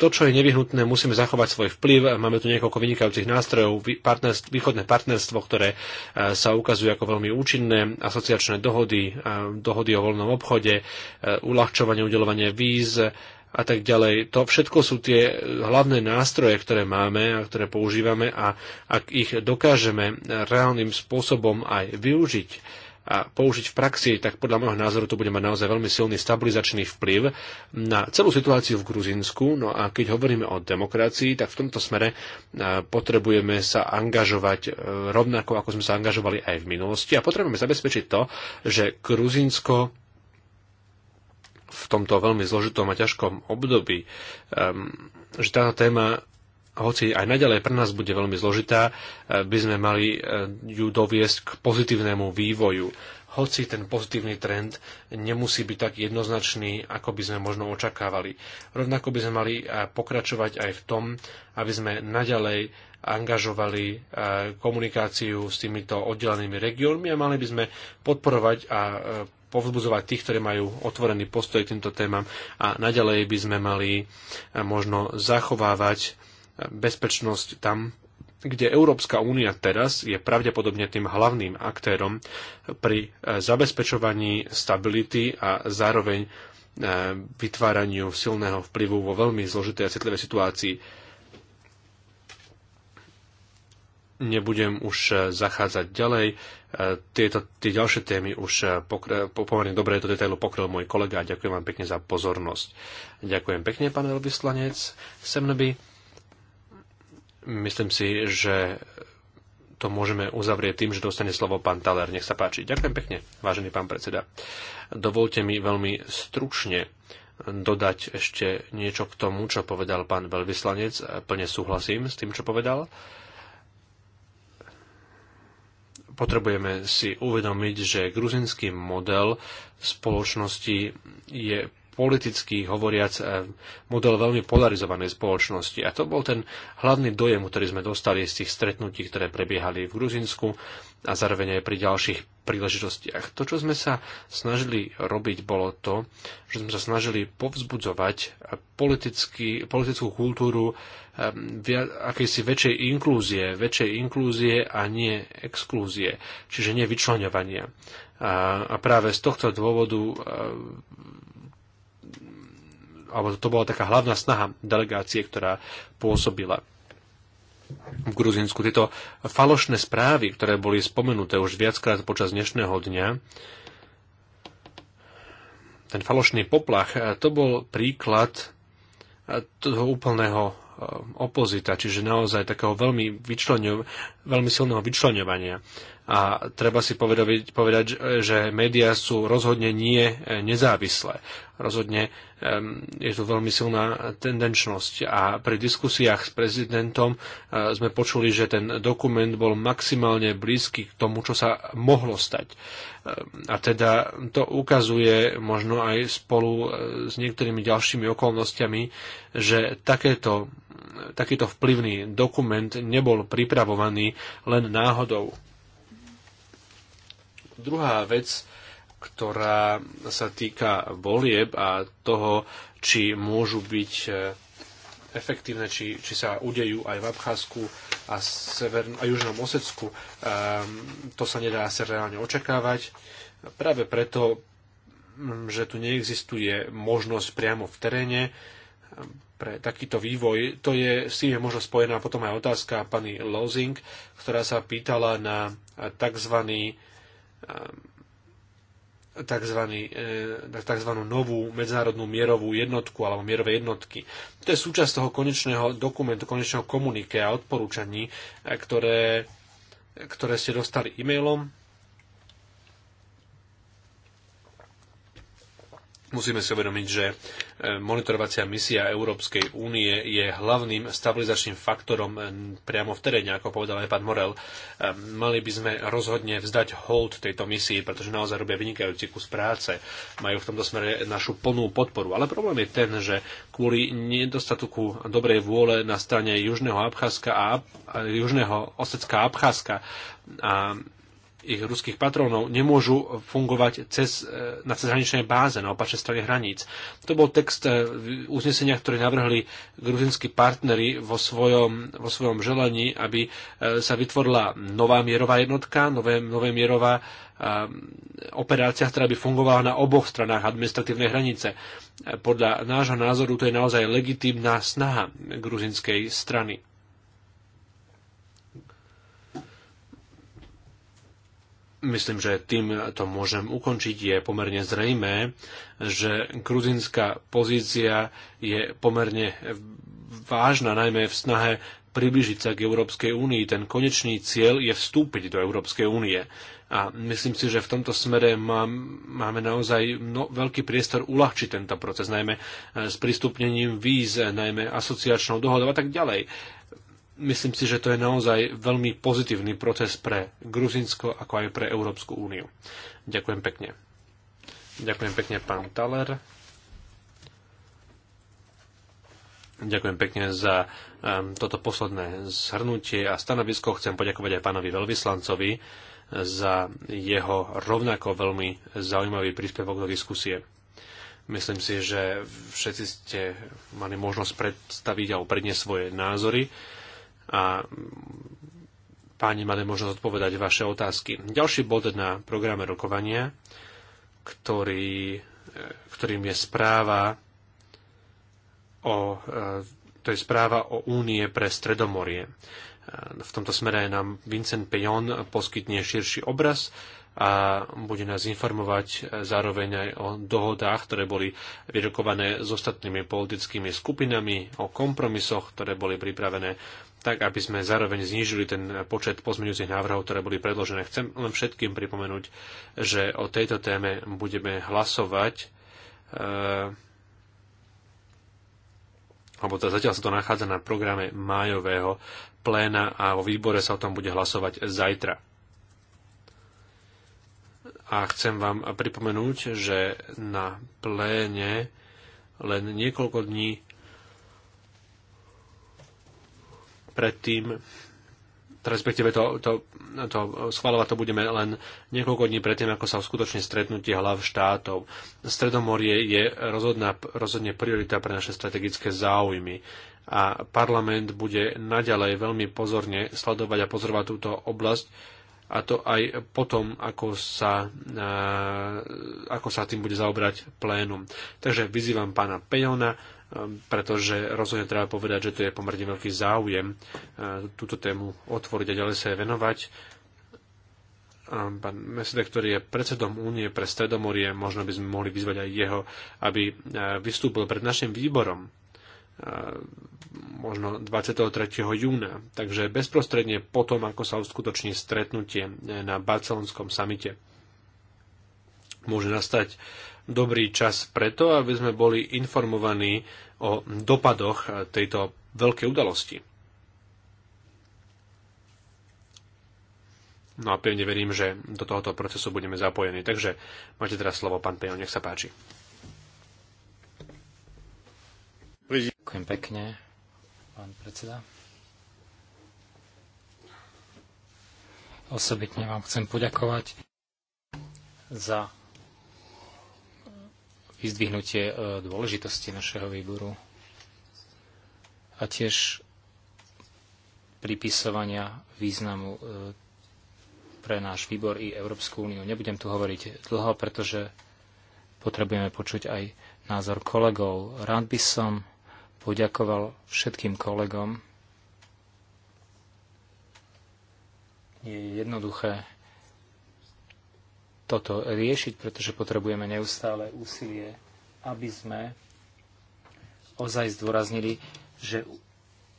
to, čo je nevyhnutné, musíme zachovať svoj vplyv. Máme tu niekoľko vynikajúcich nástrojov, partnerstv, východné partnerstvo, ktoré sa ukazujú ako veľmi účinné, asociačné dohody, dohody o voľnom obchode, uľahčovanie, udelovanie víz, a tak ďalej. To všetko sú tie hlavné nástroje, ktoré máme a ktoré používame a ak ich dokážeme reálnym spôsobom aj využiť a použiť v praxi, tak podľa môjho názoru to bude mať naozaj veľmi silný stabilizačný vplyv na celú situáciu v Gruzinsku. No a keď hovoríme o demokracii, tak v tomto smere potrebujeme sa angažovať e, rovnako, ako sme sa angažovali aj v minulosti a potrebujeme zabezpečiť to, že Gruzinsko tomto veľmi zložitom a ťažkom období, ehm, že táto téma hoci aj naďalej pre nás bude veľmi zložitá, eh, by sme mali eh, ju doviesť k pozitívnemu vývoju. Hoci ten pozitívny trend nemusí byť tak jednoznačný, ako by sme možno očakávali. Rovnako by sme mali eh, pokračovať aj v tom, aby sme naďalej angažovali komunikáciu s týmito oddelenými regiónmi a mali by sme podporovať a povzbudzovať tých, ktorí majú otvorený postoj k týmto témam a naďalej by sme mali e, možno zachovávať e, bezpečnosť tam, kde Európska únia teraz je pravdepodobne tým hlavným aktérom pri e, zabezpečovaní stability a zároveň vytváraniu silného vplyvu vo veľmi zložitej a citlivej situácii nebudem už e, zachádzať ďalej. E, tieto, tie ďalšie témy už e, pokr- pomerne dobre do detailu pokryl môj kolega a ďakujem vám pekne za pozornosť. Ďakujem pekne, pán veľvyslanec Semneby. Myslím si, že to môžeme uzavrieť tým, že dostane slovo pán Taler. Nech sa páči. Ďakujem pekne, vážený pán predseda. Dovolte mi veľmi stručne dodať ešte niečo k tomu, čo povedal pán veľvyslanec. Plne súhlasím s tým, čo povedal. Potrebujeme si uvedomiť, že gruzinský model spoločnosti je politicky hovoriac eh, model veľmi polarizovanej spoločnosti. A to bol ten hlavný dojem, ktorý sme dostali z tých stretnutí, ktoré prebiehali v Gruzinsku a zároveň aj pri ďalších príležitostiach. To, čo sme sa snažili robiť, bolo to, že sme sa snažili povzbudzovať politickú kultúru eh, akejsi väčšej inklúzie, väčšej inklúzie a nie exklúzie, čiže nie vyčlenovania. A práve z tohto dôvodu eh, alebo to bola taká hlavná snaha delegácie, ktorá pôsobila v Gruzinsku. Tieto falošné správy, ktoré boli spomenuté už viackrát počas dnešného dňa, ten falošný poplach, eh, to bol príklad eh, toho úplného eh, opozita, čiže naozaj takého veľmi, veľmi silného vyčlenovania. A treba si povedať, povedať že médiá sú rozhodne nie nezávislé rozhodne je tu veľmi silná tendenčnosť. A pri diskusiách s prezidentom eh, sme počuli, že ten dokument bol maximálne blízky k tomu, čo sa mohlo stať. A teda to ukazuje možno aj spolu eh, s niektorými ďalšími okolnostiami, že takéto, takýto vplyvný dokument nebol pripravovaný len náhodou. Druhá vec, ktorá sa týka volieb a toho, či môžu byť e, efektívne, či, či sa udejú aj v Abcházsku a, Severn- a Južnom Osecku. Um, to sa nedá asi reálne očakávať. Práve preto, mm, že tu neexistuje možnosť priamo v teréne ehm, pre takýto vývoj, to je, s tým je možno spojená potom aj otázka pani Lozing, ktorá sa pýtala na tzv. Um, ehm, tzv. E, tzv. novú medzinárodnú mierovú jednotku alebo mierové jednotky. To je súčasť toho konečného dokumentu, konečného komunike a odporúčaní, e, ktoré, e, ktoré ste dostali e-mailom Musíme si uvedomiť, že e, monitorovacia misia Európskej únie je hlavným stabilizačným faktorom e, priamo v teréne, ako povedal aj pán Morel. E, mali by sme rozhodne vzdať hold tejto misii, pretože naozaj robia vynikajúci kus práce. Majú v tomto smere našu plnú podporu. Ale problém je ten, že kvôli nedostatku dobrej vôle na strane Južného Abcházska a Južného Osecka Abcházska a ich ruských patrónov nemôžu fungovať cez, e, na cezhraničnej báze na opačnej strane hraníc. To bol text e, uznesenia, ktoré navrhli gruzinskí partnery vo svojom, vo svojom želaní, aby e, sa vytvorila nová mierová jednotka, nové, nové mierová operácia, ktorá by fungovala na oboch stranách administratívnej hranice. Podľa nášho názoru to je naozaj legitímna snaha gruzinskej strany. Myslím, že tým to môžem ukončiť. Je pomerne zrejmé, že gruzinská pozícia je pomerne vážna, najmä v snahe približiť sa k Európskej únii. Ten konečný cieľ je vstúpiť do Európskej únie. A myslím si, že v tomto smere máme naozaj no, veľký priestor uľahčiť tento proces, najmä s prístupnením víz, najmä asociačnou dohodou a tak ďalej myslím si, že to je naozaj veľmi pozitívny proces pre Gruzinsko, ako aj pre Európsku úniu. Ďakujem pekne. Ďakujem pekne, pán Taler. Ďakujem pekne za um, toto posledné zhrnutie a stanovisko. Chcem poďakovať aj pánovi veľvyslancovi za jeho rovnako veľmi zaujímavý príspevok do diskusie. Myslím si, že všetci ste mali možnosť predstaviť alebo predniesť svoje názory a páni mali možnosť odpovedať vaše otázky. Ďalší bod na programe rokovania, ktorý, e, ktorým je správa o, e, to je správa o Únie pre Stredomorie. E, v tomto smere nám Vincent Pejon poskytne širší obraz a bude nás informovať zároveň aj o dohodách, ktoré boli vyrokované s ostatnými politickými skupinami, o kompromisoch, ktoré boli pripravené tak aby sme zároveň znížili ten počet pozmeňujúcich návrhov, ktoré boli predložené. Chcem len všetkým pripomenúť, že o tejto téme budeme hlasovať alebo eh, zatiaľ sa to nachádza na programe májového pléna a vo výbore sa o tom bude hlasovať zajtra. A chcem vám pripomenúť, že na pléne len niekoľko dní predtým, teda respektíve to, to, to schváľovať to budeme len niekoľko dní predtým, ako sa skutočne stretnutie hlav štátov. Stredomorie je rozhodná, rozhodne priorita pre naše strategické záujmy a parlament bude naďalej veľmi pozorne sledovať a pozorovať túto oblasť a to aj potom, ako sa, e, ako sa tým bude zaobrať plénum. Takže vyzývam pána Pejona, Ehm, pretože rozhodne treba povedať, že to je pomerne veľký záujem eh, túto tému otvoriť a ďalej sa jej venovať. Ehm, pán Mesede, ktorý je predsedom Únie pre Stredomorie, možno by sme mohli vyzvať aj jeho, aby eh, vystúpil pred našim výborom eh, možno 23. júna. Takže bezprostredne potom, ako sa uskutoční stretnutie na barcelonskom samite môže nastať dobrý čas preto, aby sme boli informovaní o dopadoch tejto veľkej udalosti. No a pevne verím, že do tohoto procesu budeme zapojení. Takže máte teraz slovo, pán Pejo, nech sa páči. Ďakujem pekne, pán predseda. Osobitne vám chcem poďakovať za vyzdvihnutie e, dôležitosti našeho výboru a tiež pripisovania významu e, pre náš výbor i Európsku úniu. Nebudem tu hovoriť dlho, pretože potrebujeme počuť aj názor kolegov. Rád by som poďakoval všetkým kolegom. Je jednoduché toto riešiť, pretože potrebujeme neustále úsilie, aby sme ozaj zdôraznili, že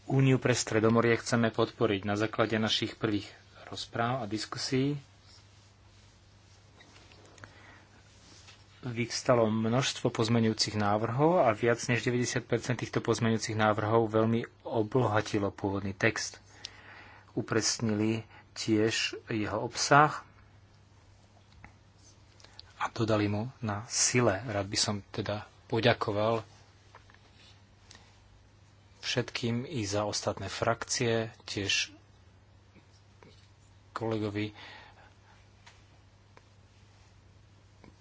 Úniu pre Stredomorie chceme podporiť na základe našich prvých rozpráv a diskusí. Vyvstalo množstvo pozmenujúcich návrhov a viac než 90 týchto pozmenujúcich návrhov veľmi obohatilo pôvodný text. Upresnili tiež jeho obsah a dodali mu na sile. Rád by som teda poďakoval všetkým i za ostatné frakcie, tiež kolegovi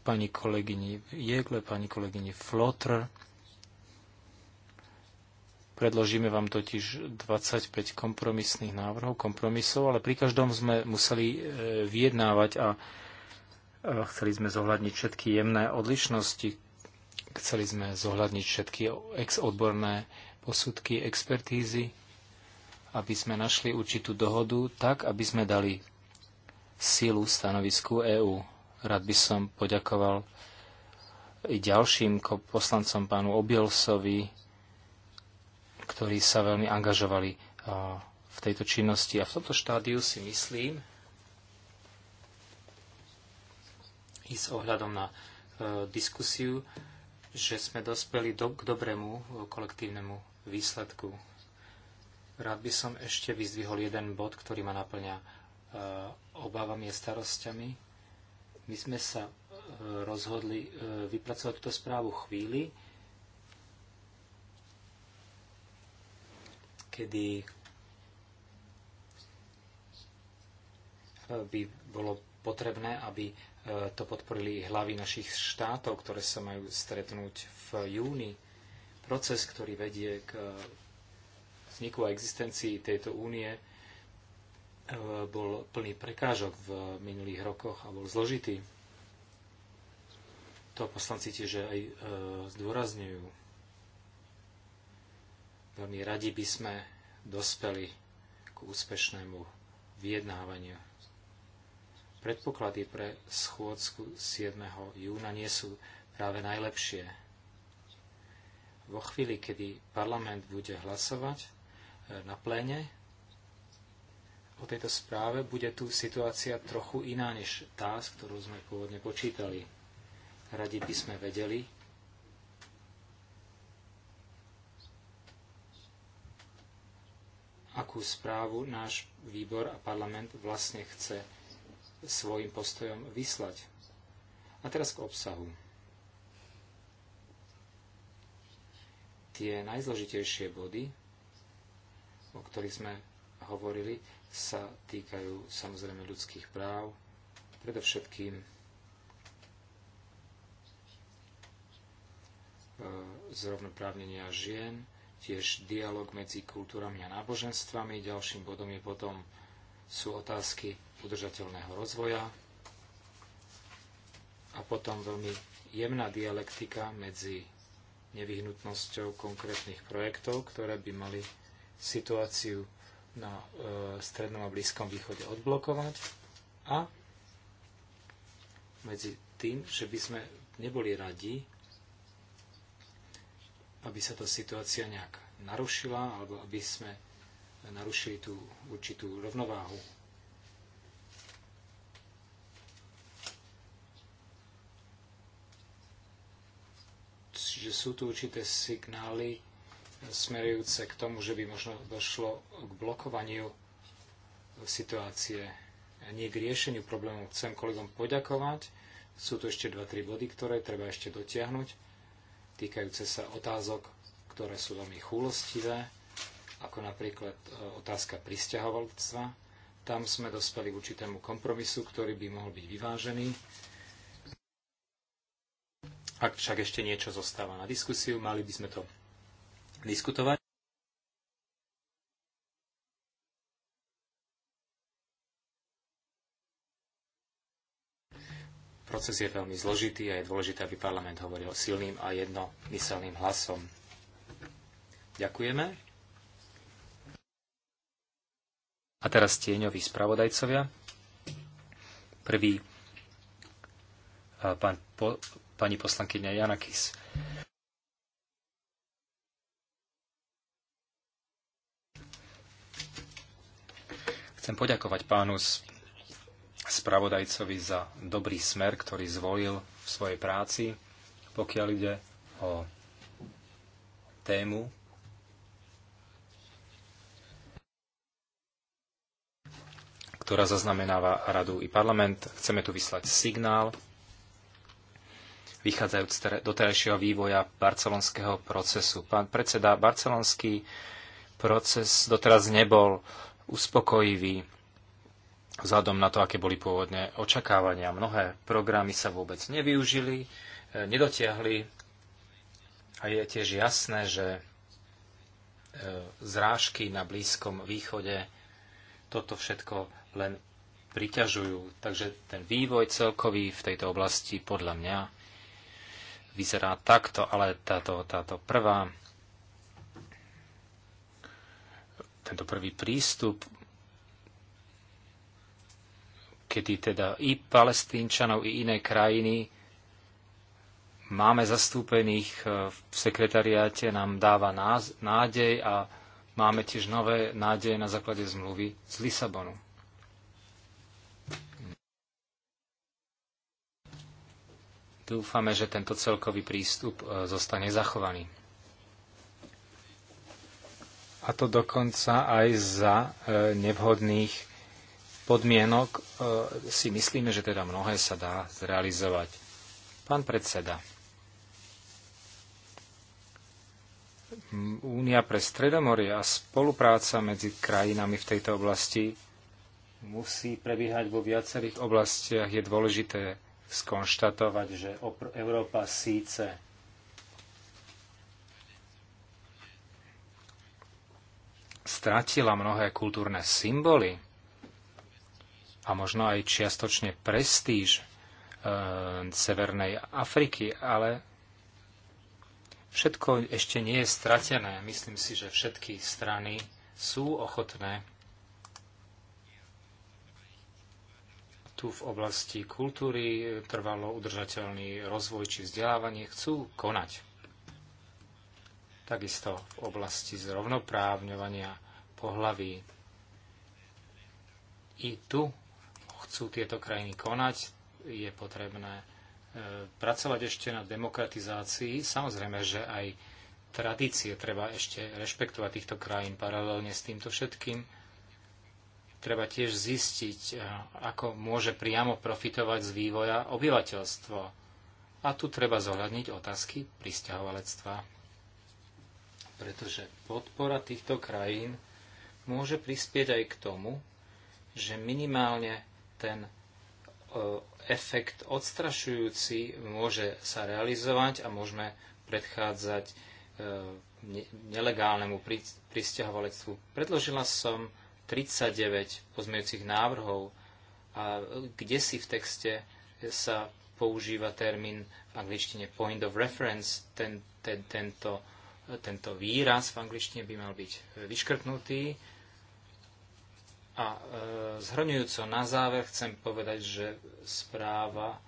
pani kolegyni Jegle, pani kolegyni Flotr. Predložíme vám totiž 25 kompromisných návrhov, kompromisov, ale pri každom sme museli e, vyjednávať a Chceli sme zohľadniť všetky jemné odlišnosti, chceli sme zohľadniť všetky exodborné posudky, expertízy, aby sme našli určitú dohodu tak, aby sme dali silu stanovisku EÚ. Rád by som poďakoval i ďalším poslancom pánu Obielsovi, ktorí sa veľmi angažovali v tejto činnosti. A v tomto štádiu si myslím, i s ohľadom na e, diskusiu, že sme dospeli do, k dobrému e, kolektívnemu výsledku. Rád by som ešte vyzdvihol jeden bod, ktorý ma naplňa e, obávami a starostiami. My sme sa rozhodli vypracovať túto správu chvíli, kedy by bolo potrebné, aby E, to podporili hlavy našich štátov, ktoré sa majú stretnúť v júni. Proces, ktorý vedie k vzniku a existencii tejto únie, e, bol plný prekážok v minulých rokoch a bol zložitý. To poslanci tiež aj e, zdôrazňujú. Veľmi radi by sme dospeli k úspešnému vyjednávaniu Predpoklady pre schôdzku 7. júna nie sú práve najlepšie. Vo chvíli, kedy parlament bude hlasovať e, na pléne o tejto správe, bude tu situácia trochu iná než tá, s ktorou sme pôvodne počítali. Radi by sme vedeli, akú správu náš výbor a parlament vlastne chce svojim postojom vyslať. A teraz k obsahu. Tie najzložitejšie body, o ktorých sme hovorili, sa týkajú samozrejme ľudských práv, predovšetkým e, zrovnoprávnenia žien, tiež dialog medzi kultúrami a náboženstvami. Ďalším bodom je potom sú otázky udržateľného rozvoja a potom veľmi jemná dialektika medzi nevyhnutnosťou konkrétnych projektov, ktoré by mali situáciu na e, strednom a blízkom východe odblokovať a medzi tým, že by sme neboli radi, aby sa tá situácia nejak narušila alebo aby sme narušili tú určitú rovnováhu Čiže sú tu určité signály smerujúce k tomu, že by možno došlo k blokovaniu situácie, nie k riešeniu problémov. Chcem kolegom poďakovať. Sú tu ešte 2-3 body, ktoré treba ešte dotiahnuť, týkajúce sa otázok, ktoré sú veľmi chúlostivé, ako napríklad e, otázka pristahovalstva. Tam sme dospeli k určitému kompromisu, ktorý by mohol byť vyvážený ak však ešte niečo zostáva na diskusiu, mali by sme to diskutovať. Proces je veľmi zložitý a je dôležité, aby parlament hovoril silným a jednomyselným hlasom. Ďakujeme. A teraz tieňoví spravodajcovia. Prvý eh, pán pani poslankyňa Janakis. Chcem poďakovať pánu spravodajcovi za dobrý smer, ktorý zvolil v svojej práci, pokiaľ ide o tému ktorá zaznamenáva radu i parlament. Chceme tu vyslať signál, vychádzajúc z doterajšieho vývoja barcelonského procesu. Pán predseda, barcelonský proces doteraz nebol uspokojivý vzhľadom na to, aké boli pôvodne očakávania. Mnohé programy sa vôbec nevyužili, e, nedotiahli a je tiež jasné, že e, zrážky na Blízkom východe toto všetko len priťažujú. Takže ten vývoj celkový v tejto oblasti podľa mňa vyzerá takto, ale táto, táto prvá, tento prvý prístup, kedy teda i palestínčanov, i iné krajiny máme zastúpených e, v sekretariáte, nám dáva nádej a máme tiež nové nádeje na základe zmluvy z Lisabonu. Dúfame, že tento celkový prístup e, zostane zachovaný. A to dokonca aj za e, nevhodných podmienok e, si myslíme, že teda mnohé sa dá zrealizovať. Pán predseda, Únia pre Stredomorie a spolupráca medzi krajinami v tejto oblasti musí prebiehať vo viacerých oblastiach. Je dôležité skonštatovať, že Európa síce stratila mnohé kultúrne symboly a možno aj čiastočne prestíž e, Severnej Afriky, ale všetko ešte nie je stratené. Myslím si, že všetky strany sú ochotné tu v oblasti kultúry, trvalo udržateľný rozvoj či vzdelávanie, chcú konať. Takisto v oblasti zrovnoprávňovania pohlaví. I tu chcú tieto krajiny konať, je potrebné e, pracovať ešte na demokratizácii. Samozrejme, že aj tradície treba ešte rešpektovať týchto krajín paralelne s týmto všetkým treba tiež zistiť, eh, ako môže priamo profitovať z vývoja obyvateľstvo. A tu treba zohľadniť otázky pristahovalectva. Pretože podpora týchto krajín môže prispieť aj k tomu, že minimálne ten eh, efekt odstrašujúci môže sa realizovať a môžeme predchádzať eh, nelegálnemu pristahovalectvu. Predložila som 39 pozmejúcich návrhov, a kde si v texte sa používa termín v angličtine point of reference, ten, ten, tento, tento výraz v angličtine by mal byť vyškrtnutý. A e, zhrňujúco na záver chcem povedať, že správa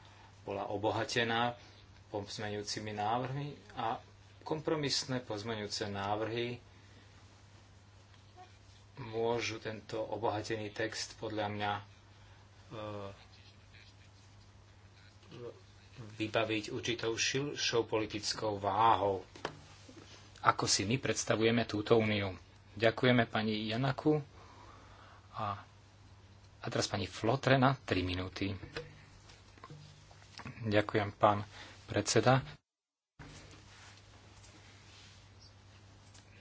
bola obohatená pozmeňujúcimi návrhmi a kompromisné pozmeňujúce návrhy môžu tento obohatený text podľa mňa e, vybaviť určitou širšou politickou váhou. Ako si my predstavujeme túto úniu? Ďakujeme pani Janaku a, a teraz pani Flotrena, 3 minúty. Ďakujem, pán predseda.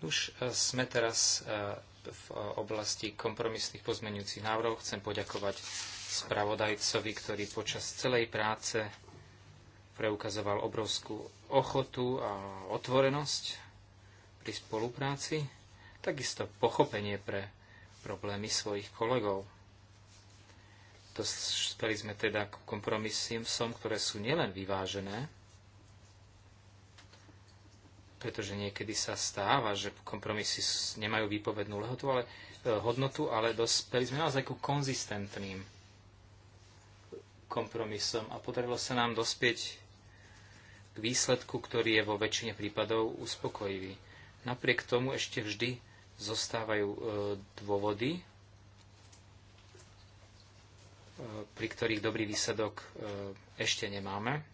Už e, sme teraz e, v oblasti kompromisných pozmenujúcich návrhov. Chcem poďakovať spravodajcovi, ktorý počas celej práce preukazoval obrovskú ochotu a otvorenosť pri spolupráci, takisto pochopenie pre problémy svojich kolegov. Dospeli sme teda k kompromisom, ktoré sú nielen vyvážené, pretože niekedy sa stáva, že kompromisy nemajú výpovednú lehotu, ale, e, hodnotu, ale dospeli sme naozaj ku konzistentným kompromisom a podarilo sa nám dospieť k výsledku, ktorý je vo väčšine prípadov uspokojivý. Napriek tomu ešte vždy zostávajú e, dôvody, e, pri ktorých dobrý výsledok ešte nemáme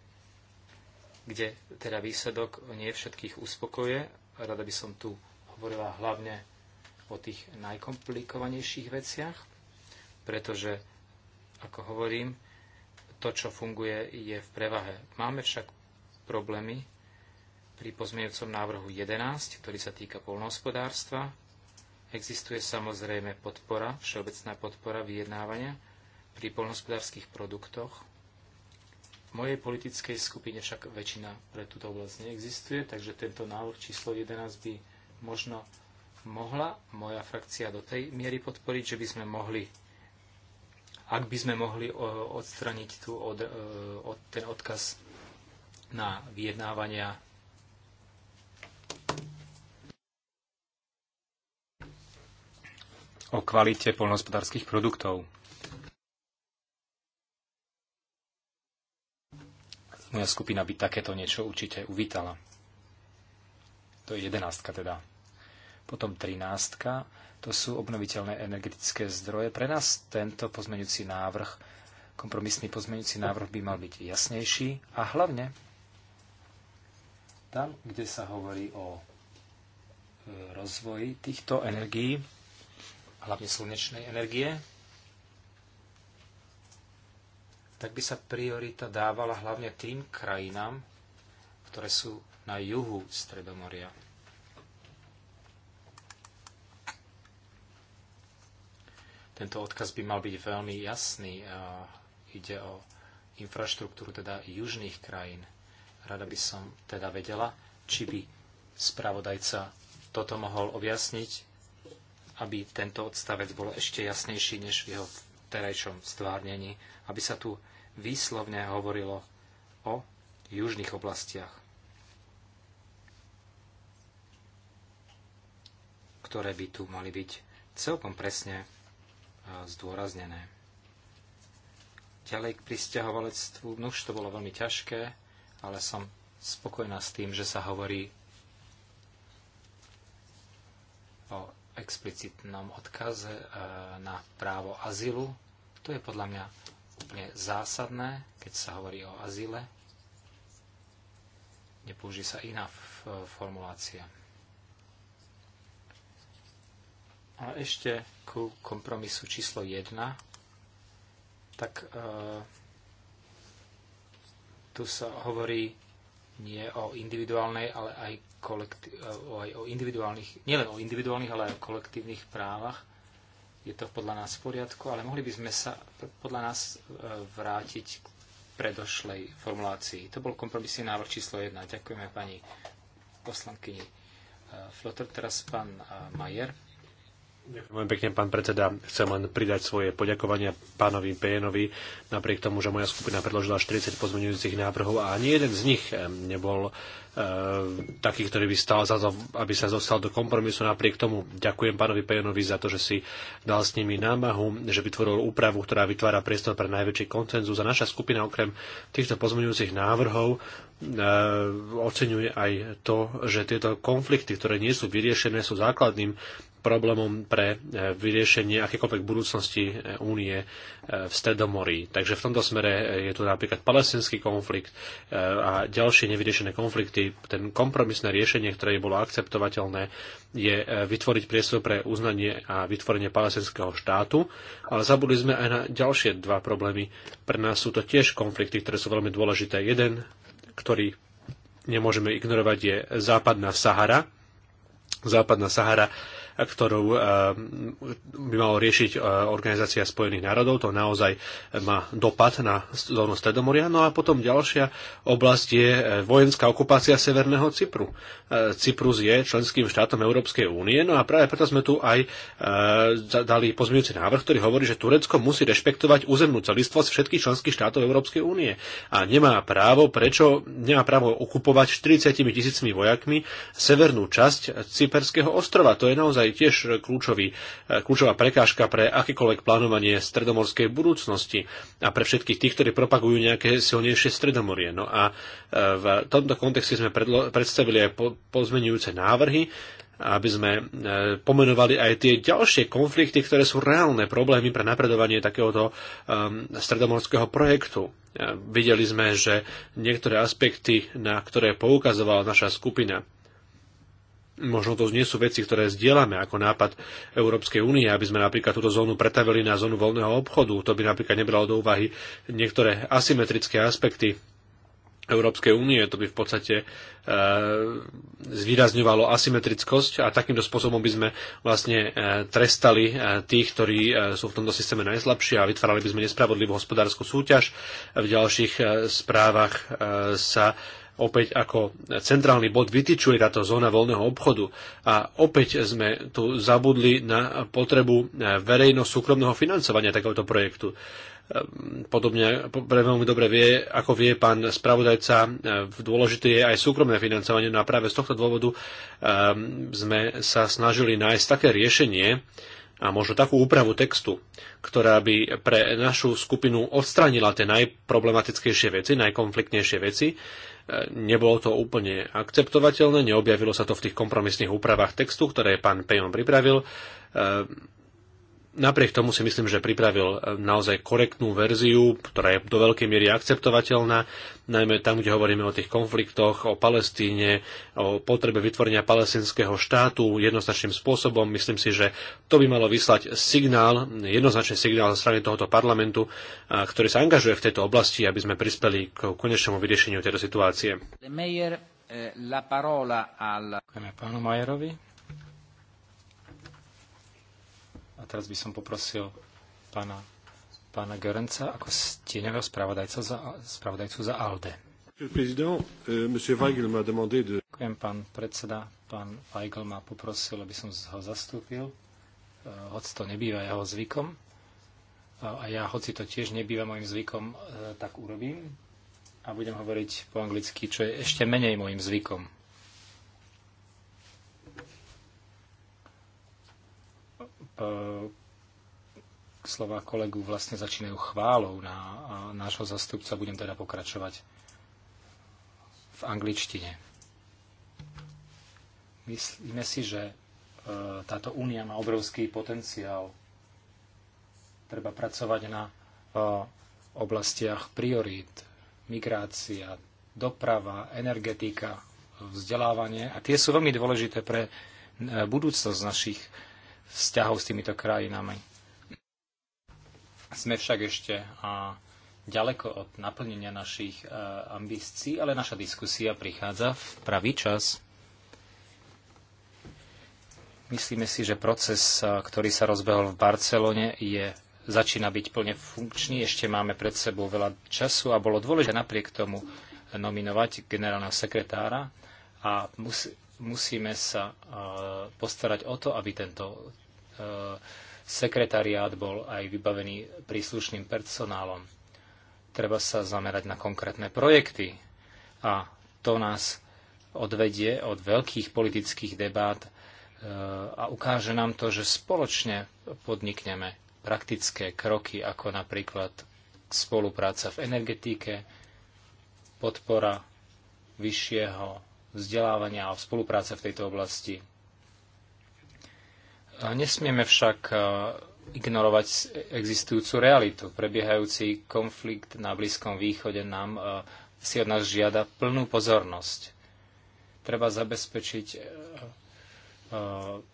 kde teda výsledok nie všetkých uspokoje. Rada by som tu hovorila hlavne o tých najkomplikovanejších veciach, pretože, ako hovorím, to, čo funguje, je v prevahe. Máme však problémy pri pozmeňujúcom návrhu 11, ktorý sa týka polnohospodárstva. Existuje samozrejme podpora, všeobecná podpora vyjednávania pri polnohospodárských produktoch, v mojej politickej skupine však väčšina pre túto oblasť neexistuje, takže tento návrh číslo 11 by možno mohla moja frakcia do tej miery podporiť, že by sme mohli, ak by sme mohli e, odstraniť tu od, e, od, ten odkaz na vyjednávania o kvalite polnohospodárskych produktov. Moja skupina by takéto niečo určite uvítala. To je jedenástka teda. Potom trináctka, to sú obnoviteľné energetické zdroje. Pre nás tento pozmeňujúci návrh, kompromisný pozmeňujúci návrh by mal byť jasnejší a hlavne tam, kde sa hovorí o e, rozvoji týchto energií, hlavne slnečnej energie, tak by sa priorita dávala hlavne tým krajinám, ktoré sú na juhu Stredomoria. Tento odkaz by mal byť veľmi jasný. A ide o infraštruktúru teda južných krajín. Rada by som teda vedela, či by spravodajca toto mohol objasniť, aby tento odstavec bol ešte jasnejší než v jeho terajšom stvárnení, aby sa tu výslovne hovorilo o južných oblastiach, ktoré by tu mali byť celkom presne zdôraznené. Ďalej k pristahovalectvu. už to bolo veľmi ťažké, ale som spokojná s tým, že sa hovorí o explicitnom odkaze e, na právo azylu. To je podľa mňa úplne zásadné, keď sa hovorí o azyle. Nepoužije sa iná e, formulácia. A ešte ku kompromisu číslo 1, tak e, tu sa hovorí nie o individuálnej, ale aj Eh, aj o individuálnych, nielen o individuálnych, ale aj o kolektívnych právach. Je to podľa nás v poriadku, ale mohli by sme sa podľa nás eh, vrátiť k predošlej formulácii. To bol kompromisný návrh číslo 1. Ďakujeme pani poslankyni eh, Flotter, teraz pán Majer. Ďakujem pekne, pán predseda. Chcem len pridať svoje poďakovania pánovi Pejenovi, napriek tomu, že moja skupina predložila 40 pozmeňujúcich návrhov a ani jeden z nich nebol e, taký, ktorý by stal za to, aby sa zostal do kompromisu. Napriek tomu ďakujem pánovi Pejenovi za to, že si dal s nimi námahu, že vytvoril úpravu, ktorá vytvára priestor pre najväčší koncenzus. A naša skupina okrem týchto pozmeňujúcich návrhov eh, oceňuje aj to, že tieto konflikty, ktoré nie sú vyriešené, sú základným problémom pre e, vyriešenie akékoľvek budúcnosti e, únie e, v Stredomorí. Takže v tomto smere je tu napríklad palestinský konflikt a ďalšie nevyriešené konflikty. Ten kompromisné riešenie, ktoré bolo akceptovateľné, je vytvoriť priestor pre uznanie a vytvorenie palestinského štátu, ale zabudli sme aj na ďalšie dva problémy. Pre nás sú to tiež konflikty, ktoré sú veľmi dôležité. Jeden, ktorý nemôžeme ignorovať, je západná Sahara. Západná Sahara ktorú eh, by malo riešiť eh, Organizácia spojených národov. To naozaj má dopad na zónu Stredomoria. No a potom ďalšia oblasť je eh, vojenská okupácia Severného Cypru. Cyprus je členským štátom Európskej únie, no a práve preto sme tu aj dali pozmeňujúci návrh, ktorý hovorí, že Turecko musí rešpektovať územnú celistvosť všetkých členských štátov Európskej únie a nemá právo, prečo nemá právo okupovať 40 tisícmi vojakmi severnú časť Cyperského ostrova. To je naozaj je tiež kľúčový, eh, kľúčová prekážka pre akékoľvek plánovanie stredomorskej budúcnosti a pre všetkých tých, ktorí propagujú nejaké silnejšie stredomorie. No a eh, v tomto kontexte sme predstavili aj pozmenujúce návrhy, aby sme eh, pomenovali aj tie ďalšie konflikty, ktoré sú reálne problémy pre napredovanie takéhoto ehm, stredomorského projektu. Videli sme, že niektoré aspekty, na ktoré poukazovala naša skupina, Možno to nie sú veci, ktoré zdieľame ako nápad Európskej únie, aby sme napríklad túto zónu pretavili na zónu voľného obchodu. To by napríklad nebralo do úvahy niektoré asymetrické aspekty Európskej únie. To by v podstate e, zvýrazňovalo asymetrickosť a takýmto spôsobom by sme vlastne e, trestali e, tých, ktorí e, sú v tomto systéme najslabší a vytvárali by sme nespravodlivú hospodárskú súťaž. V ďalších e, správach e, sa opäť ako centrálny bod vytýčuje táto zóna voľného obchodu. A opäť sme tu zabudli na potrebu verejno-súkromného financovania takéhoto projektu. Podobne pre veľmi dobre vie, ako vie pán spravodajca, dôležité je aj súkromné financovanie. No a práve z tohto dôvodu um, sme sa snažili nájsť také riešenie, a možno takú úpravu textu, ktorá by pre našu skupinu odstránila tie najproblematickejšie veci, najkonfliktnejšie veci Nebolo to úplne akceptovateľné, neobjavilo sa to v tých kompromisných úpravách textu, ktoré pán Pejon pripravil napriek tomu si myslím, že pripravil eh, naozaj korektnú verziu, ktorá je do veľkej miery akceptovateľná, najmä tam, kde hovoríme o tých konfliktoch, o Palestíne, o potrebe vytvorenia palestinského štátu jednoznačným spôsobom. Myslím si, že to by malo vyslať signál, jednoznačný signál zo strany tohoto parlamentu, eh, ktorý sa angažuje v tejto oblasti, aby sme prispeli k konečnému vyriešeniu tejto situácie. Eh, pánu Majerovi. A teraz by som poprosil pána, pána Gerenca ako stieňového spravodajcu za, spravodajcu za ALDE. Euh, Ďakujem, pán predseda. Pán Weigl ma poprosil, aby som ho zastúpil, eh, hoď to nebýva jeho zvykom. Eh, a ja, hoci to tiež nebýva môjim zvykom, eh, tak urobím a budem hovoriť po anglicky, čo je ešte menej môjim zvykom. E, slova kolegu vlastne začínajú chválou na nášho zastupca. Budem teda pokračovať v angličtine. Myslíme si, že e, táto únia má obrovský potenciál. Treba pracovať na e, oblastiach priorít, migrácia, doprava, energetika, vzdelávanie. A tie sú veľmi dôležité pre budúcnosť našich vzťahov s týmito krajinami. Sme však ešte ďaleko od naplnenia našich ambícií, ale naša diskusia prichádza v pravý čas. Myslíme si, že proces, ktorý sa rozbehol v Barcelone, je, začína byť plne funkčný. Ešte máme pred sebou veľa času a bolo dôležité napriek tomu nominovať generálneho sekretára a musí, musíme sa postarať o to, aby tento e, sekretariát bol aj vybavený príslušným personálom. Treba sa zamerať na konkrétne projekty a to nás odvedie od veľkých politických debát e, a ukáže nám to, že spoločne podnikneme praktické kroky, ako napríklad spolupráca v energetike, podpora vyššieho vzdelávania a spolupráce v tejto oblasti. Nesmieme však e, ignorovať existujúcu realitu. Prebiehajúci konflikt na Blízkom východe nám e, si od nás žiada plnú pozornosť. Treba zabezpečiť e,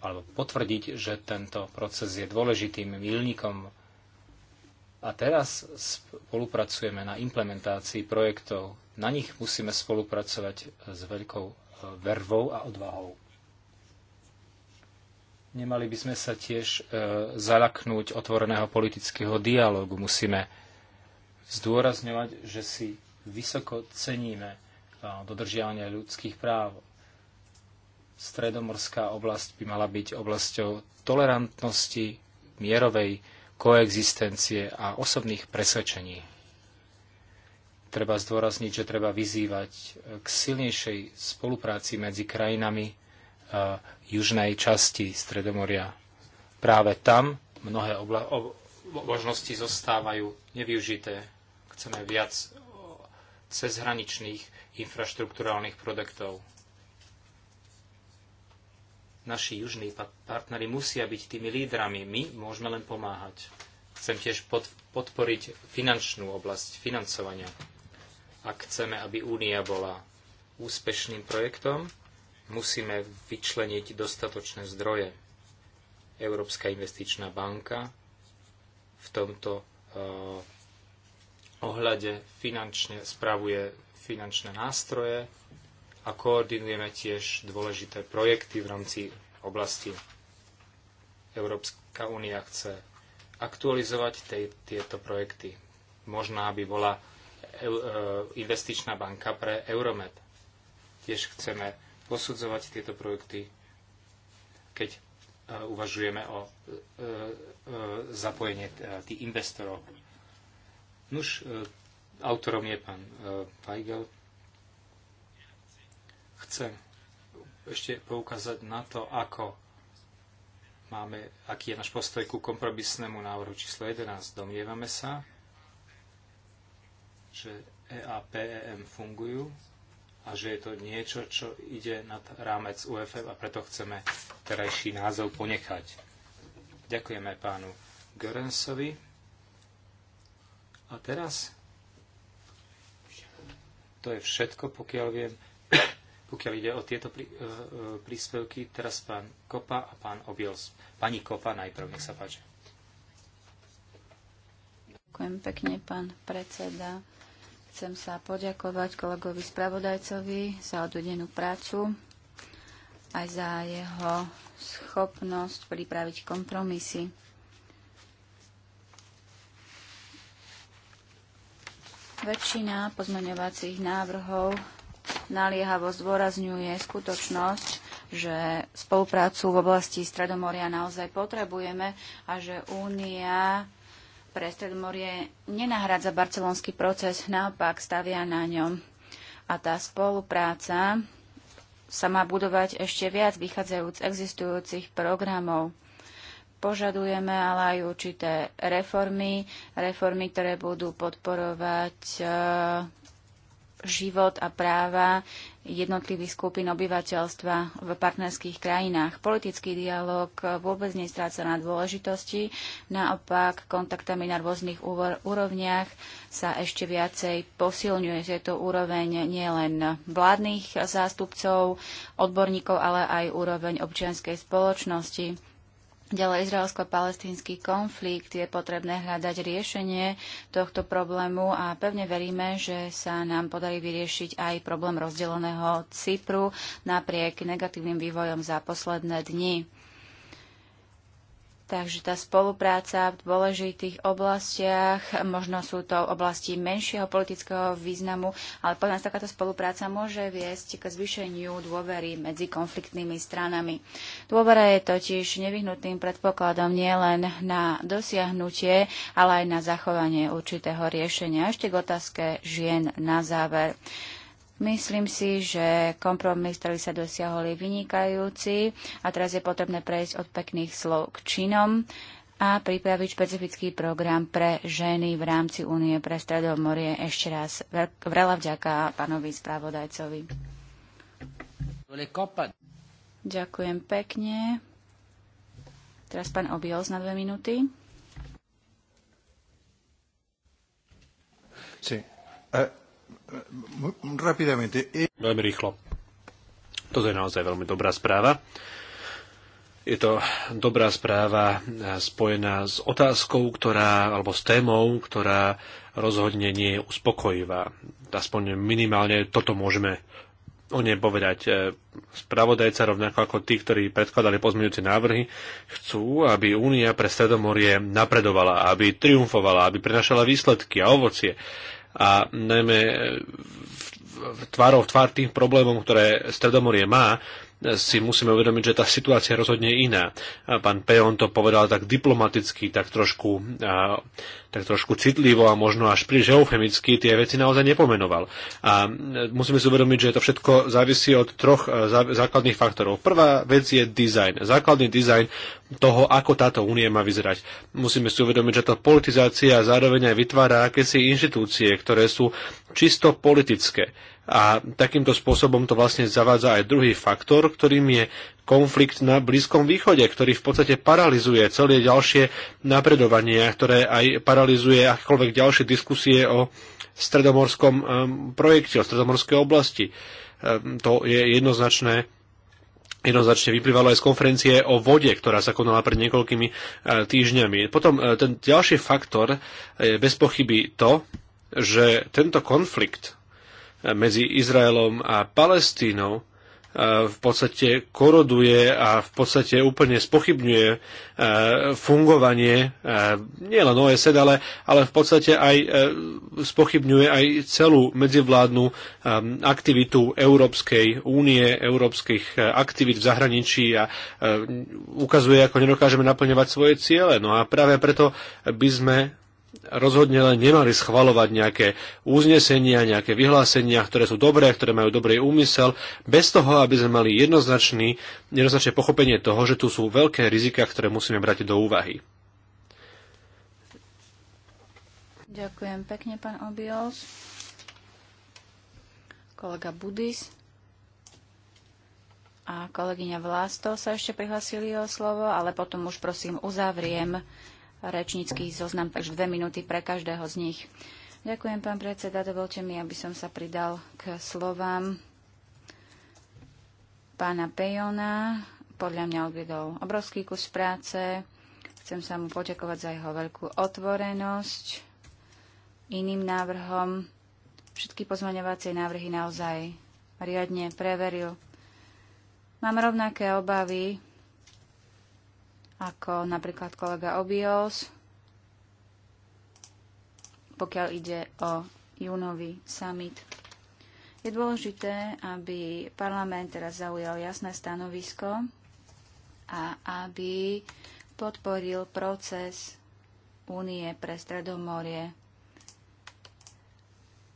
alebo potvrdiť, že tento proces je dôležitým milníkom. A teraz spolupracujeme na implementácii projektov na nich musíme spolupracovať eh, s veľkou eh, vervou a odvahou. Nemali by sme sa tiež eh, zalaknúť otvoreného politického dialogu, Musíme zdôrazňovať, že si vysoko ceníme dodržiavanie ľudských práv. Stredomorská oblasť by mala byť oblasťou tolerantnosti, mierovej koexistencie a osobných presvedčení treba zdôrazniť, že treba vyzývať eh, k silnejšej spolupráci medzi krajinami eh, južnej časti Stredomoria. Práve tam mnohé obla- možnosti zostávajú nevyužité. Chceme viac eh, cezhraničných infraštruktúrálnych projektov. Naši južní partnery musia byť tými lídrami. My môžeme len pomáhať. Chcem tiež podporiť finančnú oblasť financovania. Ak chceme, aby Únia bola úspešným projektom, musíme vyčleniť dostatočné zdroje. Európska investičná banka v tomto e, ohľade finančne spravuje finančné nástroje a koordinujeme tiež dôležité projekty v rámci oblasti. Európska únia chce aktualizovať tieto projekty. Možná by bola E, investičná banka pre Euromed. Tiež chceme posudzovať tieto projekty, keď e, uvažujeme o e, zapojenie tých investorov. Nuž, autorom je pán Weigel. Chcem ešte poukázať na to, ako máme, aký je náš postoj ku kompromisnému návrhu číslo 11. Domnievame sa, že EAPEM fungujú a že je to niečo, čo ide nad rámec UFF a preto chceme terajší názov ponechať. Ďakujeme pánu Görensovi. A teraz to je všetko, pokiaľ viem, (coughs) pokiaľ ide o tieto prí, e, e, príspevky. Teraz pán Kopa a pán Obiels. Pani Kopa najprv, nech sa páči. Ďakujem pekne, pán predseda. Chcem sa poďakovať kolegovi spravodajcovi za odvedenú prácu aj za jeho schopnosť pripraviť kompromisy. Väčšina pozmeňovacích návrhov naliehavo zdôrazňuje skutočnosť, že spoluprácu v oblasti Stredomoria naozaj potrebujeme a že Únia pre Stredomorie nenahrádza barcelonský proces, naopak stavia na ňom. A tá spolupráca sa má budovať ešte viac, vychádzajúc z existujúcich programov. Požadujeme ale aj určité reformy, reformy, ktoré budú podporovať eh, život a práva jednotlivých skupín obyvateľstva v partnerských krajinách. Politický dialog vôbec nestráca na dôležitosti, naopak kontaktami na rôznych úrovniach sa ešte viacej posilňuje. Je to úroveň nielen vládnych zástupcov, odborníkov, ale aj úroveň občianskej spoločnosti Ďalej izraelsko-palestínsky konflikt je potrebné hľadať riešenie tohto problému a pevne veríme, že sa nám podarí vyriešiť aj problém rozdeleného Cypru napriek negatívnym vývojom za posledné dni. Takže tá spolupráca v dôležitých oblastiach, možno sú to oblasti menšieho politického významu, ale podľa nás takáto spolupráca môže viesť k zvýšeniu dôvery medzi konfliktnými stranami. Dôvera je totiž nevyhnutným predpokladom nielen na dosiahnutie, ale aj na zachovanie určitého riešenia. Ešte k otázke žien na záver. Myslím si, že kompromis, ktorý sa dosiahol, je vynikajúci a teraz je potrebné prejsť od pekných slov k činom a pripraviť špecifický program pre ženy v rámci Únie pre Stredomorie. Ešte raz veľa vďaka pánovi spravodajcovi. Ďakujem pekne. Teraz pán Obiols na dve minúty. Sí. Uh... Veľmi rýchlo. Toto je naozaj veľmi dobrá správa. Je to dobrá správa e, spojená s otázkou, ktorá, alebo s témou, ktorá rozhodne nie je uspokojivá. Aspoň minimálne toto môžeme o nej povedať. E, spravodajca, rovnako ako tí, ktorí predkladali pozmeňujúce návrhy, chcú, aby Únia pre Stredomorie napredovala, aby triumfovala, aby prenašala výsledky a ovocie a najmä tvárov tvár tým problémom, ktoré Stredomorie má, si musíme uvedomiť, že tá situácia je rozhodne iná. Pán Peon to povedal tak diplomaticky, tak trošku, tak trošku citlivo a možno až príliš eufemicky tie veci naozaj nepomenoval. A e, musíme si uvedomiť, že to všetko závisí od troch e, základných faktorov. Prvá vec je design. Základný design toho, ako táto únie má vyzerať. Musíme si uvedomiť, že tá politizácia zároveň aj vytvára akési inštitúcie, ktoré sú čisto politické a takýmto spôsobom to vlastne zavádza aj druhý faktor, ktorým je konflikt na Blízkom východe, ktorý v podstate paralizuje celé ďalšie napredovanie, ktoré aj paralizuje akékoľvek ďalšie diskusie o stredomorskom ehm, projekte, o stredomorskej oblasti. Ehm, to je jednoznačné jednoznačne vyplývalo aj z konferencie o vode, ktorá sa konala pred niekoľkými ehm, týždňami. Potom ten ďalší faktor e, je bez pochyby to, že tento konflikt medzi Izraelom a Palestínou e, v podstate koroduje a v podstate úplne spochybňuje e, fungovanie e, nielen OSN, ale, ale v podstate aj spochybňuje aj celú medzivládnu aktivitu Európskej únie, európskych aktivít v zahraničí a ukazuje, ako nedokážeme naplňovať svoje ciele. No a práve preto by sme rozhodne len nemali schvalovať nejaké uznesenia, nejaké vyhlásenia, ktoré sú dobré, ktoré majú dobrý úmysel, bez toho, aby sme mali jednoznačný, jednoznačné pochopenie toho, že tu sú veľké rizika, ktoré musíme brať do úvahy. Ďakujem pekne, pán Obios. Kolega Budis a kolegyňa Vlásto sa ešte prihlasili o slovo, ale potom už prosím uzavriem rečnícky zoznam, takže dve minúty pre každého z nich. Ďakujem, pán predseda. Dovolte mi, aby som sa pridal k slovám pána Pejona. Podľa mňa odvedol obrovský kus práce. Chcem sa mu poďakovať za jeho veľkú otvorenosť iným návrhom. Všetky pozmaňovacie návrhy naozaj riadne preveril. Mám rovnaké obavy ako napríklad kolega Obios, pokiaľ ide o júnový summit. Je dôležité, aby parlament teraz zaujal jasné stanovisko a aby podporil proces Únie pre Stredomorie.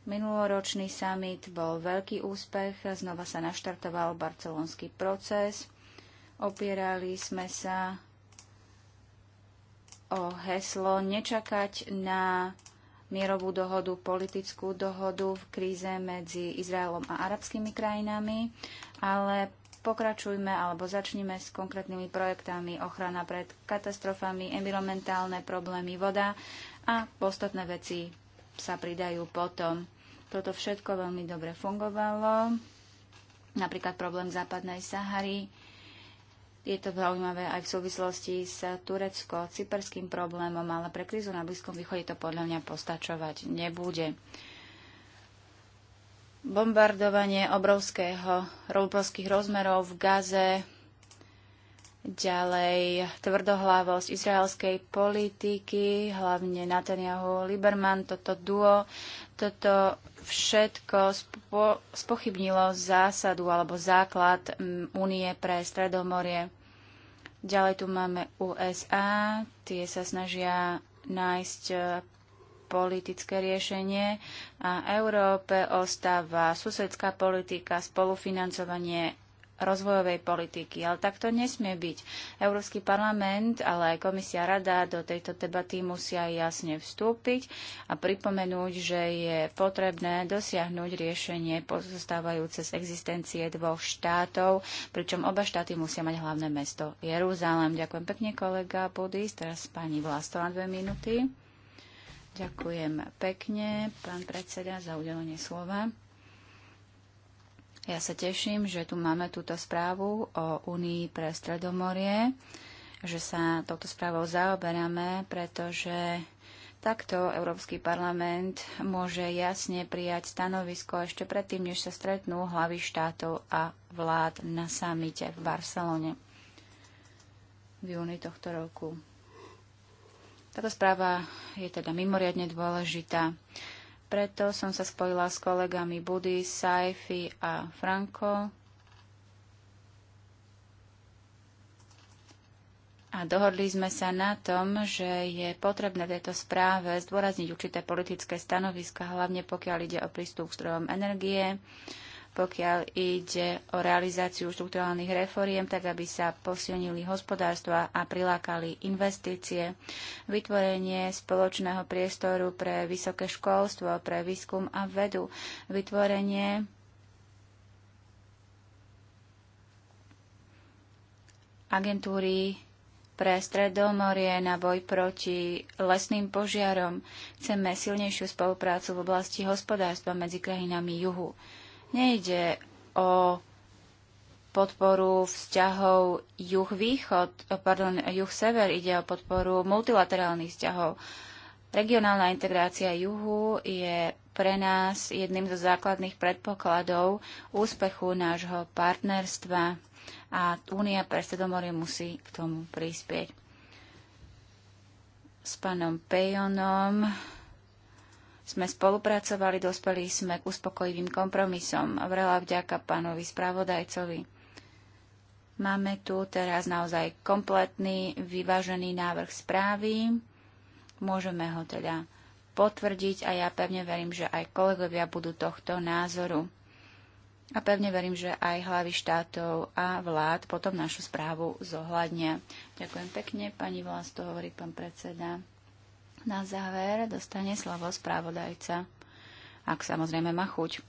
Minuloročný summit bol veľký úspech, znova sa naštartoval barcelonský proces. Opierali sme sa o heslo nečakať na mierovú dohodu, politickú dohodu v kríze medzi Izraelom a arabskými krajinami, ale pokračujme alebo začnime s konkrétnymi projektami ochrana pred katastrofami, environmentálne problémy, voda a podstatné veci sa pridajú potom. Toto všetko veľmi dobre fungovalo. Napríklad problém západnej Sahary, je to zaujímavé aj v súvislosti s turecko-cyperským problémom, ale pre krízu na Blízkom východe to podľa mňa postačovať nebude. Bombardovanie obrovského, obrovských rozmerov v Gaze, ďalej tvrdohlavosť izraelskej politiky, hlavne Netanyahu Liberman, toto duo, toto všetko spo- spochybnilo zásadu alebo základ únie mm, pre Stredomorie. Ďalej tu máme USA, tie sa snažia nájsť e, politické riešenie a Európe ostáva susedská politika, spolufinancovanie rozvojovej politiky. Ale tak to nesmie byť. Európsky parlament, ale aj komisia rada do tejto debaty musia jasne vstúpiť a pripomenúť, že je potrebné dosiahnuť riešenie pozostávajúce z existencie dvoch štátov, pričom oba štáty musia mať hlavné mesto Jeruzalem. Ďakujem pekne, kolega Budis. Teraz pani Vlasto na dve minúty. Ďakujem pekne, pán predseda, za udelenie slova. Ja sa teším, že tu máme túto správu o Únii pre Stredomorie, že sa touto správou zaoberáme, pretože takto Európsky parlament môže jasne prijať stanovisko ešte predtým, než sa stretnú hlavy štátov a vlád na samite v Barcelone v júni tohto roku. Táto správa je teda mimoriadne dôležitá. Preto som sa spojila s kolegami Budy, Saifi a Franko. A dohodli sme sa na tom, že je potrebné v tejto správe zdôrazniť určité politické stanoviska, hlavne pokiaľ ide o prístup k zdrojom energie, pokiaľ ide o realizáciu štruktúrálnych reforiem, tak aby sa posilnili hospodárstva a prilákali investície, vytvorenie spoločného priestoru pre vysoké školstvo, pre výskum a vedu, vytvorenie agentúry pre Stredomorie na boj proti lesným požiarom. Chceme silnejšiu spoluprácu v oblasti hospodárstva medzi krajinami juhu. Nejde o podporu vzťahov juh-východ, eh, pardon, juh-sever, ide o podporu multilaterálnych vzťahov. Regionálna integrácia juhu je pre nás jedným zo základných predpokladov úspechu nášho partnerstva a Únia pre Stredomorie musí k tomu prispieť. S pánom Pejonom sme spolupracovali, dospeli sme k uspokojivým kompromisom. Veľa vďaka pánovi spravodajcovi. Máme tu teraz naozaj kompletný, vyvážený návrh správy. Môžeme ho teda potvrdiť a ja pevne verím, že aj kolegovia budú tohto názoru. A pevne verím, že aj hlavy štátov a vlád potom našu správu zohľadnia. Ďakujem pekne, pani Vlasto, hovorí pán predseda. Na záver dostane slovo správodajca, ak samozrejme má chuť.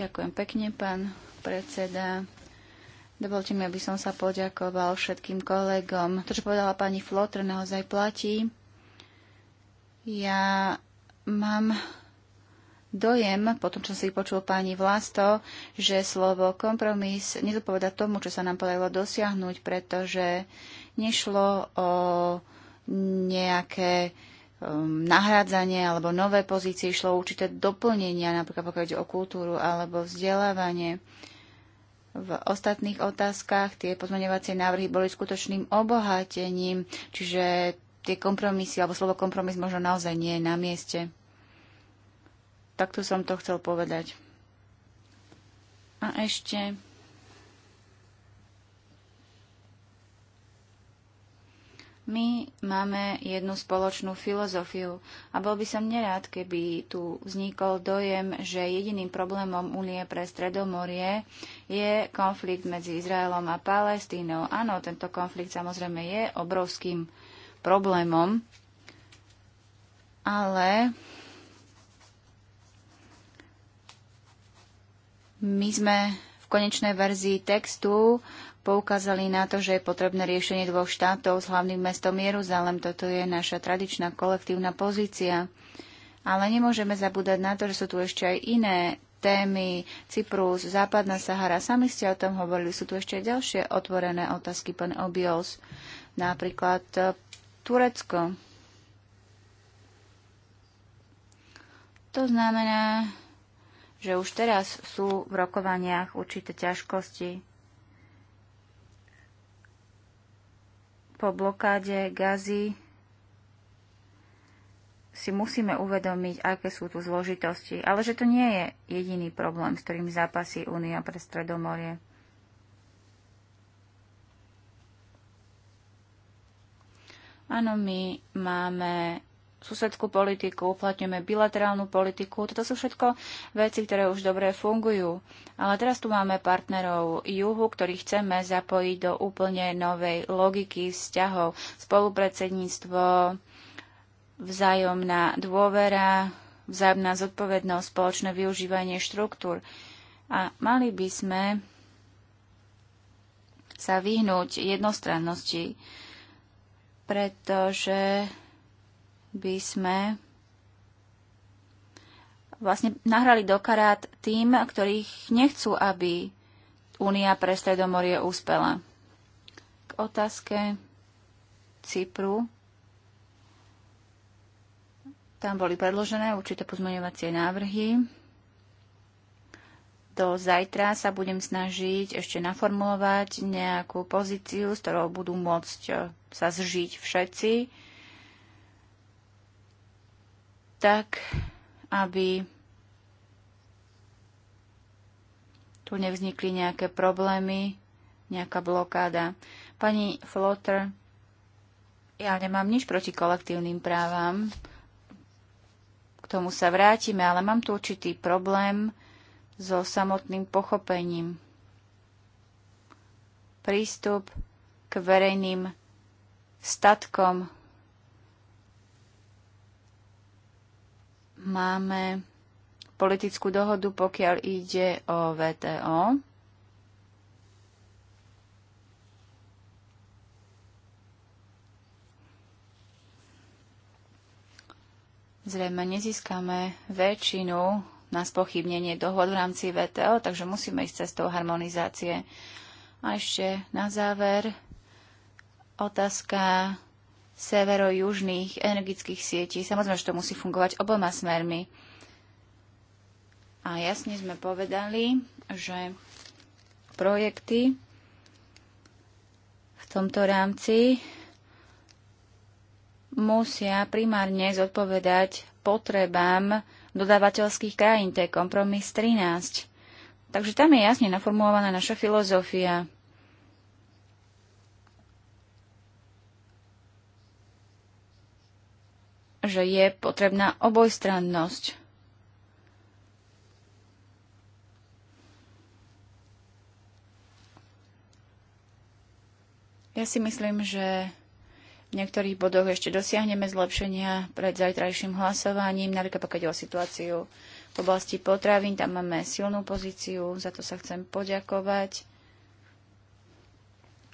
Ďakujem pekne, pán predseda. Dovolte mi, aby som sa poďakoval všetkým kolegom. To, čo povedala pani Flotr, naozaj platí. Ja mám dojem, po tom, čo si počul pani Vlasto, že slovo kompromis nezodpoveda tomu, čo sa nám podarilo dosiahnuť, pretože nešlo o nejaké um, nahrádzanie alebo nové pozície, išlo o určité doplnenia, napríklad pokiaľ ide o kultúru alebo vzdelávanie. V ostatných otázkach tie pozmeňovacie návrhy boli skutočným obohatením, čiže tie kompromisy alebo slovo kompromis možno naozaj nie je na mieste. Takto som to chcel povedať. A ešte My máme jednu spoločnú filozofiu a bol by som nerád, keby tu vznikol dojem, že jediným problémom únie pre Stredomorie je konflikt medzi Izraelom a Palestínou. Áno, tento konflikt samozrejme je obrovským problémom, ale my sme v konečnej verzii textu poukázali na to, že je potrebné riešenie dvoch štátov s hlavným mestom Jeruzalem. Toto je naša tradičná kolektívna pozícia. Ale nemôžeme zabúdať na to, že sú tu ešte aj iné témy, Cyprus, Západná Sahara. Sami ste o tom hovorili. Sú tu ešte aj ďalšie otvorené otázky, pán Obios. Napríklad e, Turecko. To znamená, že už teraz sú v rokovaniach určité ťažkosti po blokáde gazy si musíme uvedomiť, aké sú tu zložitosti, ale že to nie je jediný problém, s ktorým zápasí Únia pre Stredomorie. Áno, my máme susedskú politiku, uplatňujeme bilaterálnu politiku. Toto sú všetko veci, ktoré už dobre fungujú. Ale teraz tu máme partnerov juhu, ktorých chceme zapojiť do úplne novej logiky vzťahov. Spolupredsedníctvo, vzájomná dôvera, vzájomná zodpovednosť, spoločné využívanie štruktúr. A mali by sme sa vyhnúť jednostrannosti, pretože by sme vlastne nahrali do karát tým, ktorých nechcú, aby Únia pre Stredomorie úspela. K otázke Cypru. Tam boli predložené určité pozmeňovacie návrhy. Do zajtra sa budem snažiť ešte naformulovať nejakú pozíciu, s ktorou budú môcť sa zžiť všetci tak, aby tu nevznikli nejaké problémy, nejaká blokáda. Pani Flotter, ja nemám nič proti kolektívnym právam, k tomu sa vrátime, ale mám tu určitý problém so samotným pochopením. Prístup k verejným statkom máme politickú dohodu, pokiaľ ide o VTO. Zrejme nezískame väčšinu na spochybnenie dohod v rámci VTO, takže musíme ísť cestou harmonizácie. A ešte na záver otázka severo-južných energických sietí. Samozrejme, že to musí fungovať oboma smermi. A jasne sme povedali, že projekty v tomto rámci musia primárne zodpovedať potrebám dodávateľských krajín, to je kompromis 13. Takže tam je jasne naformulovaná naša filozofia. že je potrebná obojstrannosť. Ja si myslím, že v niektorých bodoch ešte dosiahneme zlepšenia pred zajtrajším hlasovaním, napríklad pokiaľ ide o situáciu v oblasti potravín, tam máme silnú pozíciu, za to sa chcem poďakovať.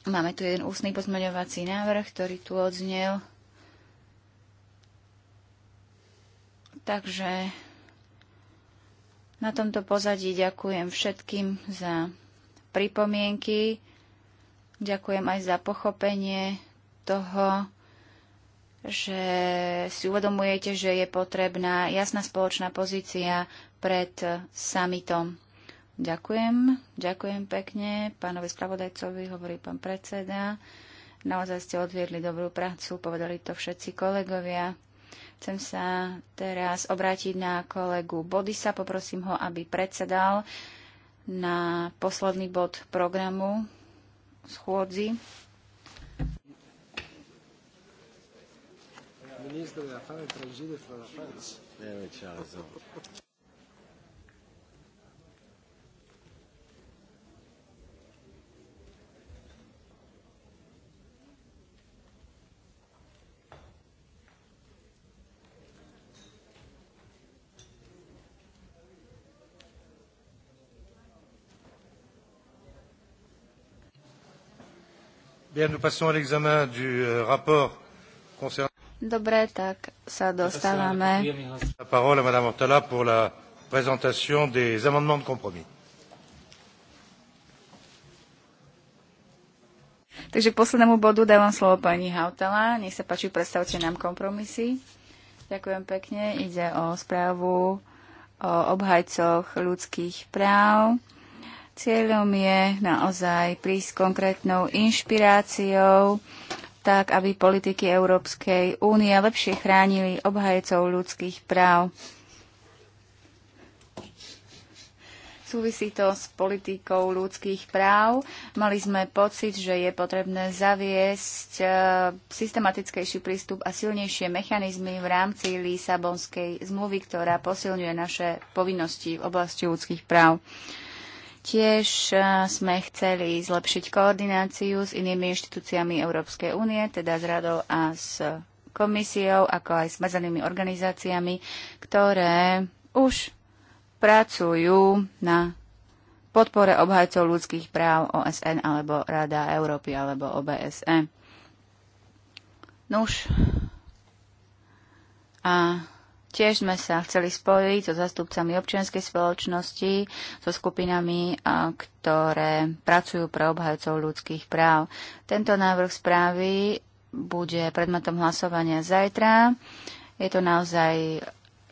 Máme tu jeden ústny pozmeňovací návrh, ktorý tu odznel. Takže na tomto pozadí ďakujem všetkým za pripomienky, ďakujem aj za pochopenie toho, že si uvedomujete, že je potrebná jasná spoločná pozícia pred summitom. Ďakujem, ďakujem pekne pánovi spravodajcovi, hovorí pán predseda. Naozaj ste odviedli dobrú prácu, povedali to všetci kolegovia. Chcem sa teraz obrátiť na kolegu Bodisa. Poprosím ho, aby predsedal na posledný bod programu schôdzi. Ministro delle Affari Francese fra la France. Eh, ciao. Euh, Dobre, tak sa dostávame. La parole à Madame Ortala pour la présentation des amendements de compromis. Takže k poslednému bodu dávam slovo pani Hautala. Nech sa páči, predstavte nám kompromisy. Ďakujem pekne. Ide o správu o obhajcoch ľudských práv. Cieľom je naozaj prísť konkrétnou inšpiráciou, tak aby politiky Európskej únie lepšie chránili obhajcov ľudských práv. Súvisí to s politikou ľudských práv. Mali sme pocit, že je potrebné zaviesť e, systematickejší prístup a silnejšie mechanizmy v rámci Lisabonskej zmluvy, ktorá posilňuje naše povinnosti v oblasti ľudských práv. Tiež e, sme chceli zlepšiť koordináciu s inými inštitúciami Európskej únie, teda s radou a s komisiou, ako aj s medzanými organizáciami, ktoré už pracujú na podpore obhajcov ľudských práv OSN alebo Rada Európy alebo OBSE. Nuž a Tiež sme sa chceli spojiť so zastupcami občianskej spoločnosti, so skupinami, ktoré pracujú pre obhajcov ľudských práv. Tento návrh správy bude predmetom hlasovania zajtra. Je to naozaj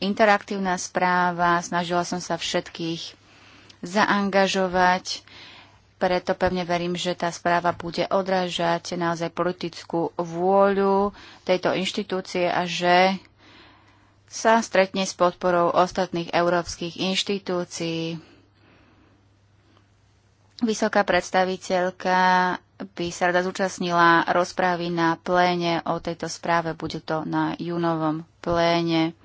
interaktívna správa. Snažila som sa všetkých zaangažovať. Preto pevne verím, že tá správa bude odrážať naozaj politickú vôľu tejto inštitúcie a že sa stretne s podporou ostatných európskych inštitúcií. Vysoká predstaviteľka by sa rada zúčastnila rozprávy na pléne o tejto správe. Bude to na júnovom pléne.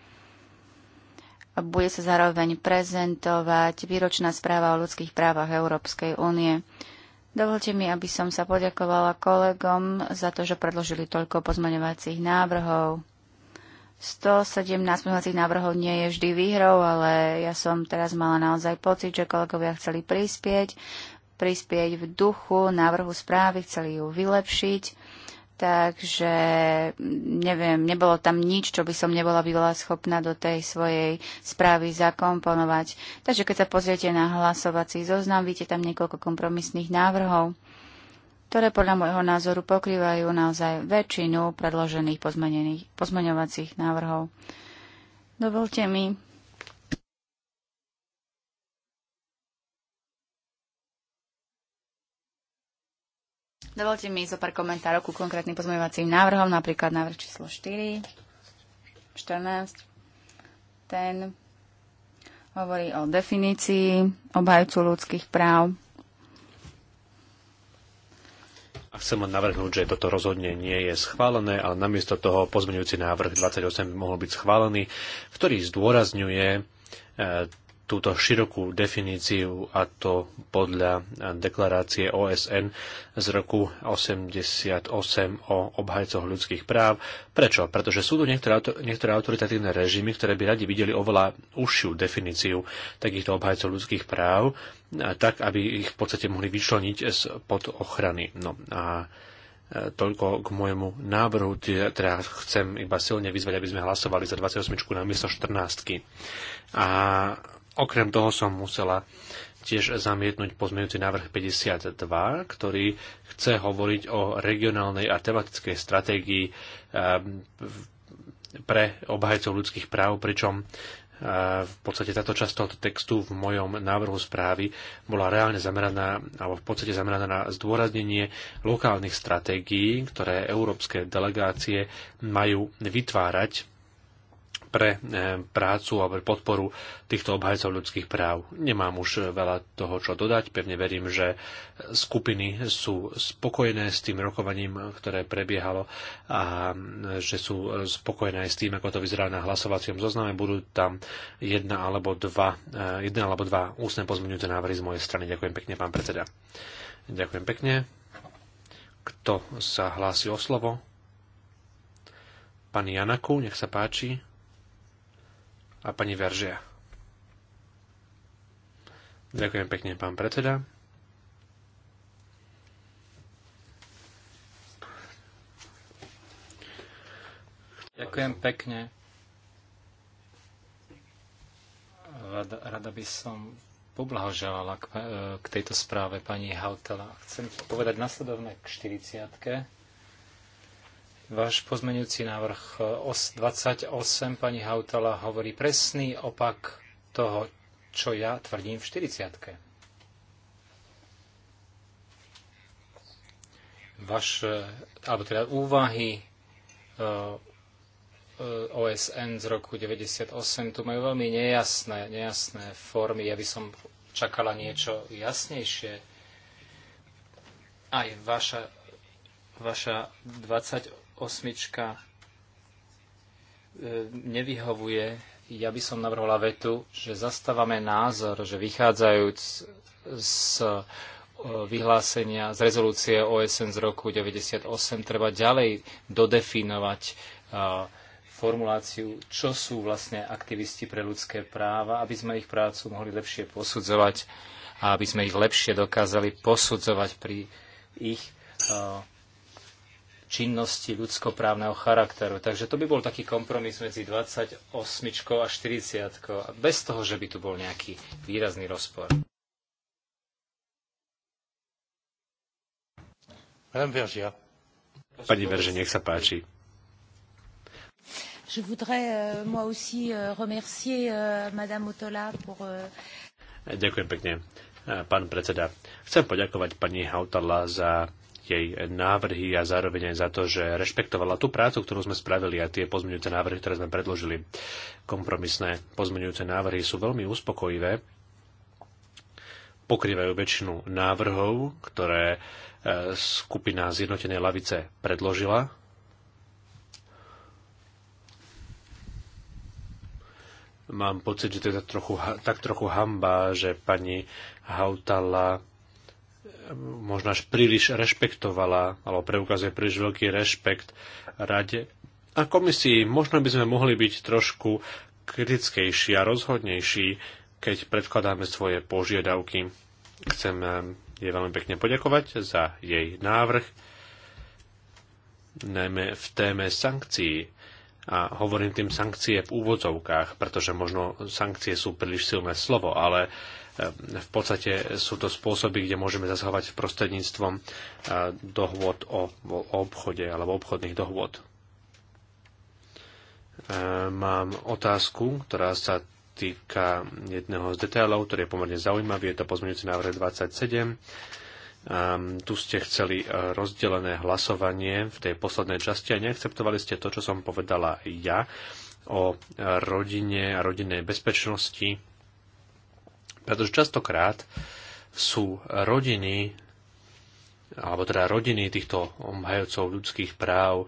Bude sa zároveň prezentovať výročná správa o ľudských právach Európskej únie. Dovolte mi, aby som sa poďakovala kolegom za to, že predložili toľko pozmaňovacích návrhov. 117 pozmeňovacích návrhov nie je vždy výhrou, ale ja som teraz mala naozaj pocit, že kolegovia chceli prispieť, prispieť v duchu návrhu správy, chceli ju vylepšiť. Takže neviem, nebolo tam nič, čo by som nebola bývala schopná do tej svojej správy zakomponovať. Takže keď sa pozriete na hlasovací zoznam, vidíte tam niekoľko kompromisných návrhov ktoré podľa môjho názoru pokrývajú naozaj väčšinu predložených pozmeňovacích návrhov. Dovolte mi Dovolte mi zo pár komentárov ku konkrétnym pozmeňovacím návrhom, napríklad návrh číslo 4, 14. Ten hovorí o definícii obhajcu ľudských práv. A chcem len navrhnúť, že toto rozhodne nie je schválené, ale namiesto toho pozmeňujúci návrh 28 by mohol byť schválený, ktorý zdôrazňuje e, túto širokú definíciu a to podľa deklarácie OSN z roku 88 o obhajcoch ľudských práv. Prečo? Pretože sú tu niektoré, niektoré autoritatívne režimy, ktoré by radi videli oveľa užšiu definíciu takýchto obhajcov ľudských práv, tak aby ich v podstate mohli vyčleniť pod ochrany. No a e, toľko k môjmu návrhu, teda chcem iba silne vyzvať, aby sme hlasovali za 28 na miesto 14. A Okrem toho som musela tiež zamietnúť pozmeňujúci návrh 52, ktorý chce hovoriť o regionálnej a tematickej stratégii ehm, pre obhajcov ľudských práv, pričom ehm, v podstate táto časť tohto textu v mojom návrhu správy bola reálne zameraná, alebo v podstate zameraná na zdôraznenie lokálnych stratégií, ktoré európske delegácie majú vytvárať pre eh, prácu a pre podporu týchto obhajcov ľudských práv. Nemám už veľa toho, čo dodať. Pevne verím, že skupiny sú spokojné s tým rokovaním, ktoré prebiehalo a mm, že sú spokojné aj s tým, ako to vyzerá na hlasovacom zozname. Budú tam jedna alebo dva, eh, jedna alebo dva ústne pozmeňujúce návrhy z mojej strany. Ďakujem pekne, pán predseda. Ďakujem pekne. Kto sa hlási o slovo? Pani Janaku, nech sa páči a pani Veržia. Ďakujem pekne, pán predseda. Ďakujem pekne. Rada, rada by som poblahoželala k, e, k tejto správe pani Hautela. Chcem povedať nasledovné k 40. Váš pozmenujúci návrh 28, e, pani Hautala, hovorí presný opak toho, čo ja tvrdím v 40. Vaše, alebo teda úvahy e, e, OSN z roku 98 tu majú veľmi nejasné, nejasné formy. Ja by som čakala niečo jasnejšie. Aj vaša, vaša 28 osmička e, nevyhovuje. Ja by som navrhla vetu, že zastávame názor, že vychádzajúc z e, vyhlásenia z rezolúcie OSN z roku 98 treba ďalej dodefinovať e, formuláciu, čo sú vlastne aktivisti pre ľudské práva, aby sme ich prácu mohli lepšie posudzovať a aby sme ich lepšie dokázali posudzovať pri ich činnosti ľudskoprávneho charakteru. Takže to by bol taký kompromis medzi 28 a 40, bez toho, že by tu bol nejaký výrazný rozpor. Pani Verže, nech sa páči. Je voudrais euh, moi aussi euh, remercier euh, Madame Otola pour. Euh... Ďakujem pekne, pán predseda. Chcem poďakovať pani Hautala za jej návrhy a zároveň aj za to, že rešpektovala tú prácu, ktorú sme spravili a tie pozmeňujúce návrhy, ktoré sme predložili. Kompromisné pozmeňujúce návrhy sú veľmi uspokojivé, pokrývajú väčšinu návrhov, ktoré e, skupina Zjednotenej lavice predložila. Mám pocit, že to je tak trochu, tak trochu hamba, že pani Hautala možno až príliš rešpektovala, alebo preukazuje príliš veľký rešpekt rade a komisii. Možno by sme mohli byť trošku kritickejší a rozhodnejší, keď predkladáme svoje požiadavky. Chcem jej veľmi pekne poďakovať za jej návrh, najmä v téme sankcií. A hovorím tým sankcie v úvodzovkách, pretože možno sankcie sú príliš silné slovo, ale uh, Ehm, v podstate sú to spôsoby, kde môžeme zasahovať prostredníctvom ehm, dohôd o, obchode alebo obchodných dohôd. Ehm, mám otázku, ktorá sa týka jedného z detailov, ktorý je pomerne zaujímavý. Je to pozmeňujúci návrh 27. Um, tu ste chceli e, rozdelené hlasovanie v tej poslednej časti a neakceptovali ste to, čo som povedala ja o e, rodine a rodinnej bezpečnosti pretože častokrát sú rodiny, alebo teda rodiny týchto obhajovcov ľudských práv eh,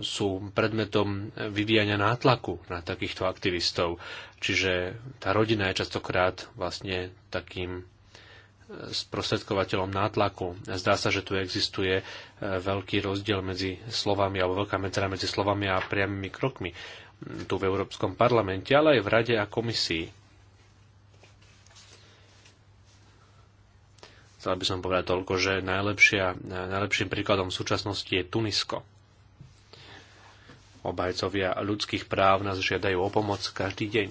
sú predmetom vyvíjania nátlaku na takýchto aktivistov. Čiže tá rodina je častokrát vlastne takým eh, sprostredkovateľom nátlaku. Zdá sa, že tu existuje eh, veľký rozdiel medzi slovami alebo veľká medzera medzi slovami a priamými krokmi mm, tu v Európskom parlamente, ale aj v Rade a komisii. chcel by som povedať toľko, že najlepšia, najlepším príkladom v súčasnosti je Tunisko. Obajcovia ľudských práv nás žiadajú o pomoc každý deň.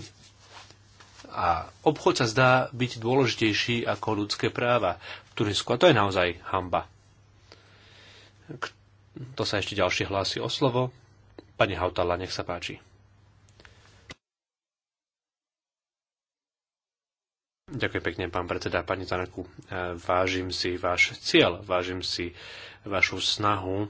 A obchod sa zdá byť dôležitejší ako ľudské práva v Tunisku. A to je naozaj hamba. To sa ešte ďalšie hlási o slovo. Pani Hautala, nech sa páči. Ďakujem pekne, pán predseda. Pani Zanaku, e, vážim si váš cieľ, vážim si vašu snahu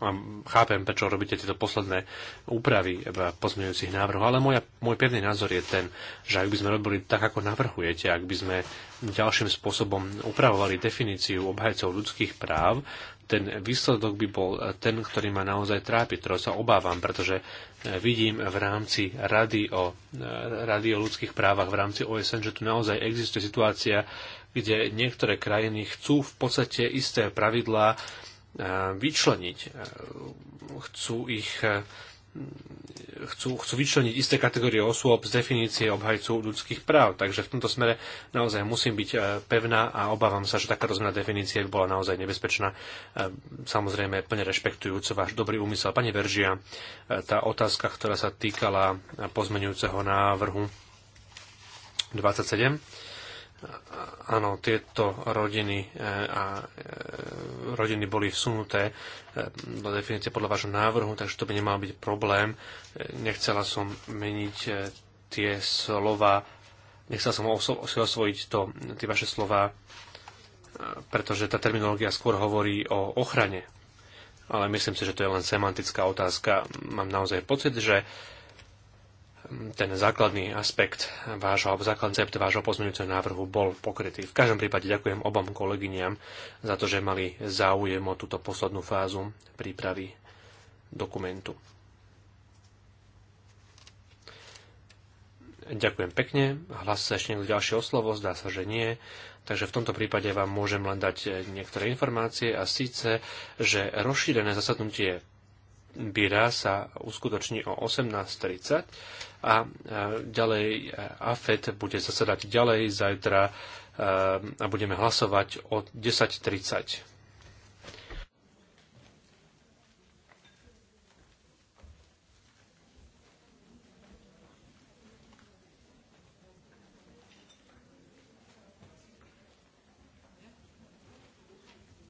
a chápem, prečo robíte tieto posledné úpravy pozmeňujúcich návrhov, ale moja, môj pevný názor je ten, že ak by sme robili tak, ako navrhujete, ak by sme ďalším spôsobom upravovali definíciu obhajcov ľudských práv, ten výsledok by bol ten, ktorý ma naozaj trápi, ktorého sa obávam, pretože e, vidím v rámci Rady o, e, Rady o ľudských právach, v rámci OSN, že tu naozaj existuje situácia, kde niektoré krajiny chcú v podstate isté pravidlá e, vyčleniť. Chcú ich chcú, chcú vyčleniť isté kategórie osôb z definície obhajcu ľudských práv. Takže v tomto smere naozaj musím byť e, pevná a obávam sa, že takáto zmena definície by bola naozaj nebezpečná. E, samozrejme, plne rešpektujúc váš dobrý úmysel. Pani Veržia, e, tá otázka, ktorá sa týkala pozmenujúceho návrhu 27, áno, tieto rodiny e, a e, rodiny boli vsunuté e, do definície podľa vášho návrhu, takže to by nemal byť problém. Nechcela som meniť tie slova, nechcela som si osvojiť to, tie vaše slova, pretože tá terminológia skôr hovorí o ochrane. Ale myslím si, že to je len semantická otázka. Mám naozaj pocit, že ten základný aspekt vášho, alebo základný cept vášho pozmeňujúceho návrhu bol pokrytý. V každom prípade ďakujem obom kolegyniam za to, že mali záujem o túto poslednú fázu prípravy dokumentu. Ďakujem pekne. Hlas sa ešte niekto ďalšie o slovo? Zdá sa, že nie. Takže v tomto prípade vám môžem len dať niektoré informácie a síce, že rozšírené zasadnutie Bira sa uskutoční o 18.30 a ďalej e, AFET bude zasedať ďalej zajtra e, a budeme hlasovať o 10.30.